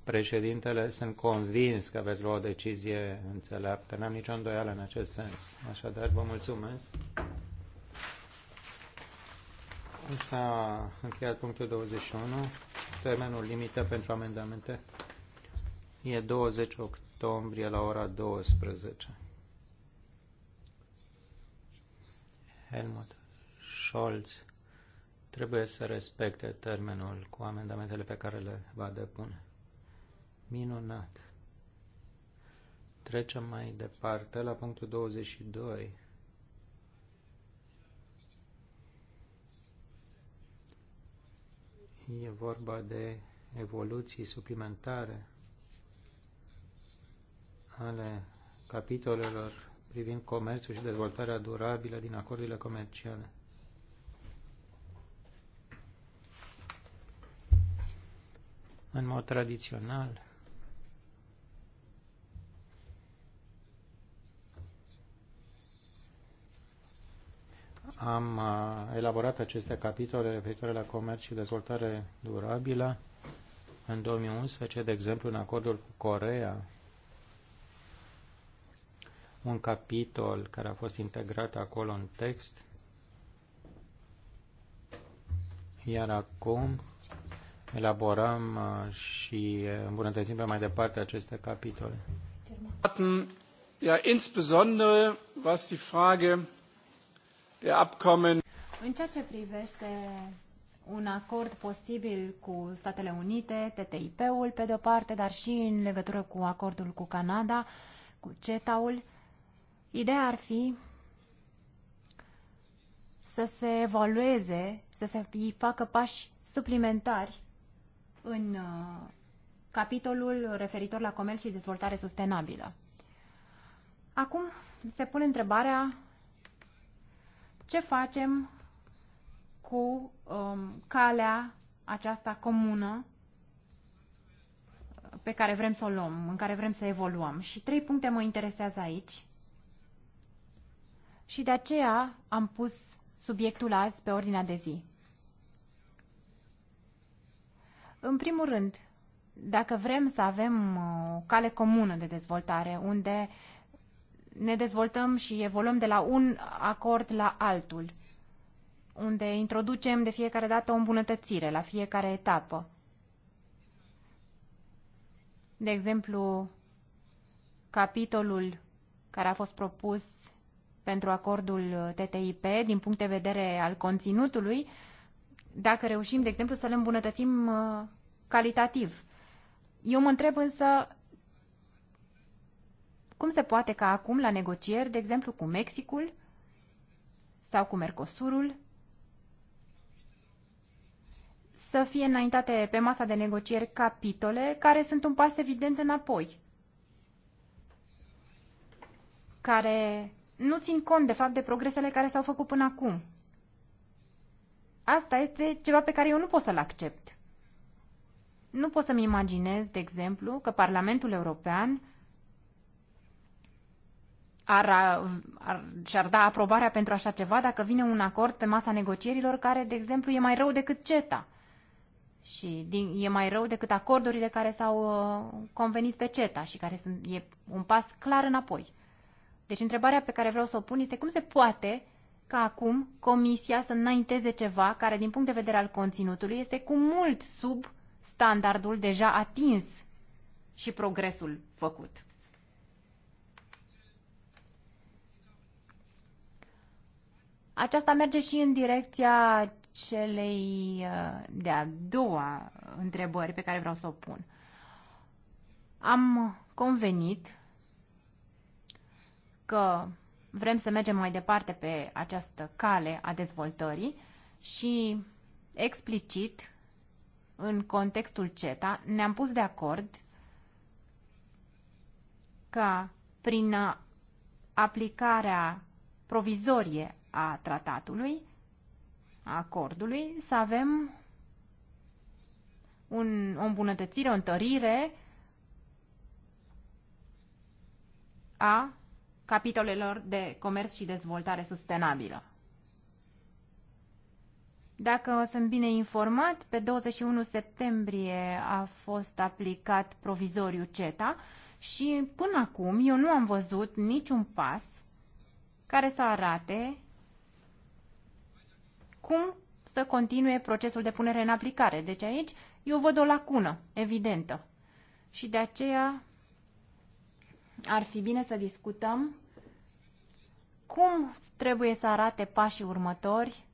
Președintele, sunt convins că veți lua o decizie înțeleaptă. N-am nicio îndoială în acest sens. Așadar, vă mulțumesc. S-a încheiat punctul 21. Termenul limită pentru amendamente e 20 octombrie octombrie la ora 12. Helmut Scholz trebuie să respecte termenul cu amendamentele pe care le va depune. Minunat! Trecem mai departe la punctul 22. E vorba de evoluții suplimentare ale capitolelor privind comerțul și dezvoltarea durabilă din acordurile comerciale. În mod tradițional, am uh, elaborat aceste capitole referitoare la comerț și dezvoltare durabilă în 2011, de exemplu, în acordul cu Corea, un capitol care a fost integrat acolo în text. Iar acum elaborăm uh, și uh, îmbunătățim pe mai departe aceste capitole. Ja, insbesondere was die Frage der Abkommen în ceea ce privește un acord posibil cu Statele Unite, TTIP-ul pe de-o parte, dar și în legătură cu acordul cu Canada, cu CETA-ul, Ideea ar fi să se evolueze, să se facă pași suplimentari în uh, capitolul referitor la comerț și dezvoltare sustenabilă. Acum se pune întrebarea ce facem cu um, calea aceasta comună pe care vrem să o luăm, în care vrem să evoluăm. Și trei puncte mă interesează aici și de aceea am pus subiectul azi pe ordinea de zi. În primul rând, dacă vrem să avem uh, o cale comună de dezvoltare, unde ne dezvoltăm și evoluăm de la un acord la altul, unde introducem de fiecare dată o îmbunătățire la fiecare etapă. De exemplu, capitolul care a fost propus pentru acordul TTIP din punct de vedere al conținutului, dacă reușim, de exemplu, să le îmbunătățim uh, calitativ. Eu mă întreb însă cum se poate ca acum, la negocieri, de exemplu, cu Mexicul sau cu Mercosurul, să fie înaintate pe masa de negocieri capitole care sunt un pas evident înapoi, care nu țin cont, de fapt, de progresele care s-au făcut până acum. Asta este ceva pe care eu nu pot să-l accept. Nu pot să-mi imaginez, de exemplu, că Parlamentul European ar, ar, și-ar da aprobarea pentru așa ceva dacă vine un acord pe masa negocierilor care, de exemplu, e mai rău decât CETA. Și din, e mai rău decât acordurile care s-au uh, convenit pe CETA și care sunt, e un pas clar înapoi. Deci întrebarea pe care vreau să o pun este cum se poate ca acum Comisia să înainteze ceva care, din punct de vedere al conținutului, este cu mult sub standardul deja atins și progresul făcut. Aceasta merge și în direcția celei uh, de-a doua întrebări pe care vreau să o pun. Am convenit că vrem să mergem mai departe pe această cale a dezvoltării și explicit în contextul CETA ne-am pus de acord ca prin aplicarea provizorie a tratatului, a acordului, să avem un, o îmbunătățire, o întărire a capitolelor de comerț și dezvoltare sustenabilă. Dacă sunt bine informat, pe 21 septembrie a fost aplicat provizoriu CETA și până acum eu nu am văzut niciun pas care să arate cum să continue procesul de punere în aplicare. Deci aici eu văd o lacună evidentă și de aceea ar fi bine să discutăm cum trebuie să arate pașii următori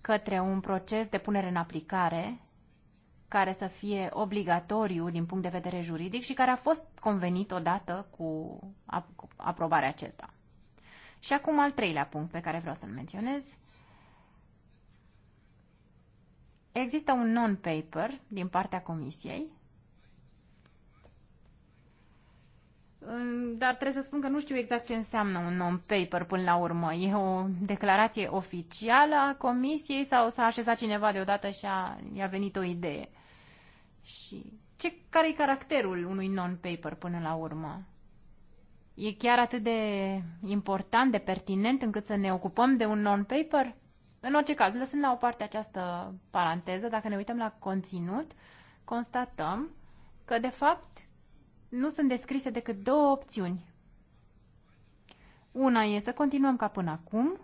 către un proces de punere în aplicare care să fie obligatoriu din punct de vedere juridic și care a fost convenit odată cu aprobarea CETA. Și acum al treilea punct pe care vreau să-l menționez. Există un non-paper din partea Comisiei dar trebuie să spun că nu știu exact ce înseamnă un non-paper până la urmă. E o declarație oficială a comisiei sau s-a așezat cineva deodată și a, i-a venit o idee? Și ce, care e caracterul unui non-paper până la urmă? E chiar atât de important, de pertinent încât să ne ocupăm de un non-paper? În orice caz, lăsând la o parte această paranteză, dacă ne uităm la conținut, constatăm că, de fapt, nu sunt descrise decât două opțiuni. Una e să continuăm ca până acum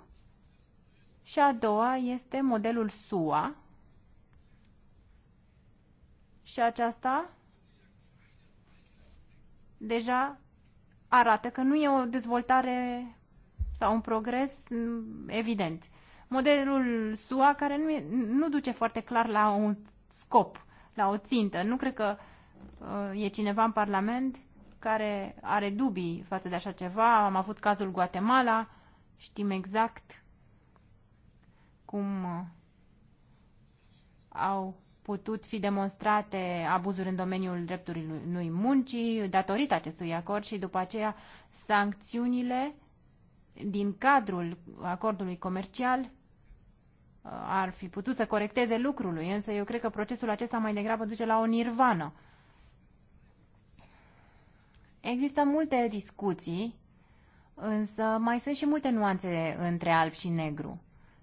și a doua este modelul SUA și aceasta deja arată că nu e o dezvoltare sau un progres mm, evident. Modelul SUA care nu, e, nu duce foarte clar la un scop, la o țintă. Nu cred că uh, Uh, e cineva în Parlament care are dubii față de așa ceva. Am avut cazul Guatemala, știm exact cum uh, au putut fi demonstrate abuzuri în domeniul drepturilor muncii datorită acestui acord și după aceea sancțiunile din cadrul acordului comercial uh, ar fi putut să corecteze lucrului, însă eu cred că procesul acesta mai degrabă duce la o nirvană. Există multe discuții, însă mai sunt și multe nuanțe între alb și negru.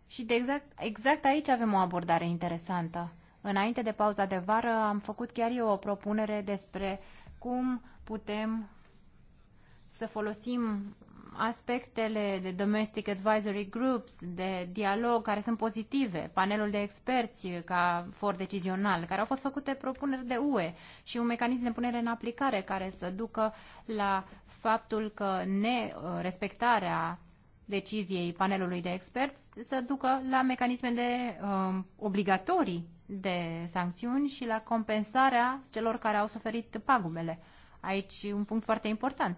Și de exact, exact aici avem o abordare interesantă. Înainte de pauza de vară am făcut chiar eu o propunere despre cum putem să folosim aspectele de domestic advisory groups, de dialog care sunt pozitive, panelul de experți ca for decizional, care au fost făcute propuneri de UE și un mecanism de punere în aplicare care să ducă la faptul că nerespectarea deciziei panelului de experți să ducă la mecanisme de um, obligatorii de sancțiuni și la compensarea celor care au suferit pagubele. Aici un punct foarte important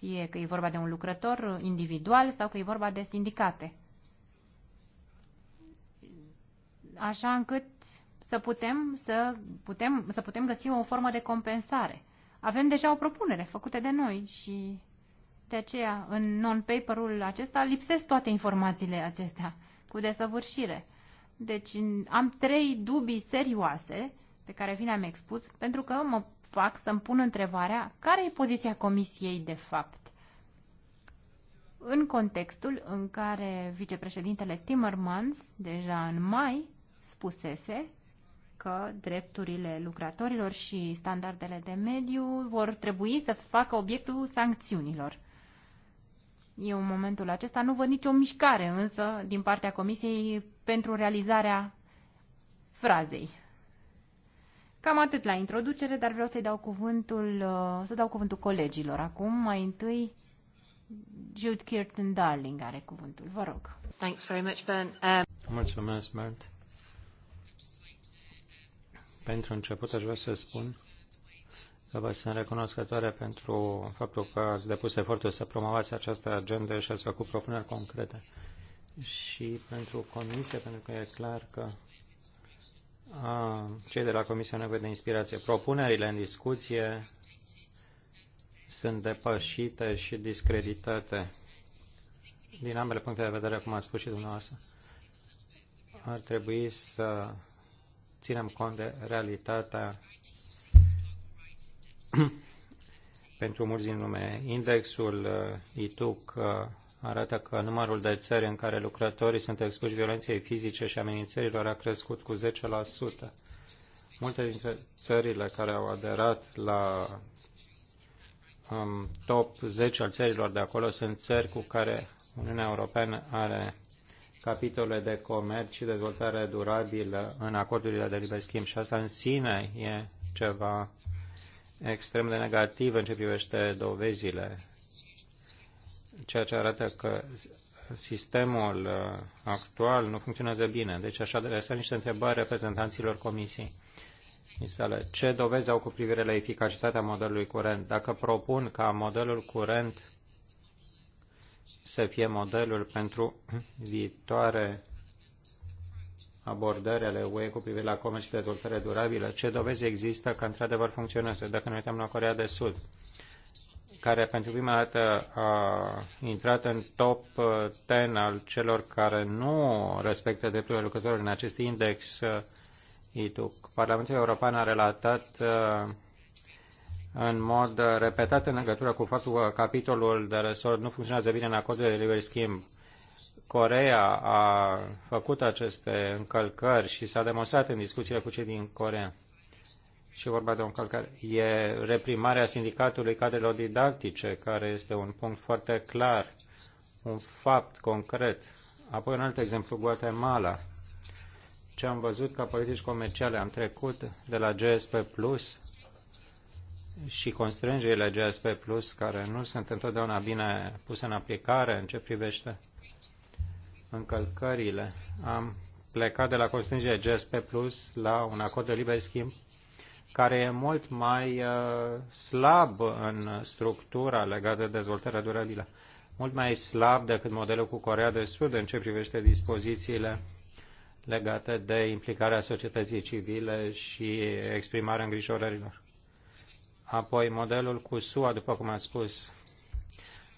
fie că e vorba de un lucrător individual sau că e vorba de sindicate. Așa încât să putem, să putem, să putem găsi o formă de compensare. Avem deja o propunere făcută de noi și de aceea în non-paperul acesta lipsesc toate informațiile acestea cu desăvârșire. Deci am trei dubii serioase pe care vi le-am expus pentru că mă fac să-mi pun întrebarea care e poziția Comisiei de fapt în contextul în care vicepreședintele Timmermans deja în mai spusese că drepturile lucratorilor și standardele de mediu vor trebui să facă obiectul sancțiunilor. Eu în momentul acesta nu văd nicio mișcare însă din partea Comisiei pentru realizarea frazei. Cam atât la introducere, dar vreau să-i dau cuvântul, uh, să dau cuvântul colegilor acum. Mai întâi, Jude Kirtan Darling are cuvântul. Vă rog. Thanks very much, Ben. Um... Mulțumesc, Bernd. Pentru început aș vrea să spun că vă sunt recunoscătoare pentru faptul că ați depus efortul să promovați această agendă și ați făcut propuneri concrete. Și pentru comisie, pentru că e clar că cei de la Comisia Nevoie de Inspirație. Propunerile în discuție sunt depășite și discreditate din ambele puncte de vedere, cum a spus și dumneavoastră. Ar trebui să ținem cont de realitatea pentru mulți din lume. Indexul uh, ITUC uh, arată că numărul de țări în care lucrătorii sunt expuși violenței fizice și amenințărilor a crescut cu 10%. Multe dintre țările care au aderat la um, top 10 al țărilor de acolo sunt țări cu care Uniunea Europeană are capitole de comerț și dezvoltare durabilă în acordurile de liber schimb și asta în sine e ceva extrem de negativ în ce privește dovezile ceea ce arată că sistemul uh, actual nu funcționează bine. Deci aș adresa niște întrebări reprezentanților comisiei. Misale, ce dovezi au cu privire la eficacitatea modelului curent? Dacă propun ca modelul curent să fie modelul pentru viitoare abordări ale UE cu privire la comerț și dezvoltare durabilă, ce dovezi există că într-adevăr funcționează? Dacă ne uităm la Corea de Sud, care pentru prima dată a intrat în top 10 al celor care nu respectă drepturile lucrătorilor în acest index ITUC. Parlamentul European a relatat uh, în mod repetat în legătură cu faptul că capitolul de resort nu funcționează bine în acordul de liber schimb. Corea a făcut aceste încălcări și s-a demonstrat în discuțiile cu cei din Corea și vorba de o încălcare. E reprimarea sindicatului cadrelor didactice, care este un punct foarte clar, un fapt concret. Apoi un alt exemplu, Guatemala. Ce am văzut ca politici comerciale, am trecut de la GSP Plus și constrângerile GSP Plus, care nu sunt întotdeauna bine puse în aplicare în ce privește încălcările. Am plecat de la constrângerile GSP Plus la un acord de liber schimb care e mult mai uh, slab în structura legată de dezvoltarea durabilă, mult mai slab decât modelul cu Corea de Sud în ce privește dispozițiile legate de implicarea societății civile și exprimarea îngrijorărilor. Apoi, modelul cu SUA, după cum am spus,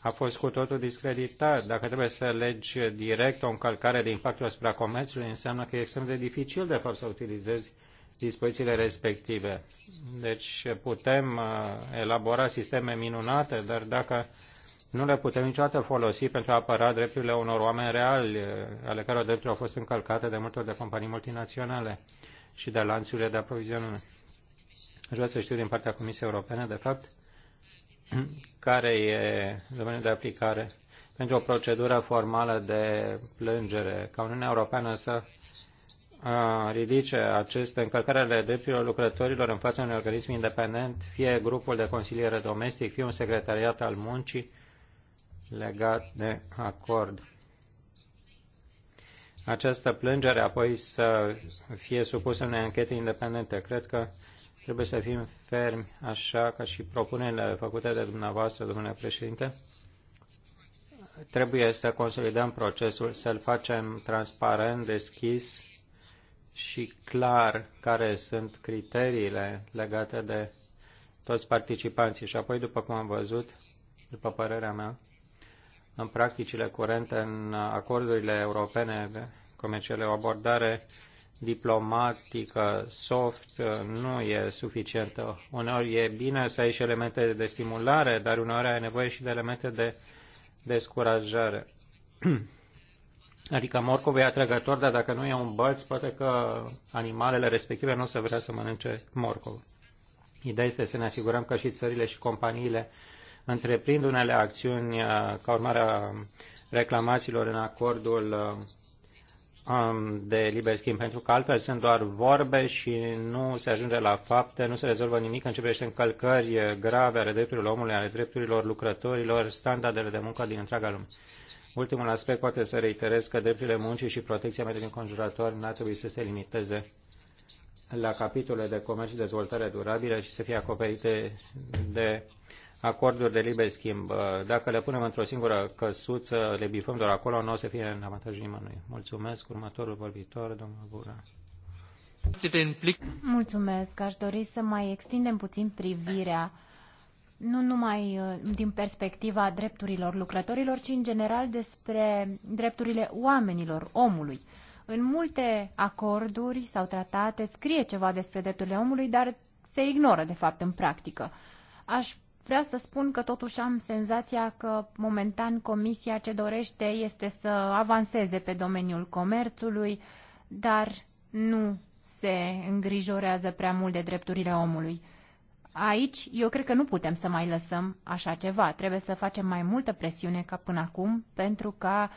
a fost cu totul discreditat. Dacă trebuie să legi direct o încălcare de impactul asupra comerțului, înseamnă că e extrem de dificil, de fapt, să utilizezi dispozițiile respective. Deci putem uh, elabora sisteme minunate, dar dacă nu le putem niciodată folosi pentru a apăra drepturile unor oameni reali, uh, ale căror drepturi au fost încălcate de multe ori de companii multinaționale și de lanțurile de aprovizionare. Aș vrea să știu din partea Comisiei Europene, de fapt, care e domeniul de aplicare pentru o procedură formală de plângere, ca Uniunea Europeană să ridice aceste încărcări ale drepturilor lucrătorilor în fața unui organism independent, fie grupul de consiliere domestic, fie un secretariat al muncii legat de acord. Această plângere apoi să fie supusă unei anchete independente. Cred că trebuie să fim fermi, așa ca și propunerile făcute de dumneavoastră, domnule președinte. Trebuie să consolidăm procesul, să-l facem transparent, deschis, și clar care sunt criteriile legate de toți participanții. Și apoi, după cum am văzut, după părerea mea, în practicile curente, în acordurile europene comerciale, o abordare diplomatică soft nu e suficientă. Uneori e bine să ai și elemente de stimulare, dar uneori ai nevoie și de elemente de descurajare. Adică morcovul e atrăgător, dar dacă nu e un băț, poate că animalele respective nu o să vrea să mănânce morcov. Ideea este să ne asigurăm că și țările și companiile întreprind unele acțiuni uh, ca urmare a reclamațiilor în acordul uh, um, de liber schimb, pentru că altfel sunt doar vorbe și nu se ajunge la fapte, nu se rezolvă nimic în ce privește încălcări grave ale drepturilor omului, ale drepturilor lucrătorilor, standardele de muncă din întreaga lume. Ultimul aspect poate să reiterez că drepturile muncii și protecția mediului înconjurător nu ar trebui să se limiteze la capitolele de comerț și dezvoltare durabilă și să fie acoperite de acorduri de liber schimb. Dacă le punem într-o singură căsuță, le bifăm doar acolo, nu o să fie în avantajul nimănui. Mulțumesc. Următorul vorbitor, domnul Bura. Mulțumesc. Aș dori să mai extindem puțin privirea nu numai uh, din perspectiva drepturilor lucrătorilor, ci în general despre drepturile oamenilor, omului. În multe acorduri sau tratate scrie ceva despre drepturile omului, dar se ignoră, de fapt, în practică. Aș vrea să spun că totuși am senzația că momentan Comisia ce dorește este să avanseze pe domeniul comerțului, dar nu se îngrijorează prea mult de drepturile omului. Aici, eu cred că nu putem să mai lăsăm așa ceva. Trebuie să facem mai multă presiune ca până acum pentru ca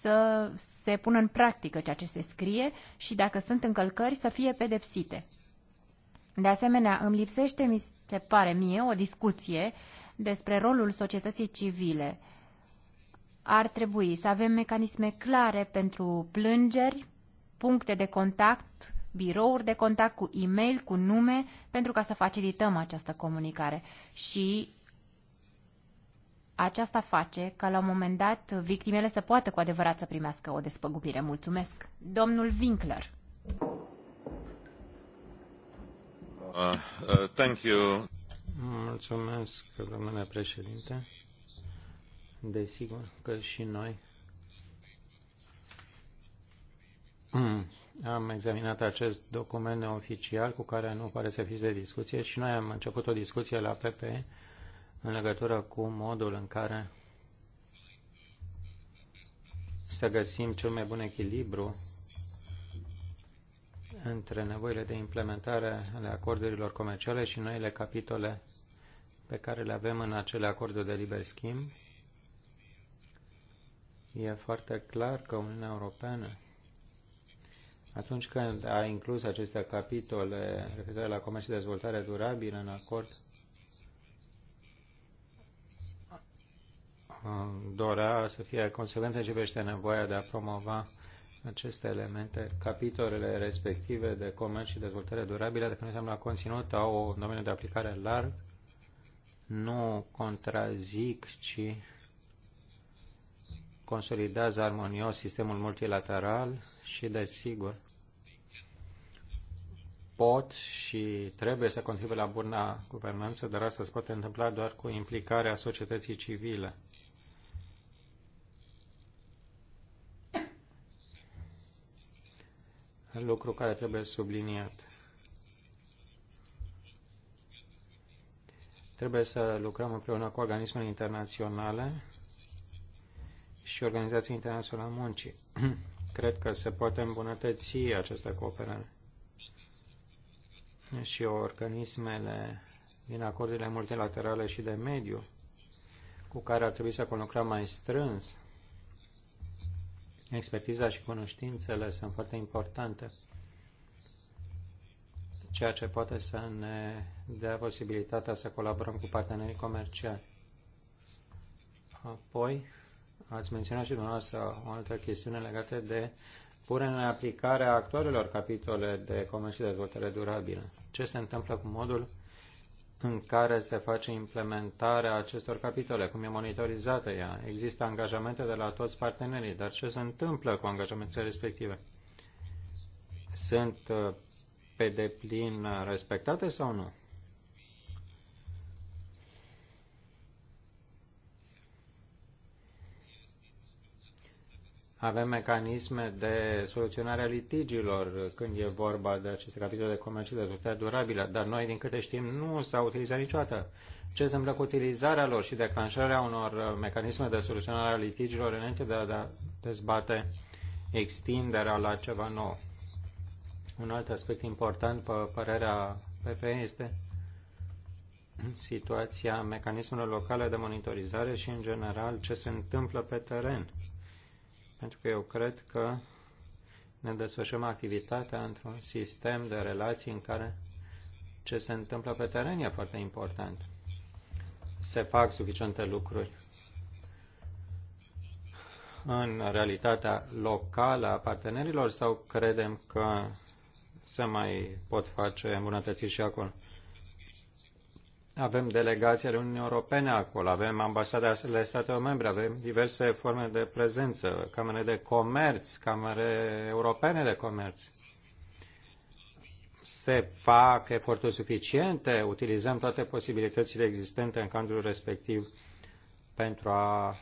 să se pună în practică ceea ce se scrie și dacă sunt încălcări să fie pedepsite. De asemenea, îmi lipsește, mi se pare mie, o discuție despre rolul societății civile. Ar trebui să avem mecanisme clare pentru plângeri, puncte de contact birouri de contact, cu e-mail, cu nume, pentru ca să facilităm această comunicare. Și aceasta face ca la un moment dat victimele să poată cu adevărat să primească o despăgubire. Mulțumesc. Domnul Winkler. Uh, uh, thank you. Mulțumesc, domnule președinte. Desigur că și noi Mm. am examinat acest document neoficial cu care nu pare să fiți de discuție și noi am început o discuție la PP în legătură cu modul în care să găsim cel mai bun echilibru între nevoile de implementare ale acordurilor comerciale și noile capitole pe care le avem în acele acorduri de liber schimb. E foarte clar că Uniunea Europeană atunci când a inclus aceste capitole referitoare la comerț și dezvoltare durabilă în acord, uh, dorea să fie consecvent în ce privește nevoia de a promova aceste elemente, capitolele respective de comerț și dezvoltare durabilă, dacă nu înseamnă la conținut, au un domeniu de aplicare larg, nu contrazic, ci consolidează armonios sistemul multilateral și, desigur, pot și trebuie să contribuie la bună guvernanță, dar asta se poate întâmpla doar cu implicarea societății civile. Lucru care trebuie subliniat. Trebuie să lucrăm împreună cu organismele internaționale și Organizația Internațională a Muncii. Cred că se poate îmbunătăți această cooperare. Și organismele din acordurile multilaterale și de mediu cu care ar trebui să conlucrăm mai strâns. Expertiza și cunoștințele sunt foarte importante, ceea ce poate să ne dea posibilitatea să colaborăm cu partenerii comerciali. Apoi, Ați menționat și dumneavoastră o altă chestiune legată de punerea în aplicare a actualelor capitole de comerț și dezvoltare durabilă. Ce se întâmplă cu modul în care se face implementarea acestor capitole, cum e monitorizată ea. Există angajamente de la toți partenerii, dar ce se întâmplă cu angajamentele respective? Sunt uh, pe deplin uh, respectate sau nu? avem mecanisme de soluționare a litigiilor când e vorba de aceste capitole de comerț și de dezvoltare durabilă, dar noi, din câte știm, nu s-au utilizat niciodată. Ce se cu utilizarea lor și declanșarea unor mecanisme de soluționare a litigiilor înainte de a da, dezbate extinderea la ceva nou? Un alt aspect important, pe părerea PPE, este situația mecanismelor locale de monitorizare și, în general, ce se întâmplă pe teren pentru că eu cred că ne desfășurăm activitatea într-un sistem de relații în care ce se întâmplă pe teren e foarte important. Se fac suficiente lucruri în realitatea locală a partenerilor sau credem că se mai pot face îmbunătățiri și acolo? Avem delegații ale Uniunii Europene acolo, avem ambasada ale statelor membre, avem diverse forme de prezență, camere de comerț, camere europene de comerț. Se fac eforturi suficiente, utilizăm toate posibilitățile existente în cadrul respectiv pentru a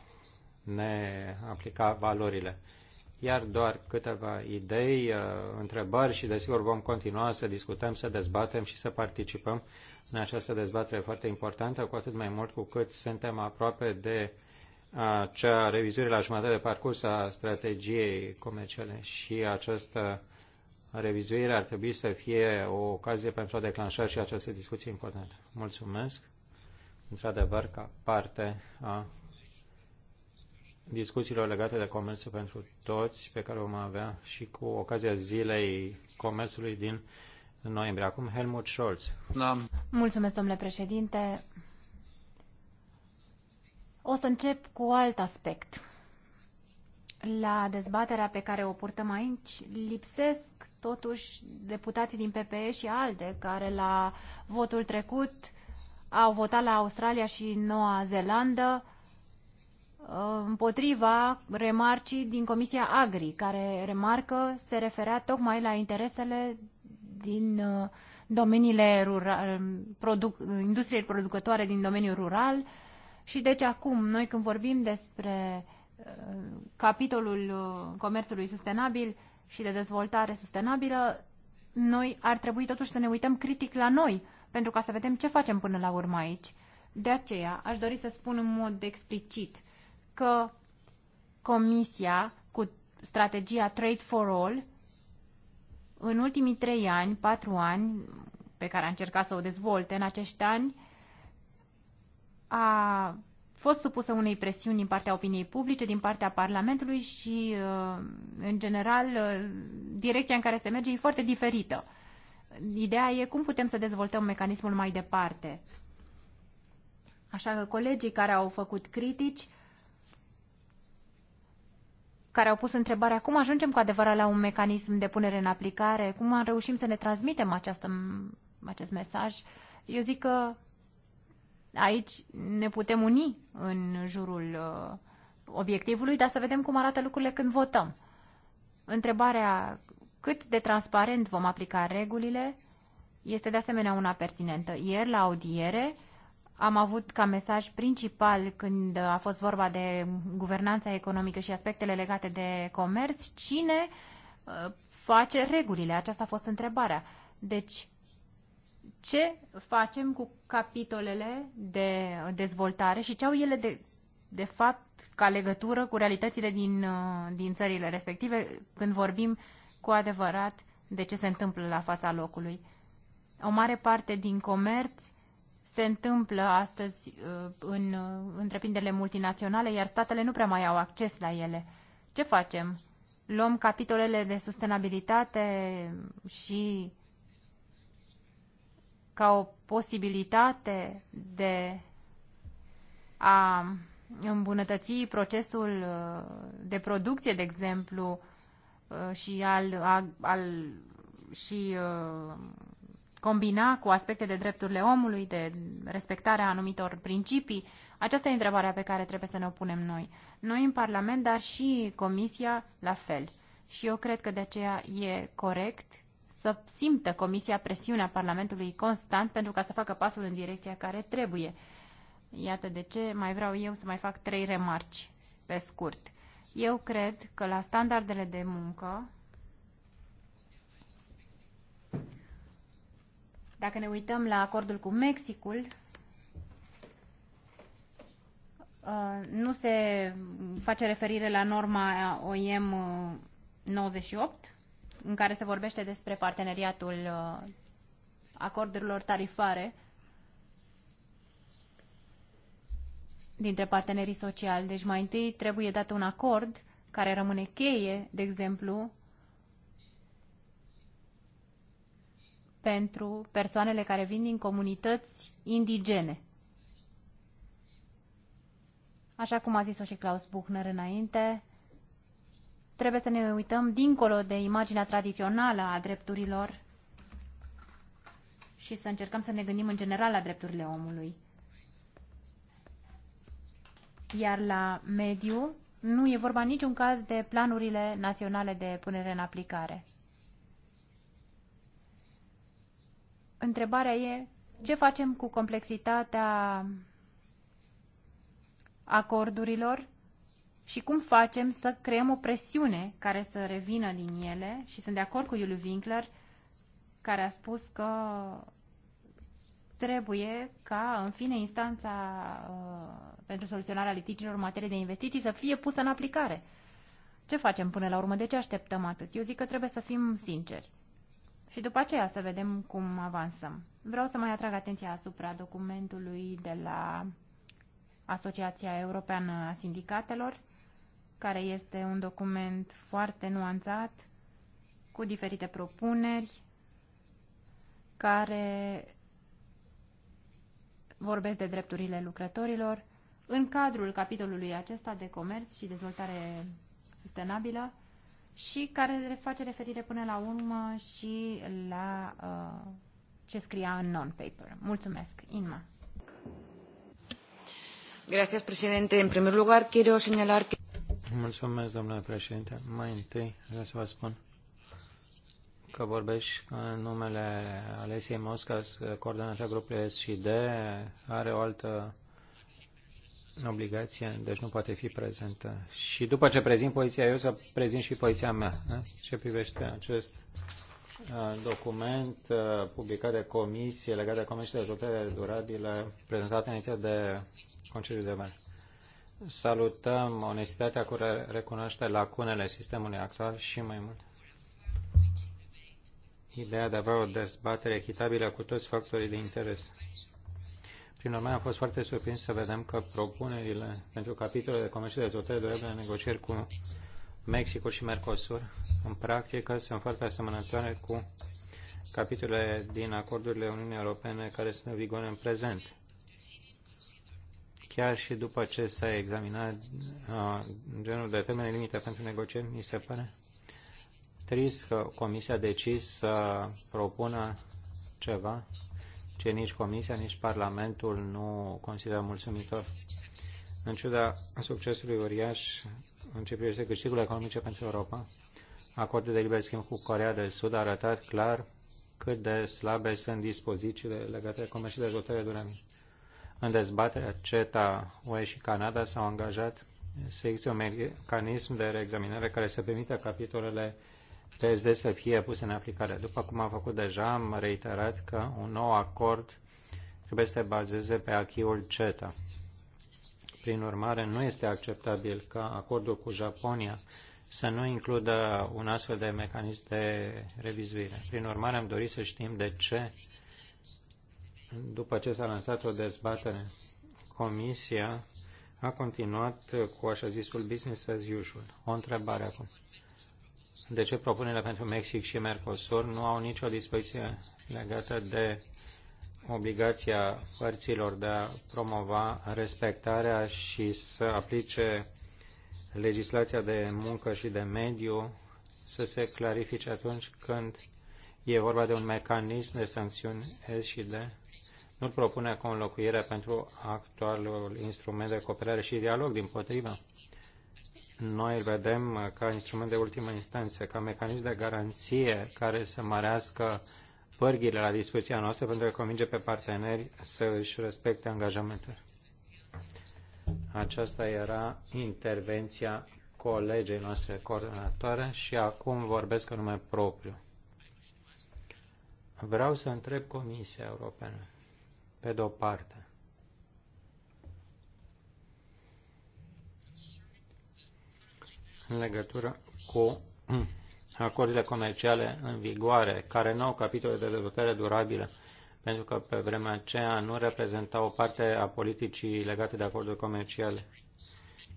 ne aplica valorile. Iar doar câteva idei, uh, întrebări și desigur vom continua să discutăm, să dezbatem și să participăm în această dezbatere foarte importantă, cu atât mai mult cu cât suntem aproape de acea revizuire la jumătate de parcurs a strategiei comerciale și această revizuire ar trebui să fie o ocazie pentru a declanșa și această discuție importantă. Mulțumesc, într-adevăr, ca parte a discuțiilor legate de comerțul pentru toți pe care o vom avea și cu ocazia zilei comerțului din în noiembrie. Acum Helmut Scholz. Da. Mulțumesc, domnule președinte. O să încep cu alt aspect. La dezbaterea pe care o purtăm aici, lipsesc totuși deputații din PPE și ALDE, care la votul trecut au votat la Australia și Noua Zeelandă uh, împotriva remarcii din Comisia Agri, care remarcă se referea tocmai la interesele din uh, domeniile rural, produc, industriei producătoare din domeniul rural și deci acum noi când vorbim despre uh, capitolul uh, comerțului sustenabil și de dezvoltare sustenabilă, noi ar trebui totuși să ne uităm critic la noi, pentru ca să vedem ce facem până la urmă aici. De aceea, aș dori să spun în mod explicit că Comisia, cu strategia Trade for All, în ultimii trei ani, patru ani, pe care a încercat să o dezvolte în acești ani, a fost supusă unei presiuni din partea opiniei publice, din partea Parlamentului și, uh, în general, uh, direcția în care se merge e foarte diferită. Ideea e cum putem să dezvoltăm mecanismul mai departe. Așa că colegii care au făcut critici care au pus întrebarea cum ajungem cu adevărat la un mecanism de punere în aplicare, cum reușim să ne transmitem această, acest mesaj, eu zic că aici ne putem uni în jurul uh, obiectivului, dar să vedem cum arată lucrurile când votăm. Întrebarea cât de transparent vom aplica regulile este de asemenea una pertinentă. Ieri, la audiere, uh, am avut ca mesaj principal când a fost vorba de guvernanța economică și aspectele legate de comerț, cine uh, face regulile? Aceasta a fost întrebarea. Deci, ce facem cu capitolele de dezvoltare și ce au ele de, de fapt ca legătură cu realitățile din, uh, din țările respective când vorbim cu adevărat de ce se întâmplă la fața locului? O mare parte din comerț se întâmplă astăzi uh, în uh, întreprinderile multinaționale, iar statele nu prea mai au acces la ele. Ce facem? Luăm capitolele de sustenabilitate și ca o posibilitate de a îmbunătăți procesul uh, de producție, de exemplu, și al, al, al și combina cu aspecte de drepturile omului, de respectarea anumitor principii? Aceasta e întrebarea pe care trebuie să ne o punem noi. Noi în Parlament, dar și Comisia la fel. Și eu cred că de aceea e corect să simtă Comisia presiunea Parlamentului constant pentru ca să facă pasul în direcția care trebuie. Iată de ce mai vreau eu să mai fac trei remarci pe scurt. Eu cred că la standardele de muncă Dacă ne uităm la acordul cu Mexicul, uh, nu se face referire la norma OIM 98, uh, în care se vorbește despre parteneriatul uh, acordurilor tarifare dintre partenerii sociali. Deci mai întâi trebuie dat un acord care rămâne cheie, de exemplu, pentru persoanele care vin din comunități indigene. Așa cum a zis-o și Klaus Buchner înainte, trebuie să ne uităm dincolo de imaginea tradițională a drepturilor și să încercăm să ne gândim în general la drepturile omului. Iar la mediu nu e vorba niciun caz de planurile naționale de punere în aplicare. întrebarea e ce facem cu complexitatea acordurilor și cum facem să creăm o presiune care să revină din ele și sunt de acord cu Iuliu Winkler care a spus că trebuie ca, în fine, instanța uh, pentru soluționarea litigiilor în materie de investiții să fie pusă în aplicare. Ce facem până la urmă? De ce așteptăm atât? Eu zic că trebuie să fim sinceri și după aceea să vedem cum avansăm. Vreau să mai atrag atenția asupra documentului de la Asociația Europeană a Sindicatelor, care este un document foarte nuanțat, cu diferite propuneri, care vorbesc de drepturile lucrătorilor. În cadrul capitolului acesta de comerț și dezvoltare sustenabilă, și care face referire până la urmă și la uh, ce scria în non-paper. Mulțumesc, Inma. Gracias, presidente. În primul lugar, quiero señalar que... Mulțumesc, domnule președinte. Mai întâi vreau să vă spun că vorbești în numele Alesiei Moscas, coordonatoarea grupului S și D, are o altă obligație, deci nu poate fi prezentă. Și după ce prezint poziția eu, să prezint și poziția mea. Da? Ce privește acest document publicat de comisie legat de comisie de dezvoltare durabilă, prezentat înainte de consiliul de Bani. Salutăm onestitatea cu recunoaște lacunele sistemului actual și mai mult. Ideea de a avea o dezbatere echitabilă cu toți factorii de interes prin urmare, am fost foarte surprins să vedem că propunerile pentru capitolul de comerț și dezvoltare durabilă negocieri cu Mexicul și Mercosur, în practică, sunt foarte asemănătoare cu capitolele din acordurile Uniunii Europene care sunt în vigoare în prezent. Chiar și după ce s-a examinat uh, genul de termene limite pentru negocieri, mi se pare trist că Comisia a decis să propună ceva ce nici Comisia, nici Parlamentul nu consideră mulțumitor. În ciuda succesului uriaș în ce privește câștigurile economice pentru Europa, acordul de liber schimb cu Corea de Sud a arătat clar cât de slabe sunt dispozițiile legate de comerț și dezvoltare durabilă. În dezbaterea CETA, UE și Canada s-au angajat să existe un mecanism de reexaminare care să permită capitolele PSD să fie pus în aplicare. După cum am făcut deja, am reiterat că un nou acord trebuie să se bazeze pe achiul CETA. Prin urmare, nu este acceptabil ca acordul cu Japonia să nu includă un astfel de mecanism de revizuire. Prin urmare, am dorit să știm de ce, după ce s-a lansat o dezbatere, Comisia a continuat cu așa zisul business as usual. O întrebare acum de ce propunerea pentru Mexic și Mercosur nu au nicio dispoziție legată de obligația părților de a promova respectarea și să aplice legislația de muncă și de mediu să se clarifice atunci când e vorba de un mecanism de sancțiuni S și D. Nu propune conlocuirea pentru actualul instrument de cooperare și dialog, din potrivă noi îl vedem ca instrument de ultimă instanță, ca mecanism de garanție care să mărească pârghile la dispoziția noastră pentru a convinge pe parteneri să își respecte angajamentele. Aceasta era intervenția colegei noastre coordonatoare și acum vorbesc în nume propriu. Vreau să întreb Comisia Europeană, pe de-o parte, în legătură cu acordurile comerciale în vigoare, care nu au capitole de dezvoltare durabilă, pentru că pe vremea aceea nu reprezenta o parte a politicii legate de acorduri comerciale.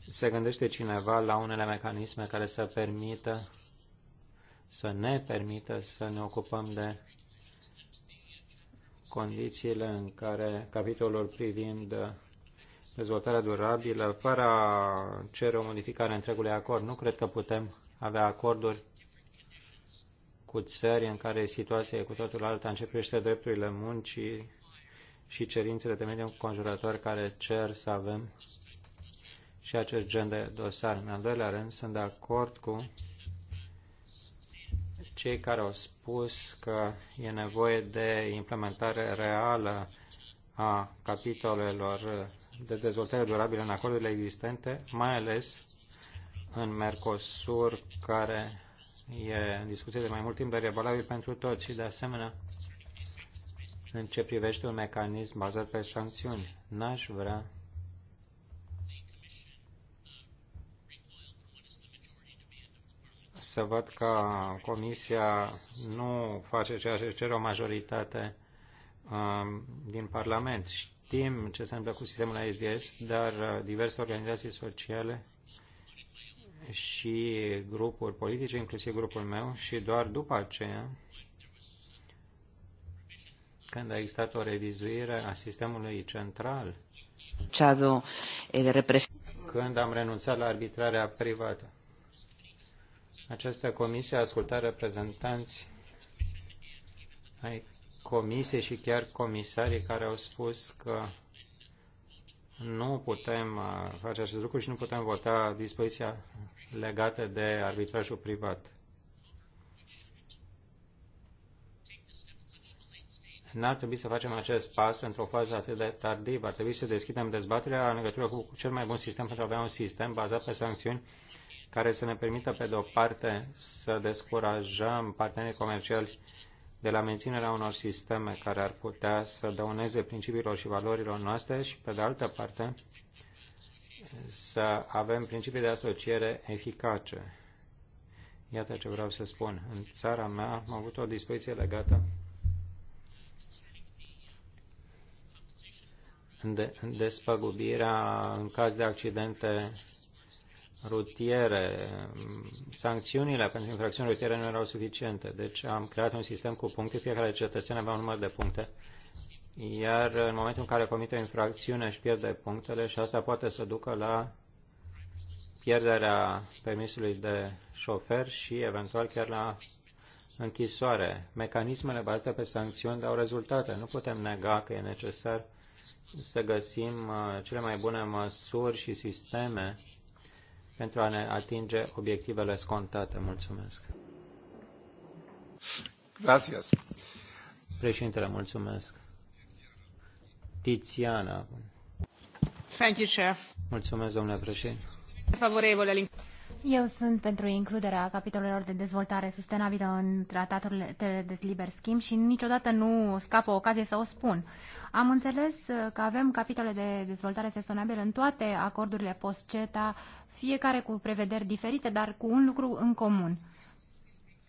Se gândește cineva la unele mecanisme care să permită, să ne permită să ne ocupăm de condițiile în care capitolul privind dezvoltarea durabilă fără a cere o modificare a întregului acord. Nu cred că putem avea acorduri cu țări în care situația e cu totul alta, începește drepturile muncii și cerințele de mediu conjurător care cer să avem și acest gen de dosar. În al doilea rând, sunt de acord cu cei care au spus că e nevoie de implementare reală a capitolelor de dezvoltare durabilă în acordurile existente, mai ales în Mercosur, care e în discuție de mai mult timp, dar e valabil pentru toți și, de asemenea, în ce privește un mecanism bazat pe sancțiuni. N-aș vrea să văd că Comisia nu face ceea ce cere o majoritate Um, din Parlament. Știm ce se întâmplă cu sistemul ISDS, dar uh, diverse organizații sociale și grupuri politice, inclusiv grupul meu, și doar după aceea, când a existat o revizuire a sistemului central, eh, când am renunțat la arbitrarea privată. Această comisie a ascultat reprezentanți ai comisie și chiar comisarii care au spus că nu putem uh, face acest lucru și nu putem vota dispoziția legată de arbitrajul privat. N-ar trebui să facem acest pas într-o fază atât de tardivă. Ar trebui să deschidem dezbaterea în legătură cu cel mai bun sistem pentru a avea un sistem bazat pe sancțiuni care să ne permită, pe de o parte, să descurajăm partenerii comerciali de la menținerea unor sisteme care ar putea să dăuneze principiilor și valorilor noastre și, pe de altă parte, să avem principii de asociere eficace. Iată ce vreau să spun. În țara mea am avut o dispoziție legată de despăgubirea în caz de accidente rutiere, sancțiunile pentru infracțiuni rutiere nu erau suficiente. Deci am creat un sistem cu puncte, fiecare cetățean avea un număr de puncte. Iar în momentul în care comite o infracțiune și pierde punctele și asta poate să ducă la pierderea permisului de șofer și eventual chiar la închisoare. Mecanismele bazate pe sancțiuni dau rezultate. Nu putem nega că e necesar să găsim uh, cele mai bune măsuri și sisteme pentru a ne atinge obiectivele scontate. Mulțumesc. Gracias. Președintele, mulțumesc. Tiziana. Thank you, Chef. Mulțumesc, domnule președinte. Favorevole. Eu sunt pentru includerea capitolelor de dezvoltare sustenabilă în tratatul de liber schimb și niciodată nu scapă ocazie să o spun. Am înțeles că avem capitole de dezvoltare sustenabilă în toate acordurile post-CETA, fiecare cu prevederi diferite, dar cu un lucru în comun –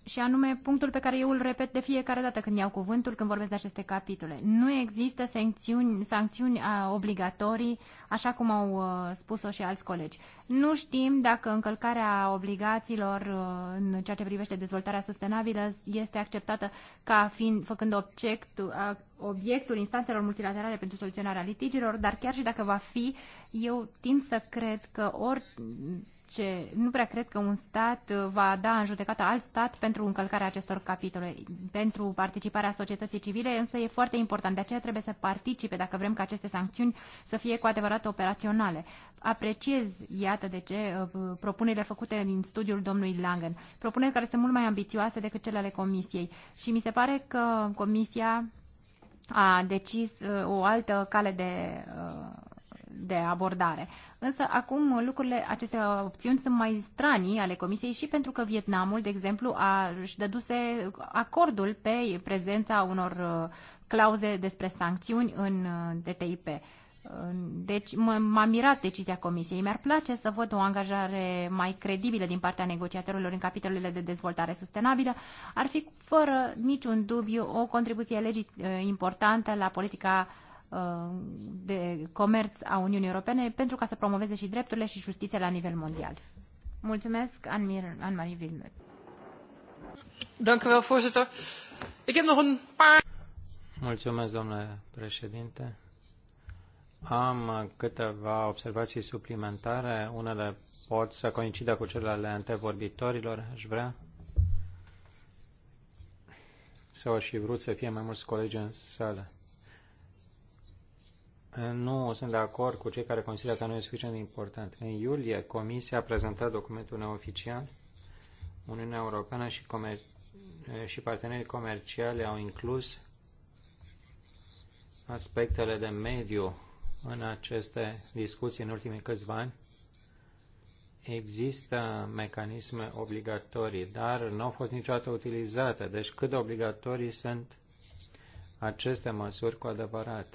și anume punctul pe care eu îl repet de fiecare dată când iau cuvântul, când vorbesc de aceste capitole. Nu există sancțiuni, sancțiuni obligatorii, așa cum au uh, spus-o și alți colegi. Nu știm dacă încălcarea obligațiilor uh, în ceea ce privește dezvoltarea sustenabilă este acceptată ca fiind făcând obiectul, obiectul instanțelor multilaterale pentru soluționarea litigilor, dar chiar și dacă va fi, eu tind să cred că ori ce nu prea cred că un stat uh, va da în judecată alt stat pentru încălcarea acestor capitole. Pentru participarea societății civile însă e foarte important, de aceea trebuie să participe dacă vrem ca aceste sancțiuni să fie cu adevărat operaționale. Apreciez, iată de ce, uh, propunerile făcute din studiul domnului Langen, propuneri care sunt mult mai ambițioase decât cele ale Comisiei și mi se pare că Comisia a decis uh, o altă cale de, uh, de abordare. Însă acum lucrurile, aceste opțiuni sunt mai stranii ale Comisiei și pentru că Vietnamul, de exemplu, a, își dăduse acordul pe prezența unor uh, clauze despre sancțiuni în DTIP. Deci m-a mirat decizia Comisiei. Mi-ar place să văd o angajare mai credibilă din partea negociatorilor în capitolele de dezvoltare sustenabilă. Ar fi fără niciun dubiu o contribuție legit importantă la politica de comerț a Uniunii Europene pentru ca să promoveze și drepturile și justiția la nivel mondial. Mulțumesc, Anne-Marie Wilmer. Mulțumesc, domnule președinte. Am câteva observații suplimentare. Unele pot să coincidă cu cele ale antevorbitorilor. Aș vrea să aș fi vrut să fie mai mulți colegi în sală. Nu sunt de acord cu cei care consideră că nu e suficient de important. În iulie, Comisia a prezentat documentul neoficial. Uniunea Europeană și, comer- și partenerii comerciali au inclus aspectele de mediu în aceste discuții în ultimii câțiva ani. Există mecanisme obligatorii, dar nu au fost niciodată utilizate. Deci cât de obligatorii sunt aceste măsuri cu adevărat?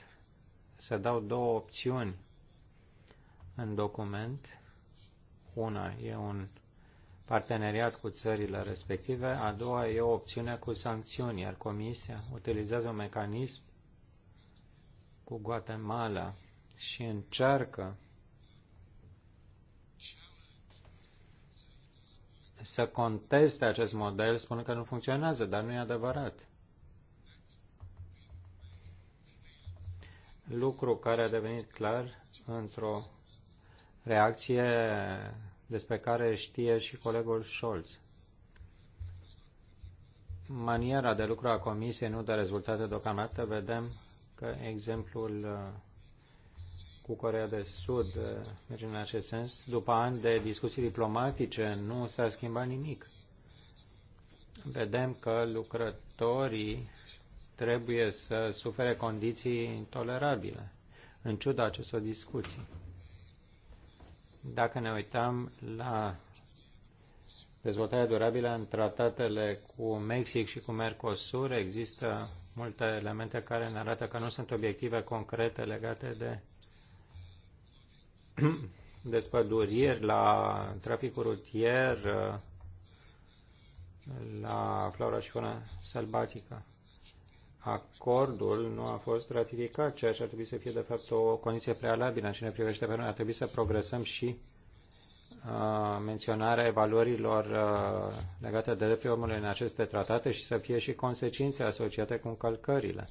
Se dau două opțiuni în document. Una e un parteneriat cu țările respective, a doua e o opțiune cu sancțiuni, iar Comisia utilizează un mecanism cu Guatemala și încearcă să conteste acest model, spunând că nu funcționează, dar nu e adevărat. Lucru care a devenit clar într-o reacție despre care știe și colegul Scholz. Maniera de lucru a Comisiei nu dă rezultate deocamdată. Vedem că exemplul cu Corea de Sud eh, merge în acest sens. După ani de discuții diplomatice nu s-a schimbat nimic. Vedem că lucrătorii trebuie să sufere condiții intolerabile, în ciuda acestor discuții. Dacă ne uităm la dezvoltarea durabilă în tratatele cu Mexic și cu Mercosur, există multe elemente care ne arată că nu sunt obiective concrete legate de despăduriri, la traficul rutier, la flora și fauna sălbatică. Acordul nu a fost ratificat, ceea ce ar trebui să fie, de fapt, o condiție prealabilă ce ne privește pe noi. Ar trebui să progresăm și uh, menționarea evaluărilor uh, legate de drepturile omului în aceste tratate și să fie și consecințe asociate cu încălcările.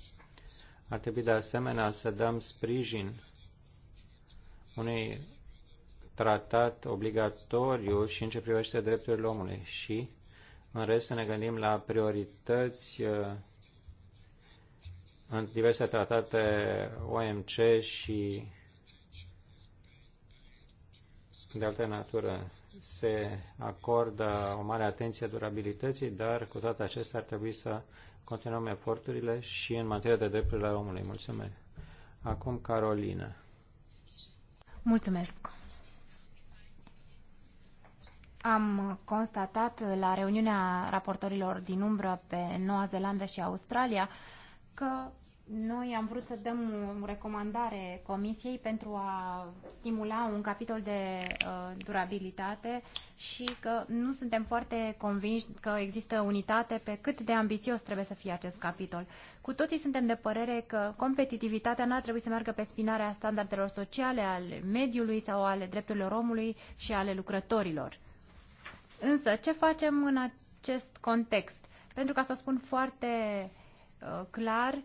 Ar trebui de asemenea să dăm sprijin unui tratat obligatoriu și în ce privește drepturile omului și în rest să ne gândim la priorități uh, în diverse tratate OMC și de altă natură se acordă o mare atenție durabilității, dar cu toate acestea ar trebui să continuăm eforturile și în materie de drepturile omului. Mulțumesc. Acum Carolina. Mulțumesc. Am constatat la reuniunea raportorilor din umbră pe Noua Zeelandă și Australia că noi am vrut să dăm o recomandare Comisiei pentru a stimula un capitol de uh, durabilitate și că nu suntem foarte convinși că există unitate pe cât de ambițios trebuie să fie acest capitol. Cu toții suntem de părere că competitivitatea nu ar trebui să meargă pe spinarea standardelor sociale, ale mediului sau ale drepturilor omului și ale lucrătorilor. Însă, ce facem în acest context? Pentru ca să spun foarte uh, clar, uh,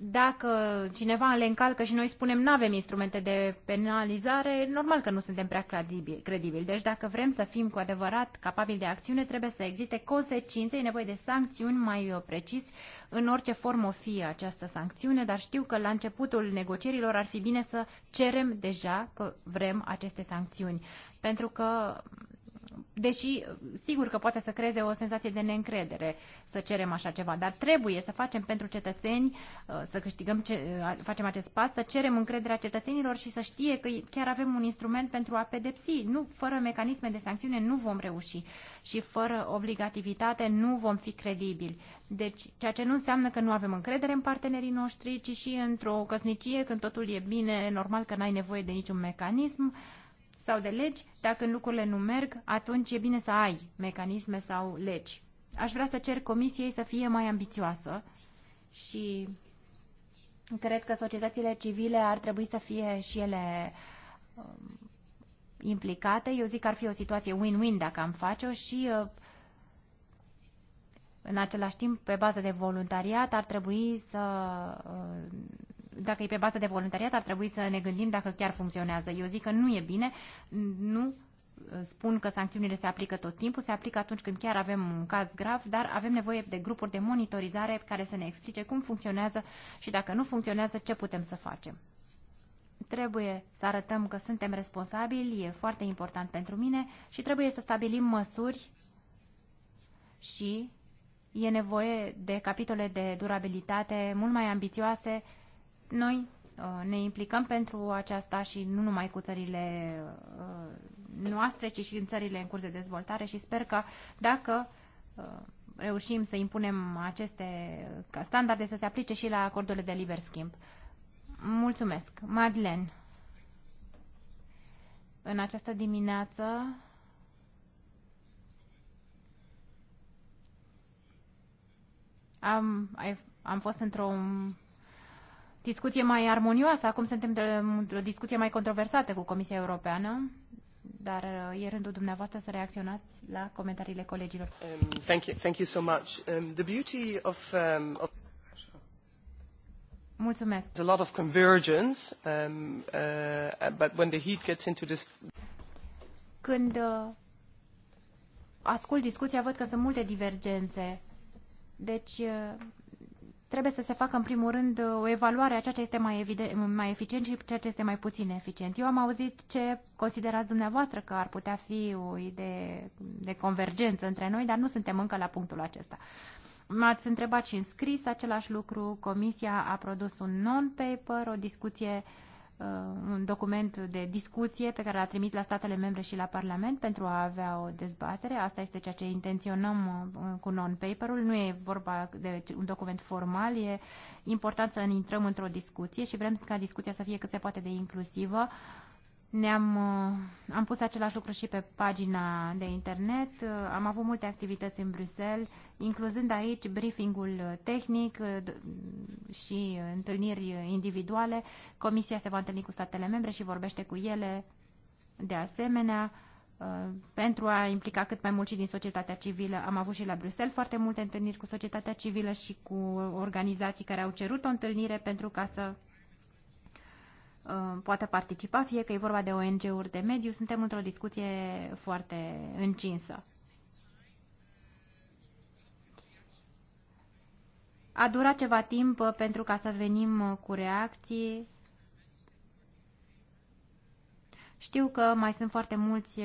dacă cineva le încalcă și noi spunem nu avem instrumente de penalizare, normal că nu suntem prea credibili. Deci dacă vrem să fim cu adevărat capabili de acțiune, trebuie să existe consecințe, e nevoie de sancțiuni mai uh, precis în orice formă o fie această sancțiune, dar știu că la începutul negocierilor ar fi bine să cerem deja că vrem aceste sancțiuni. Pentru că deși sigur că poate să creeze o senzație de neîncredere să cerem așa ceva, dar trebuie să facem pentru cetățeni, uh, să câștigăm, ce, uh, facem acest pas, să cerem încrederea cetățenilor și să știe că chiar avem un instrument pentru a pedepsi. Nu, fără mecanisme de sancțiune nu vom reuși și fără obligativitate nu vom fi credibili. Deci, ceea ce nu înseamnă că nu avem încredere în partenerii noștri, ci și într-o căsnicie, când totul e bine, normal că n-ai nevoie de niciun mecanism, sau de legi, dacă în lucrurile nu merg, atunci e bine să ai mecanisme sau legi. Aș vrea să cer comisiei să fie mai ambițioasă și cred că societățile civile ar trebui să fie și ele um, implicate. Eu zic că ar fi o situație win-win dacă am face-o și uh, în același timp, pe bază de voluntariat, ar trebui să uh, dacă e pe bază de voluntariat, ar trebui să ne gândim dacă chiar funcționează. Eu zic că nu e bine, nu uh, spun că sancțiunile se aplică tot timpul, se aplică atunci când chiar avem un caz grav, dar avem nevoie de grupuri de monitorizare care să ne explice cum funcționează și dacă nu funcționează, ce putem să facem. Trebuie să arătăm că suntem responsabili, e foarte important pentru mine și trebuie să stabilim măsuri și e nevoie de capitole de durabilitate mult mai ambițioase noi uh, ne implicăm pentru aceasta și nu numai cu țările uh, noastre, ci și în țările în curs de dezvoltare și sper că dacă uh, reușim să impunem aceste standarde să se aplice și la acordurile de liber schimb. Mulțumesc. Madlen. În această dimineață am, am fost într-un discuție mai armonioasă. Acum suntem într-o discuție mai controversată cu Comisia Europeană, dar uh, e rândul dumneavoastră să reacționați la comentariile colegilor. Um, thank, you, thank you so much. Um, the beauty of, um, of Mulțumesc. There's a lot of convergence, um, uh, but when the heat gets into this... Când uh, ascult discuția, văd că sunt multe divergențe. Deci, uh, trebuie să se facă în primul rând o evaluare a ceea ce este mai, evident, mai eficient și ceea ce este mai puțin eficient. Eu am auzit ce considerați dumneavoastră că ar putea fi o idee de convergență între noi, dar nu suntem încă la punctul acesta. M-ați întrebat și în scris același lucru. Comisia a produs un non-paper, o discuție uh, Uh, un document de discuție pe care l-a trimit la statele membre și la Parlament pentru a avea o dezbatere. Asta este ceea ce intenționăm uh, cu non-paperul. Nu e vorba de un document formal, e important să intrăm într-o discuție și vrem ca discuția să fie cât se poate de inclusivă. Uh, ne-am uh, am pus același lucru și pe pagina de internet. Uh, am avut multe activități în Bruxelles, incluzând aici briefingul tehnic uh, și întâlniri individuale. Comisia se va întâlni cu statele membre și vorbește cu ele de asemenea pentru a implica cât mai mulți din societatea civilă. Am avut și la Bruxelles foarte multe întâlniri cu societatea civilă și cu organizații care au cerut o întâlnire pentru ca să Uh, poată participa, fie că e vorba de ONG-uri de mediu, suntem într-o discuție foarte încinsă. A durat ceva timp uh, pentru ca să venim uh, cu reacții. Știu că mai sunt foarte mulți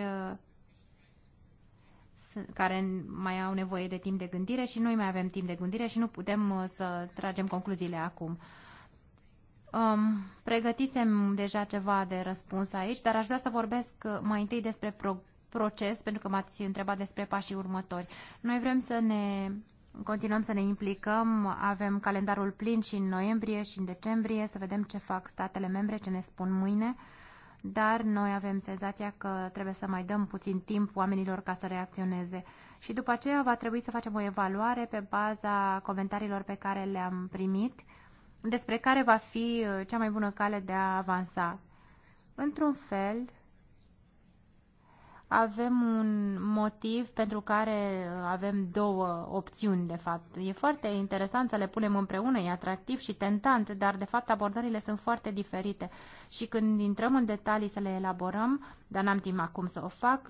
care mai au nevoie de timp de gândire și noi mai avem timp de gândire și nu putem să tragem concluziile acum. Um, pregătisem deja ceva de răspuns aici, dar aș vrea să vorbesc uh, mai întâi despre pro- proces, pentru că m-ați întrebat despre pașii următori. Noi vrem să ne continuăm să ne implicăm, avem calendarul plin și în noiembrie și în decembrie, să vedem ce fac statele membre, ce ne spun mâine, dar noi avem senzația că trebuie să mai dăm puțin timp oamenilor ca să reacționeze. Și după aceea va trebui să facem o evaluare pe baza comentariilor pe care le-am primit, despre care va fi uh, cea mai bună cale de a avansa. Într-un fel, avem un motiv pentru care avem două opțiuni, de fapt. E foarte interesant să le punem împreună, e atractiv și tentant, dar, de fapt, abordările sunt foarte diferite. Și când intrăm în detalii să le elaborăm, dar n-am timp acum să o fac,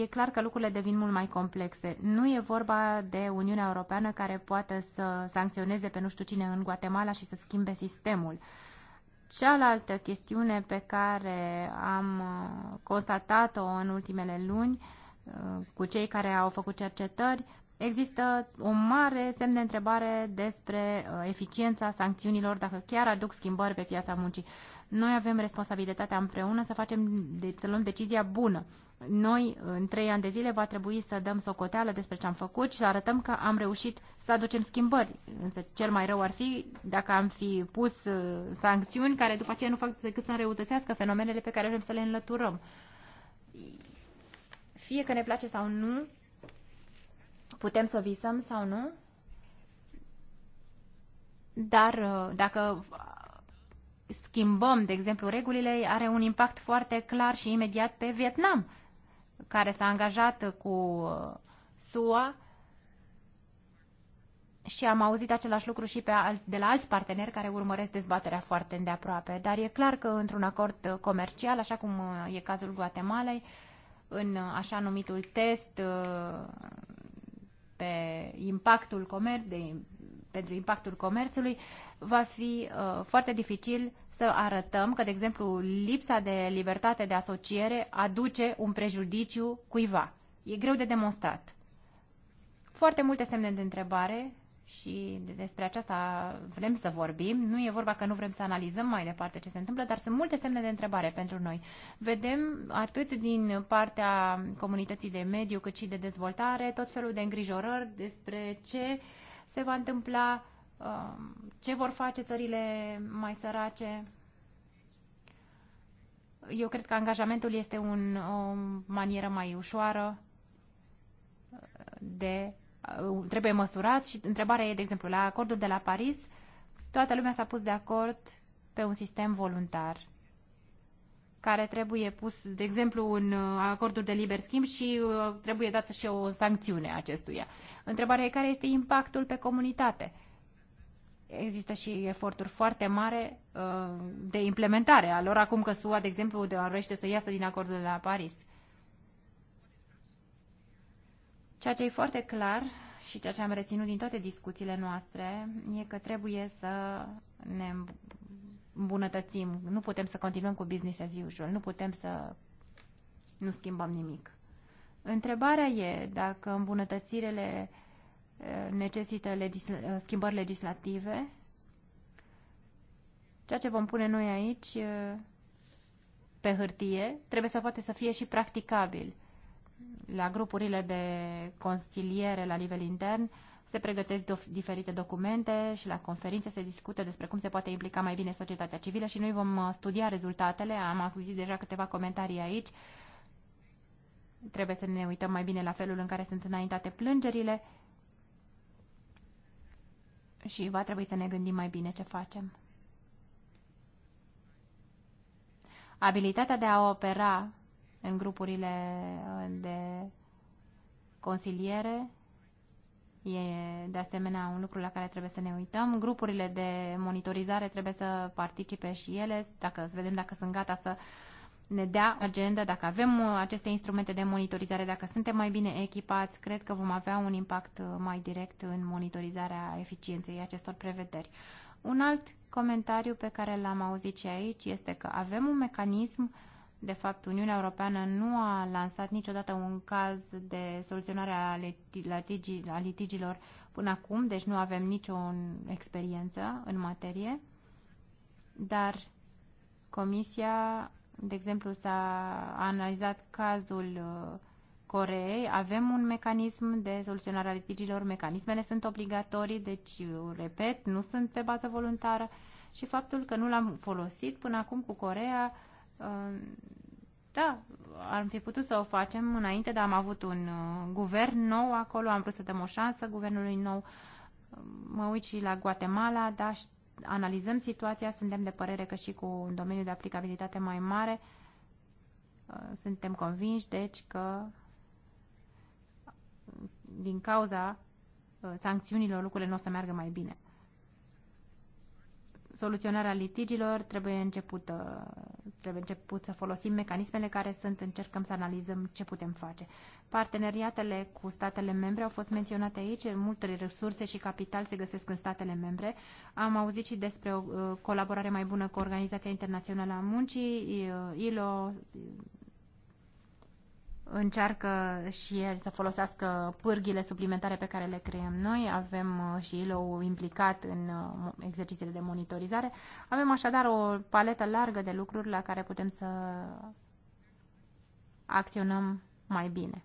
e clar că lucrurile devin mult mai complexe. Nu e vorba de Uniunea Europeană care poate să sancționeze pe nu știu cine în Guatemala și să schimbe sistemul. Cealaltă chestiune pe care am uh, constatat-o în ultimele luni uh, cu cei care au făcut cercetări, există o mare semn de întrebare despre uh, eficiența sancțiunilor, dacă chiar aduc schimbări pe piața muncii. Noi avem responsabilitatea împreună să facem, să luăm decizia bună noi, în trei ani de zile, va trebui să dăm socoteală despre ce am făcut și să arătăm că am reușit să aducem schimbări. Însă cel mai rău ar fi dacă am fi pus uh, sancțiuni care după aceea nu fac decât să înrăutățească fenomenele pe care vrem să le înlăturăm. Fie că ne place sau nu, putem să visăm sau nu, dar uh, dacă schimbăm, de exemplu, regulile, are un impact foarte clar și imediat pe Vietnam care s-a angajat cu uh, SUA și am auzit același lucru și pe al, de la alți parteneri care urmăresc dezbaterea foarte îndeaproape. Dar e clar că într-un acord comercial, așa cum uh, e cazul Guatemalei, în uh, așa numitul test pe impactul comer- de, pentru impactul comerțului, va fi uh, foarte dificil să arătăm că, de exemplu, lipsa de libertate de asociere aduce un prejudiciu cuiva. E greu de demonstrat. Foarte multe semne de întrebare și despre aceasta vrem să vorbim. Nu e vorba că nu vrem să analizăm mai departe ce se întâmplă, dar sunt multe semne de întrebare pentru noi. Vedem atât din partea comunității de mediu cât și de dezvoltare tot felul de îngrijorări despre ce se va întâmpla Um, ce vor face țările mai sărace. Eu cred că angajamentul este un, o manieră mai ușoară de uh, trebuie măsurat și întrebarea e, de exemplu, la acordul de la Paris, toată lumea s-a pus de acord pe un sistem voluntar care trebuie pus, de exemplu, în uh, acordul de liber schimb și uh, trebuie dată și o sancțiune acestuia. Întrebarea e care este impactul pe comunitate există și eforturi foarte uh, de implementare a lor, acum că SUA, de exemplu, dorește să iasă din acordul de la Paris. Ceea ce e foarte clar și ceea ce am reținut din toate discuțiile noastre e că trebuie să ne îmbunătățim. Nu putem să continuăm cu business as usual, nu putem să nu schimbăm nimic. Întrebarea e dacă îmbunătățirile necesită legisla schimbări legislative. Ceea ce vom pune noi aici pe hârtie trebuie să poate să fie și practicabil. La grupurile de consiliere la nivel intern se pregătesc do diferite documente și la conferințe se discută despre cum se poate implica mai bine societatea civilă și noi vom uh, studia rezultatele. Am asuzit deja câteva comentarii aici. Trebuie să ne uităm mai bine la felul în care sunt înaintate plângerile și va trebui să ne gândim mai bine ce facem. Abilitatea de a opera în grupurile uh, de consiliere e de asemenea un lucru la care trebuie să ne uităm. Grupurile de monitorizare trebuie să participe și ele, dacă să vedem dacă sunt gata să uh, ne dea agenda, dacă avem uh, aceste instrumente de monitorizare, dacă suntem mai bine echipați, cred că vom avea un impact uh, mai direct în monitorizarea eficienței acestor prevederi. Un alt comentariu pe care l-am auzit și aici este că avem un mecanism de fapt, Uniunea Europeană nu a lansat niciodată un caz de soluționare a, litigi, a litigilor până acum, deci nu avem nicio experiență în materie, dar Comisia de exemplu, s-a analizat cazul uh, Coreei, avem un mecanism de soluționare a litigiilor, mecanismele sunt obligatorii, deci, uh, repet, nu sunt pe bază voluntară și faptul că nu l-am folosit până acum cu Corea, uh, da, am fi putut să o facem înainte, dar am avut un guvern nou acolo, am vrut să dăm o șansă guvernului nou, mă uit și la Guatemala, dar analizăm situația, suntem de părere că și cu un domeniu de aplicabilitate mai mare uh, suntem convinși, deci, că uh, din cauza uh, sancțiunilor lucrurile nu o să meargă mai bine soluționarea litigilor trebuie început, trebuie început să folosim mecanismele care sunt, încercăm să analizăm ce putem face. Parteneriatele cu statele membre au fost menționate aici, multe resurse și capital se găsesc în statele membre. Am auzit și despre o uh, colaborare mai bună cu Organizația Internațională a Muncii, ILO, uh, încearcă și el să folosească pârghile suplimentare pe care le creăm noi. Avem uh, și ILO implicat în uh, exercițiile de monitorizare. Avem așadar o paletă largă de lucruri la care putem să acționăm mai bine.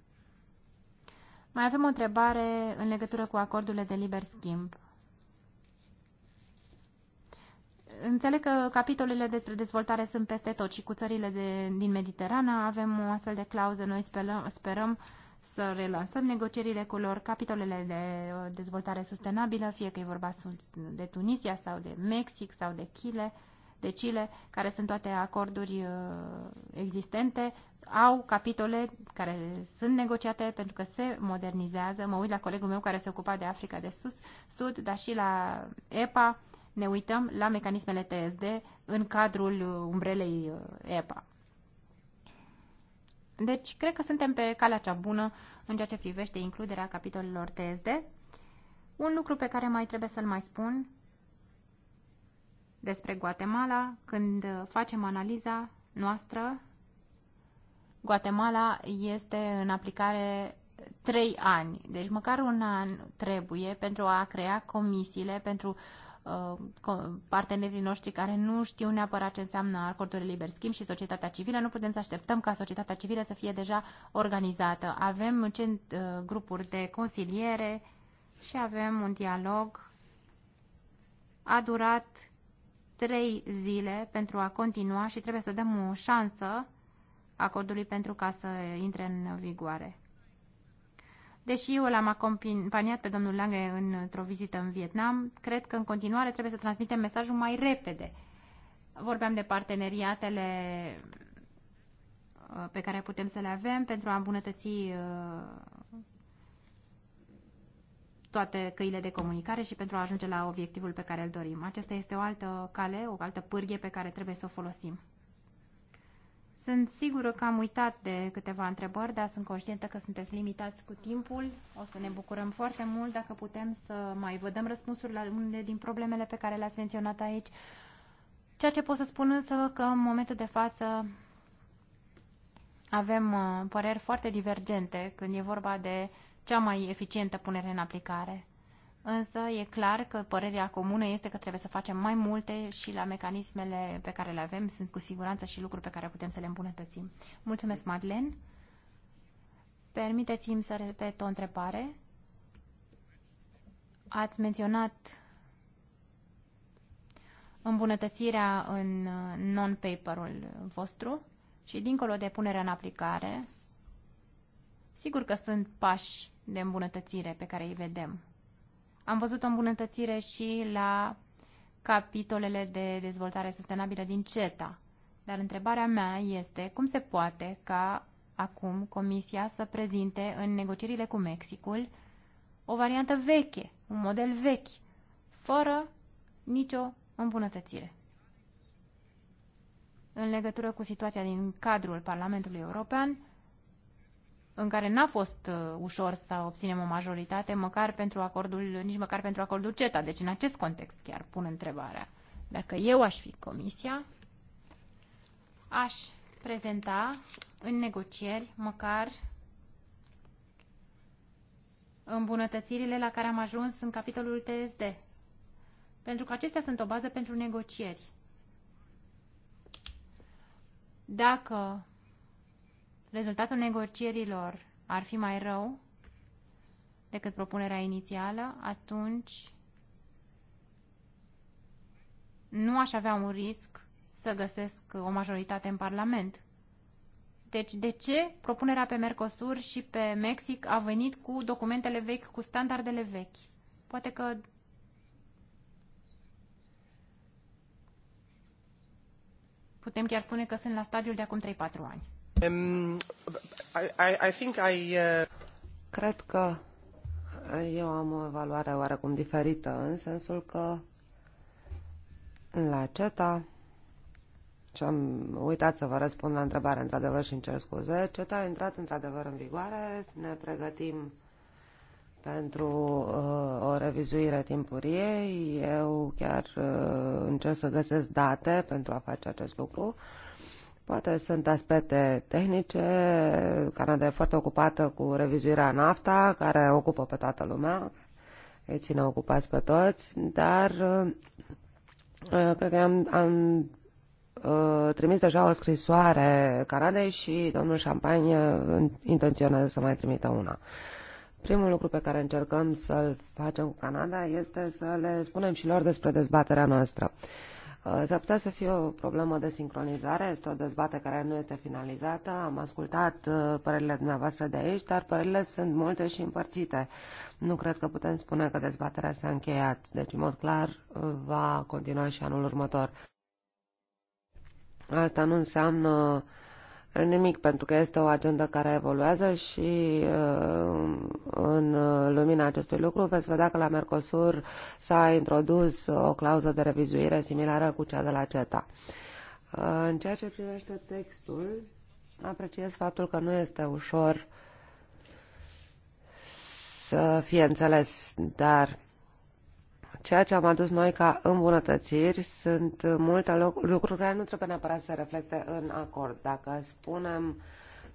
Mai avem o întrebare în legătură cu acordurile de liber schimb. Înțeleg că capitolele despre dezvoltare sunt peste tot și cu țările de, din Mediterana avem o astfel de clauză. Noi sperăm, sperăm să relansăm negocierile cu lor, capitolele de uh, dezvoltare sustenabilă, fie că e vorba de Tunisia sau de Mexic sau de Chile, de Chile, care sunt toate acorduri uh, existente, au capitole care sunt negociate pentru că se modernizează. Mă uit la colegul meu care se ocupa de Africa de Sus, Sud, dar și la EPA, ne uităm la mecanismele TSD în cadrul uh, umbrelei uh, EPA. Deci, cred că suntem pe calea cea bună în ceea ce privește includerea capitolelor TSD. Un lucru pe care mai trebuie să-l mai spun despre Guatemala, când uh, facem analiza noastră, Guatemala este în aplicare 3 ani, deci măcar un an trebuie pentru a crea comisiile pentru uh, Uh, partenerii noștri care nu știu neapărat ce înseamnă acorduri liber schimb și societatea civilă. Nu putem să așteptăm ca societatea civilă să fie deja organizată. Avem uh, grupuri de consiliere și avem un dialog. A durat trei zile pentru a continua și trebuie să dăm o șansă acordului pentru ca să intre în vigoare. Deși eu l-am acompaniat pe domnul Lange într-o vizită în Vietnam, cred că în continuare trebuie să transmitem mesajul mai repede. Vorbeam de parteneriatele uh, pe care putem să le avem pentru a îmbunătăți uh, toate căile de comunicare și pentru a ajunge la obiectivul pe care îl dorim. Acesta este o altă cale, o altă pârghie pe care trebuie să o folosim. Sunt sigură că am uitat de câteva întrebări, dar sunt conștientă că sunteți limitați cu timpul. O să ne bucurăm foarte mult dacă putem să mai vă dăm răspunsuri la unele din problemele pe care le-ați menționat aici. Ceea ce pot să spun însă că în momentul de față avem uh, păreri foarte divergente când e vorba de cea mai eficientă punere în aplicare. Însă e clar că părerea comună este că trebuie să facem mai multe și la mecanismele pe care le avem sunt cu siguranță și lucruri pe care putem să le îmbunătățim. Mulțumesc, Madlen. Permiteți-mi să repet o întrebare. Ați menționat îmbunătățirea în non-paperul vostru și dincolo de punerea în aplicare, sigur că sunt pași de îmbunătățire pe care îi vedem am văzut o îmbunătățire și la capitolele de dezvoltare sustenabilă din CETA. Dar întrebarea mea este cum se poate ca acum Comisia să prezinte în negocierile cu Mexicul o variantă veche, un model vechi, fără nicio îmbunătățire. În legătură cu situația din cadrul Parlamentului European, în care n-a fost uh, ușor să obținem o majoritate, măcar pentru acordul, nici măcar pentru acordul CETA. Deci în acest context chiar pun întrebarea. Dacă eu aș fi comisia, aș prezenta în negocieri măcar îmbunătățirile la care am ajuns în capitolul TSD. Pentru că acestea sunt o bază pentru negocieri. Dacă rezultatul negocierilor ar fi mai rău decât propunerea inițială, atunci nu aș avea un risc să găsesc o majoritate în Parlament. Deci de ce propunerea pe Mercosur și pe Mexic a venit cu documentele vechi, cu standardele vechi? Poate că putem chiar spune că sunt la stadiul de acum 3-4 ani. Uh, Cred că eu am o evaluare oarecum diferită, în sensul că la CETA, și am uitat să vă răspund la întrebare, într-adevăr, și îmi cer scuze, CETA a intrat într-adevăr în vigoare, ne pregătim pentru uh, o revizuire timpurie. Eu chiar uh, încerc să găsesc date pentru a face acest lucru. Uh, Poate sunt aspecte tehnice, Canada e foarte ocupată cu revizuirea NAFTA, care ocupă pe toată lumea, îi ține ocupați pe toți, dar uh, uh, cred că am, am uh, trimis deja o scrisoare Canadei și domnul Champagne intenționează să mai trimită una. Primul lucru pe care încercăm să-l facem cu Canada este să le spunem și lor despre dezbaterea noastră. Uh, Uh, s-ar putea să fie o problemă de sincronizare, este o dezbatere care nu este finalizată. Am ascultat uh, părerile dumneavoastră de aici, dar părerile sunt multe și împărțite. Nu cred că putem spune că dezbaterea s-a încheiat, deci în mod clar uh, va continua și anul următor. Asta nu înseamnă uh, nimic, pentru că este o agendă care evoluează și uh, în lumina acestui lucru veți vedea că la Mercosur s-a introdus o clauză de revizuire similară cu cea de la CETA. Uh, în ceea ce privește textul, apreciez faptul că nu este ușor să fie înțeles, dar ceea ce am adus noi ca îmbunătățiri sunt multe lucruri care nu trebuie neapărat să reflecte în acord. Dacă spunem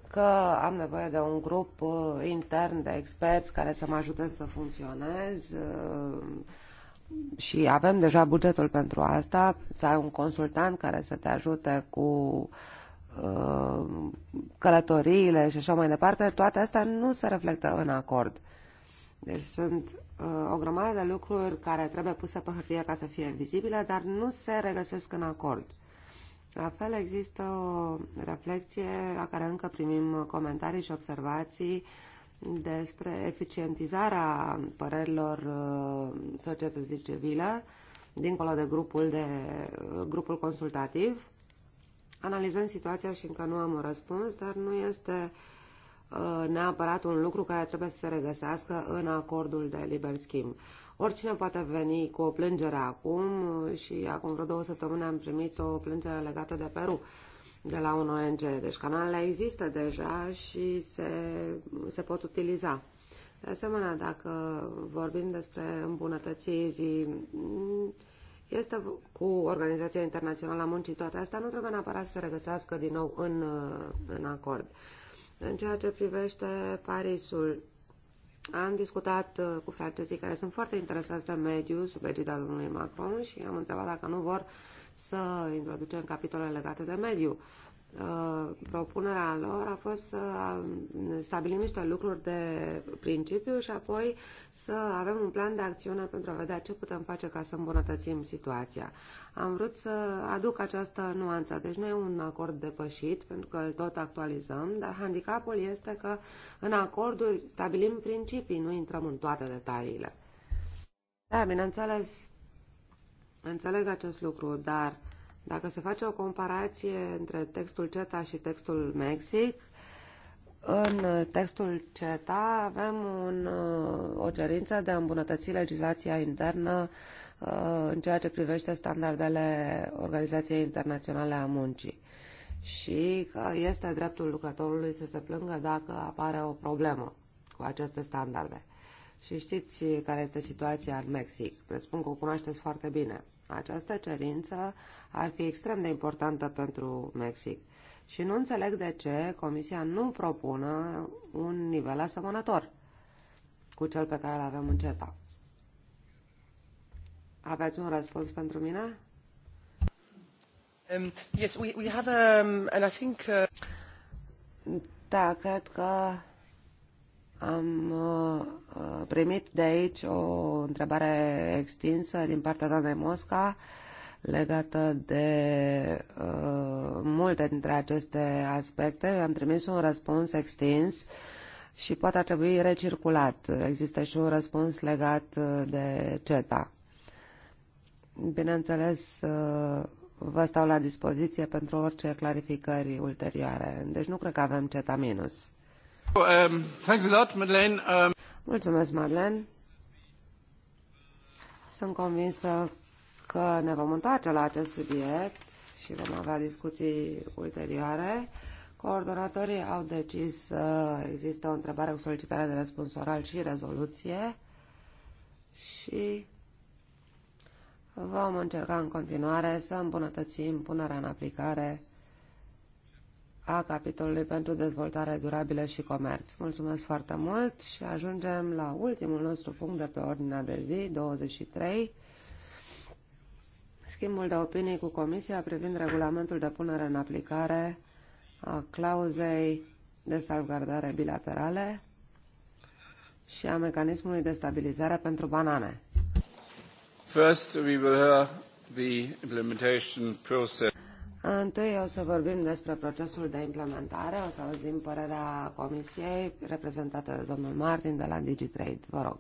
că am nevoie de un grup uh, intern de experți care să mă ajute să funcționez uh, și avem deja bugetul pentru asta, să ai un consultant care să te ajute cu uh, călătoriile și așa mai departe, toate astea nu se reflectă în acord. Deci sunt uh, o grămadă de lucruri care trebuie puse pe hârtie ca să fie vizibile, dar nu se regăsesc în acord. La fel există o reflexie la care încă primim comentarii și observații despre eficientizarea părerilor uh, societății civile, dincolo de grupul, de, uh, grupul consultativ. Analizăm situația și încă nu am un răspuns, dar nu este uh, Uh, neapărat un lucru care trebuie să se regăsească în acordul de liber schimb. Oricine poate veni cu o plângere acum uh, și acum vreo două săptămâni am primit o plângere legată de Peru de la un ONG. Deci canalele există deja și se, se pot utiliza. De asemenea, dacă vorbim despre îmbunătățiri, mm, este cu Organizația Internațională a Muncii, toate astea nu trebuie neapărat să se regăsească din nou în, uh, în acord. Uh, în ceea ce privește Parisul, am discutat uh, cu francezii care sunt foarte interesați de mediu sub egida domnului Macron și am întrebat dacă nu vor să introducem capitole legate de mediu. Uh, propunerea lor a fost să uh, stabilim niște lucruri de principiu și apoi să avem un plan de acțiune pentru a vedea ce putem face ca să îmbunătățim situația. Am vrut să aduc această nuanță, deci nu e un acord depășit pentru că îl tot actualizăm, dar handicapul este că în acorduri stabilim principii, nu intrăm în toate detaliile. Da, bineînțeles, înțeleg acest lucru, dar dacă se face o comparație între textul CETA și textul Mexic, în textul CETA avem un, uh, o cerință de a îmbunătăți legislația internă uh, în ceea ce privește standardele Organizației Internaționale a Muncii și că este dreptul lucrătorului să se plângă dacă apare o problemă cu aceste standarde. Și știți care este situația în Mexic. Presupun că o cunoașteți foarte bine. Această cerință ar fi extrem de importantă pentru Mexic. Și nu înțeleg de ce Comisia nu propună un nivel asemănător cu cel pe care îl avem în CETA. Aveți un răspuns pentru mine? Um, yes, we, we have, um, and I think, uh... Da, cred că am uh, primit de aici o întrebare extinsă din partea doamnei Mosca legată de uh, multe dintre aceste aspecte. Am trimis un răspuns extins și poate ar trebui recirculat. Există și un răspuns legat uh, de CETA. Bineînțeles, vă stau la dispoziție pentru orice clarificări ulterioare. Deci nu cred că avem CETA minus. Um, um, Mulțumesc, Madeleine. Sunt convinsă că ne vom întoarce la acest subiect și vom avea discuții ulterioare. Coordonatorii au decis să există o întrebare cu solicitare de răspuns oral și rezoluție și vom încerca în continuare să îmbunătățim punerea în aplicare a capitolului pentru dezvoltare durabilă și comerț. Mulțumesc foarte mult și ajungem la ultimul nostru punct de pe ordinea de zi, 23. Schimbul de opinii cu Comisia privind regulamentul de punere în aplicare a clauzei de salvgardare bilaterale și a mecanismului de stabilizare pentru banane. First, we will hear the implementation process. Întâi o să vorbim despre procesul de implementare, o să auzim părerea comisiei reprezentată de domnul Martin de la DigiTrade. Vă rog.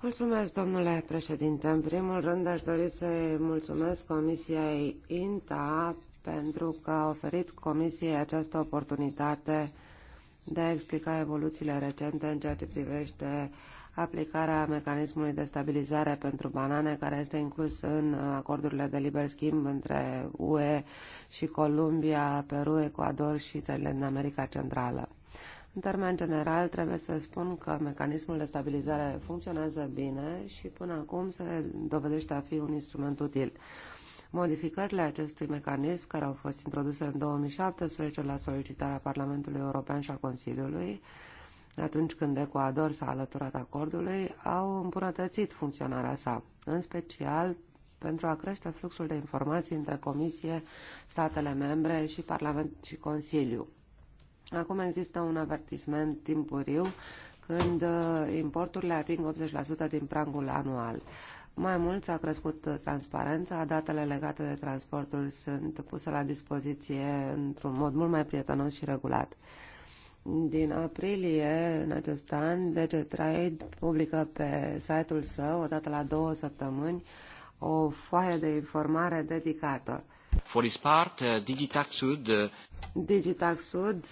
Mulțumesc, domnule președinte. În primul rând aș dori să mulțumesc Comisiei INTA pentru că a oferit Comisiei această oportunitate de a explica evoluțiile recente în ceea ce privește aplicarea mecanismului de stabilizare pentru banane, care este inclus în acordurile de liber schimb între UE și Columbia, Peru, Ecuador și țările din America Centrală. În termen general, trebuie să spun că mecanismul de stabilizare funcționează bine și până acum se dovedește a fi un instrument util. Modificările acestui mecanism, care au fost introduse în 2017 la solicitarea Parlamentului European și a Consiliului, atunci când Ecuador s-a alăturat acordului, au îmbunătățit funcționarea sa, în special pentru a crește fluxul de informații între Comisie, statele membre și Parlament și Consiliu. Acum există un avertisment timpuriu când uh, importurile ating 80% din prangul anual. Mai mult s-a crescut transparența, datele legate de transportul sunt puse la dispoziție într-un mod mult mai prietenos și regulat din aprilie în acest an, deci Trade publică pe site-ul său, odată la două săptămâni, o foaie de informare dedicată. For his part, uh, Digitax Sud... Uh, Digitax Sud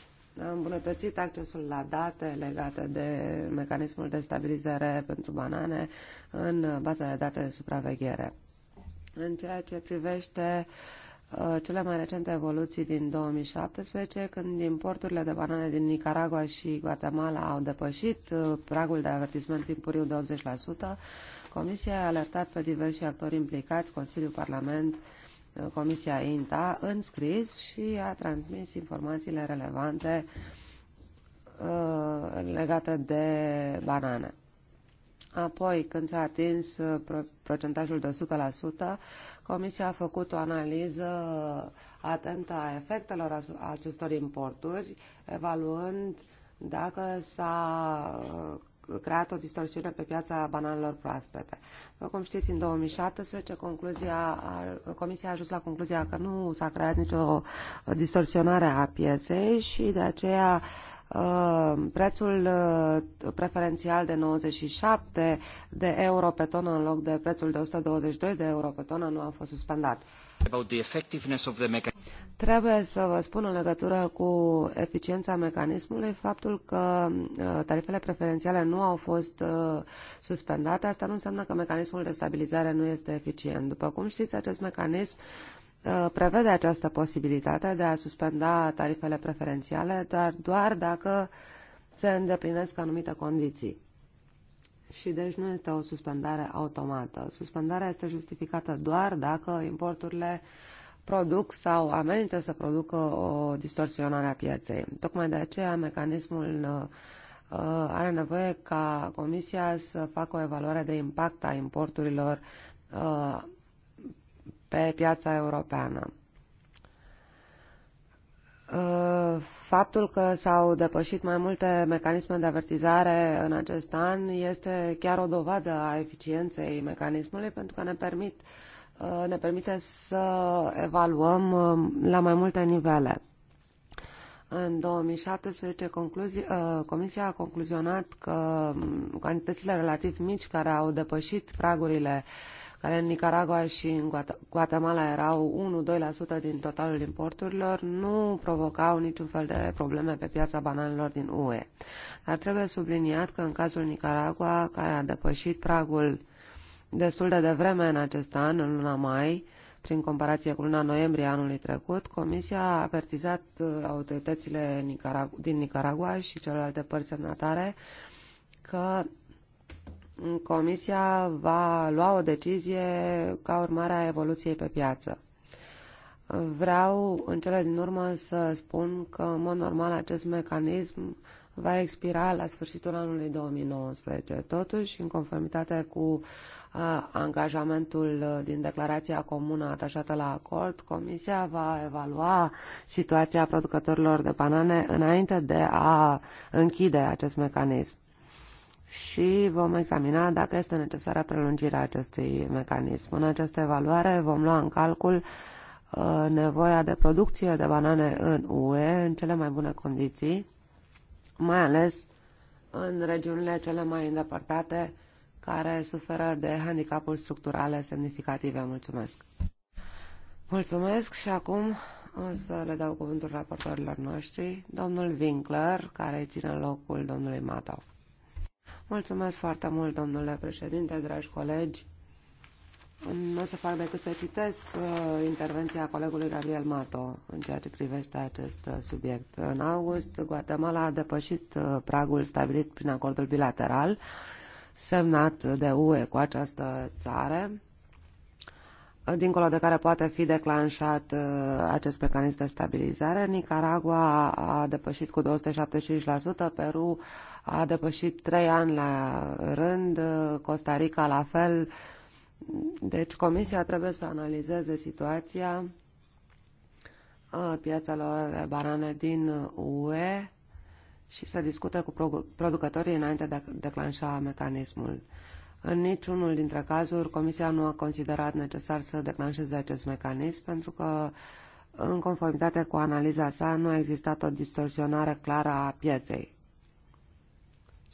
a îmbunătățit accesul la date legate de mecanismul de stabilizare pentru banane în baza de date de supraveghere. În ceea ce privește uh, Uh, cele mai recente evoluții din 2017, când importurile de banane din Nicaragua și Guatemala au depășit uh, pragul de avertisment timpuriu de 80%, Comisia a alertat pe diversi actori implicați, Consiliul Parlament, uh, Comisia INTA, în scris și a transmis informațiile relevante legate de banane. Apoi, când s-a atins uh, procentajul de 100%, Comisia a făcut o analiză atentă a efectelor acestor importuri, evaluând dacă s-a uh, creat o distorsiune pe piața bananelor proaspete. După cum știți, în 2017 concluzia, Comisia a ajuns la concluzia că nu s-a creat nicio distorsionare a pieței și de aceea uh, Uh, prețul uh, preferențial de 97 de euro pe tonă în loc de prețul de 122 de euro pe tonă nu a fost suspendat. Trebuie să vă spun în legătură cu eficiența mecanismului faptul că uh, tarifele preferențiale nu au fost suspendate. Asta nu înseamnă că mecanismul de stabilizare nu este eficient. După cum știți, acest mecanism Uh, prevede această posibilitate de a suspenda tarifele preferențiale, dar doar dacă se îndeplinesc anumite condiții. Și deci nu este o suspendare automată. Suspendarea este justificată doar dacă importurile produc sau amenință să producă o distorsionare a pieței. Tocmai de aceea mecanismul uh, uh, are nevoie ca Comisia să facă o evaluare de impact a importurilor pe piața europeană. Uh, faptul că s-au depășit mai multe mecanisme de avertizare în acest an este chiar o dovadă a eficienței mecanismului pentru că ne, permit, uh, ne permite să evaluăm uh, la mai multe nivele. În 2017, Comisia a concluzionat că um, cantitățile relativ mici care au depășit pragurile uh, care în Nicaragua și în Guatemala erau 1-2% din totalul importurilor, nu provocau niciun fel de probleme pe piața bananelor din UE. Dar trebuie subliniat că în cazul Nicaragua, care a depășit pragul destul de devreme în acest an, în luna mai, prin comparație cu luna noiembrie anului trecut, Comisia a avertizat uh, autoritățile din Nicaragua și celelalte părți semnatare că Comisia va lua o decizie ca urmare a evoluției pe piață. Vreau în cele din urmă să spun că, în mod normal, acest mecanism va expira la sfârșitul anului 2019. Totuși, în conformitate cu uh, angajamentul din declarația comună atașată la acord, Comisia va evalua situația producătorilor de banane înainte de a închide acest mecanism și vom examina dacă este necesară prelungirea acestui mecanism. În această evaluare vom lua în calcul uh, nevoia de producție de banane în UE în cele mai bune condiții, mai ales în regiunile cele mai îndepărtate care suferă de handicapuri structurale semnificative. Mulțumesc! Mulțumesc și acum o să le dau cuvântul raportorilor noștri, domnul Winkler, care ține locul domnului Matov. Mulțumesc foarte mult, domnule președinte, dragi colegi. Nu o să fac decât să citesc uh, intervenția colegului Gabriel Mato în ceea ce privește acest uh, subiect. În august, Guatemala a depășit uh, pragul stabilit prin acordul bilateral semnat de UE cu această țară, dincolo de care poate fi declanșat uh, acest mecanism de stabilizare. Nicaragua a depășit cu 275%, Peru a depășit trei ani la rând, Costa Rica la fel. Deci Comisia trebuie să analizeze situația piațelor de banane din UE și să discute cu producătorii înainte de a declanșa mecanismul. În niciunul dintre cazuri, Comisia nu a considerat necesar să declanșeze acest mecanism pentru că, în conformitate cu analiza sa, nu a existat o distorsionare clară a pieței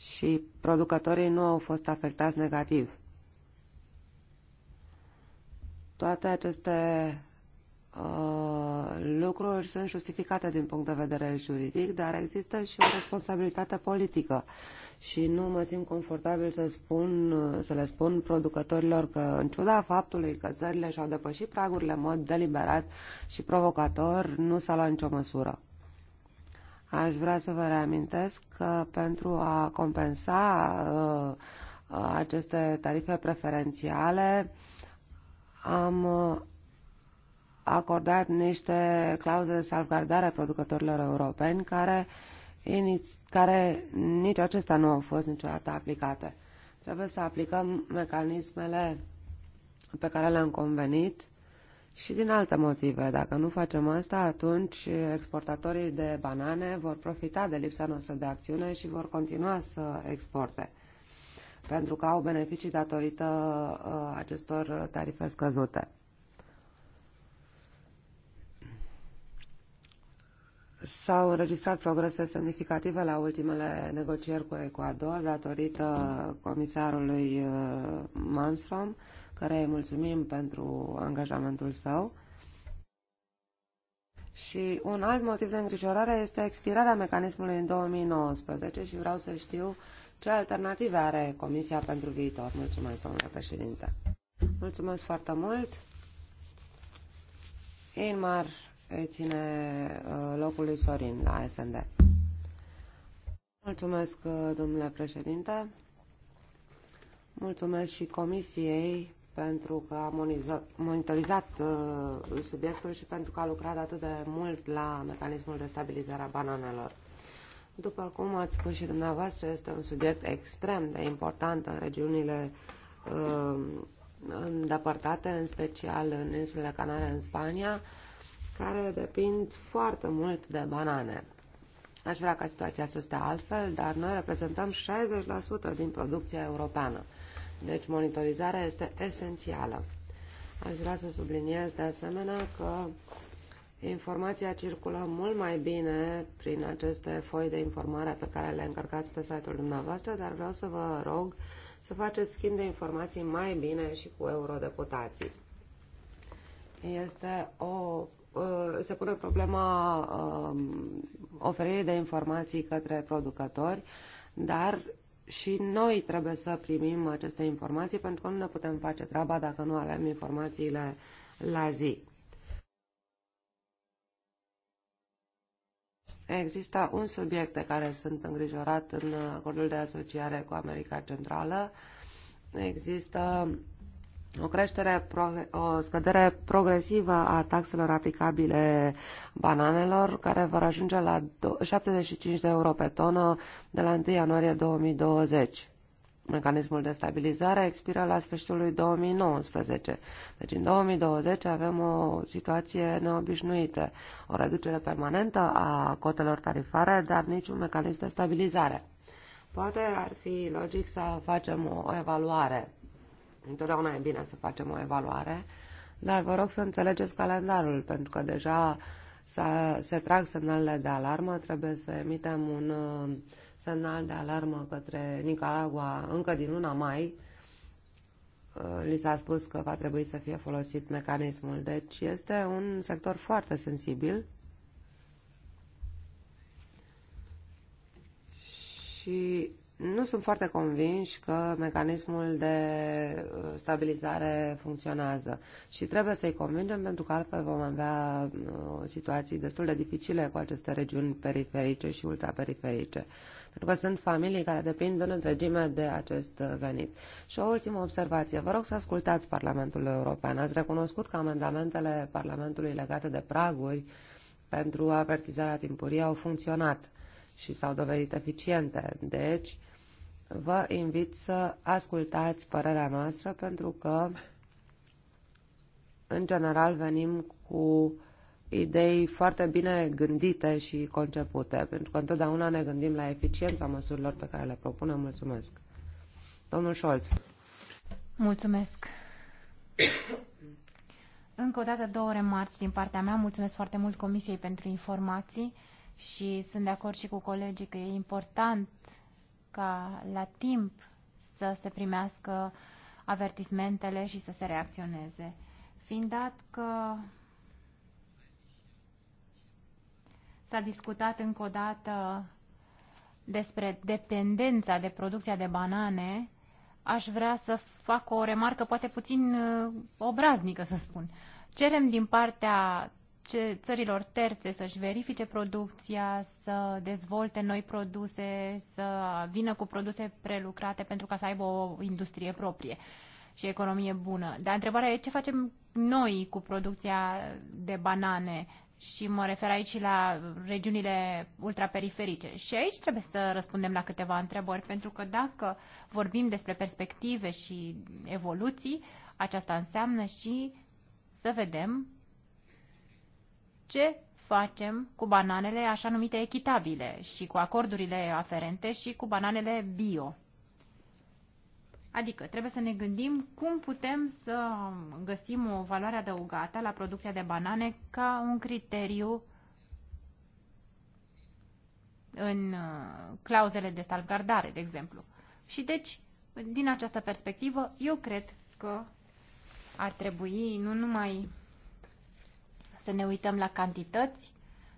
și producătorii nu au fost afectați negativ. Toate aceste uh, lucruri sunt justificate din punct de vedere juridic, dar există și o responsabilitate politică și nu mă simt confortabil să, spun, să le spun producătorilor că, în ciuda faptului că țările și-au depășit pragurile în mod deliberat și provocator, nu s-a luat nicio măsură. Aș vrea să vă reamintesc că pentru a compensa uh, aceste tarife preferențiale am uh, acordat niște clauze de salvgardare producătorilor europeni care, care nici acestea nu au fost niciodată aplicate. Trebuie să aplicăm mecanismele pe care le-am convenit și din alte motive. Dacă nu facem asta, atunci exportatorii de banane vor profita de lipsa noastră de acțiune și vor continua să exporte, pentru că au beneficii datorită uh, acestor tarife scăzute. S-au înregistrat progrese semnificative la ultimele negocieri cu Ecuador datorită comisarului uh, Malmström care îi mulțumim pentru angajamentul său. Și un alt motiv de îngrijorare este expirarea mecanismului în 2019 și vreau să știu ce alternative are Comisia pentru viitor. Mulțumesc, domnule președinte. Mulțumesc foarte mult. Inmar ține uh, locul lui Sorin la SND. Mulțumesc, uh, domnule președinte. Mulțumesc și Comisiei pentru că a monitorizat uh, subiectul și pentru că a lucrat atât de mult la mecanismul de stabilizare a bananelor. După cum ați spus și dumneavoastră, este un subiect extrem de important în regiunile uh, îndepărtate, în special în insulele Canare, în Spania, care depind foarte mult de banane. Aș vrea ca situația să stea altfel, dar noi reprezentăm 60% din producția europeană. Deci monitorizarea este esențială. Aș vrea să subliniez de asemenea că informația circulă mult mai bine prin aceste foi de informare pe care le încărcați pe site-ul dumneavoastră, dar vreau să vă rog să faceți schimb de informații mai bine și cu eurodeputații. Este o, uh, se pune problema um, oferirii de informații către producători, dar și noi trebuie să primim aceste informații pentru că nu ne putem face treaba dacă nu avem informațiile la zi. Există un subiect de care sunt îngrijorat în acordul de asociare cu America Centrală. Există o creștere, o scădere progresivă a taxelor aplicabile bananelor, care vor ajunge la 75 de euro pe tonă de la 1 ianuarie 2020. Mecanismul de stabilizare expiră la sfârșitul lui 2019. Deci în 2020 avem o situație neobișnuită, o reducere permanentă a cotelor tarifare, dar niciun mecanism de stabilizare. Poate ar fi logic să facem o evaluare Întotdeauna e bine să facem o evaluare, dar vă rog să înțelegeți calendarul, pentru că deja se trag semnalele de alarmă, trebuie să emitem un uh, semnal de alarmă către Nicaragua încă din luna mai. Uh, li s-a spus că va trebui să fie folosit mecanismul. Deci este un sector foarte sensibil și nu sunt foarte convinși că mecanismul de uh, stabilizare funcționează și trebuie să-i convingem pentru că altfel vom avea uh, situații destul de dificile cu aceste regiuni periferice și ultraperiferice. Pentru că sunt familii care depind în întregime de acest uh, venit. Și o ultimă observație. Vă rog să ascultați Parlamentul European. Ați recunoscut că amendamentele Parlamentului legate de praguri pentru avertizarea timpurie au funcționat și s-au dovedit eficiente. Deci, vă invit să ascultați părerea noastră pentru că, în general, venim cu idei foarte bine gândite și concepute, pentru că întotdeauna ne gândim la eficiența măsurilor pe care le propunem. Mulțumesc. Domnul Scholz. Mulțumesc. Încă o dată două remarci din partea mea. Mulțumesc foarte mult Comisiei pentru informații și sunt de acord și cu colegii că e important ca la timp să se primească avertismentele și să se reacționeze. Fiind dat că s-a discutat încă o dată despre dependența de producția de banane, aș vrea să fac o remarcă poate puțin uh, obraznică, să spun. Cerem din partea ce, țărilor terțe să-și verifice producția, să dezvolte noi produse, să vină cu produse prelucrate pentru ca să aibă o industrie proprie și economie bună. Dar întrebarea e ce facem noi cu producția de banane și mă refer aici la regiunile ultraperiferice. Și aici trebuie să răspundem la câteva întrebări, pentru că dacă vorbim despre perspective și evoluții, aceasta înseamnă și să vedem ce facem cu bananele așa numite echitabile și cu acordurile aferente și cu bananele bio. Adică trebuie să ne gândim cum putem să găsim o valoare adăugată la producția de banane ca un criteriu în uh, clauzele de salvgardare, de exemplu. Și deci, din această perspectivă, eu cred că ar trebui nu numai să ne uităm la cantități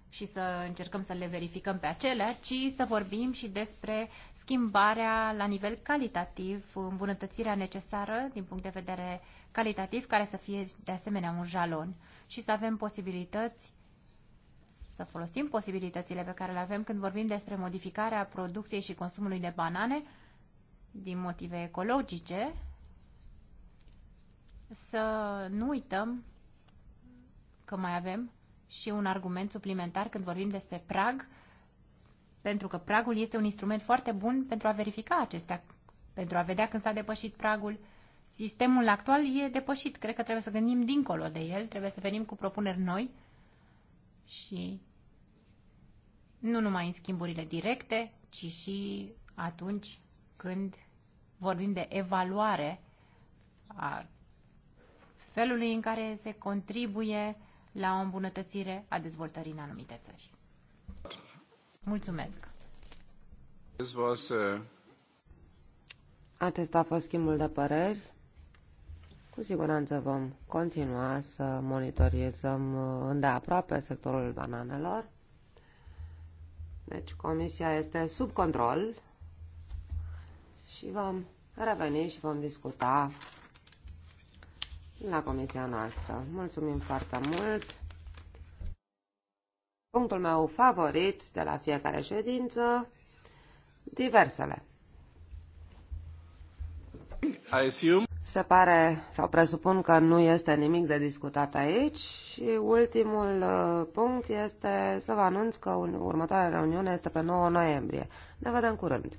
și să încercăm să le verificăm pe acelea, ci să vorbim și despre schimbarea la nivel calitativ, îmbunătățirea necesară din punct de vedere calitativ, care să fie de asemenea un jalon și să avem posibilități să folosim posibilitățile pe care le avem când vorbim despre modificarea producției și consumului de banane din motive ecologice, să nu uităm că mai avem și un argument suplimentar când vorbim despre prag, pentru că pragul este un instrument foarte bun pentru a verifica acestea, pentru a vedea când s-a depășit pragul. Sistemul actual e depășit, cred că trebuie să gândim dincolo de el, trebuie să venim cu propuneri noi și nu numai în schimburile directe, ci și atunci când vorbim de evaluare a felului în care se contribuie la o îmbunătățire a dezvoltării în anumite țări. Mulțumesc! Uh, Acesta a fost schimbul de păreri. Cu siguranță vom continua să monitorizăm uh, îndeaproape sectorul bananelor. Deci comisia este sub control și vom reveni și vom discuta la comisia noastră. Mulțumim foarte mult! Punctul meu favorit de la fiecare ședință, diversele. I assume. Se pare sau presupun că nu este nimic de discutat aici și ultimul uh, punct este să vă anunț că următoarea reuniune este pe 9 noiembrie. Ne vedem curând!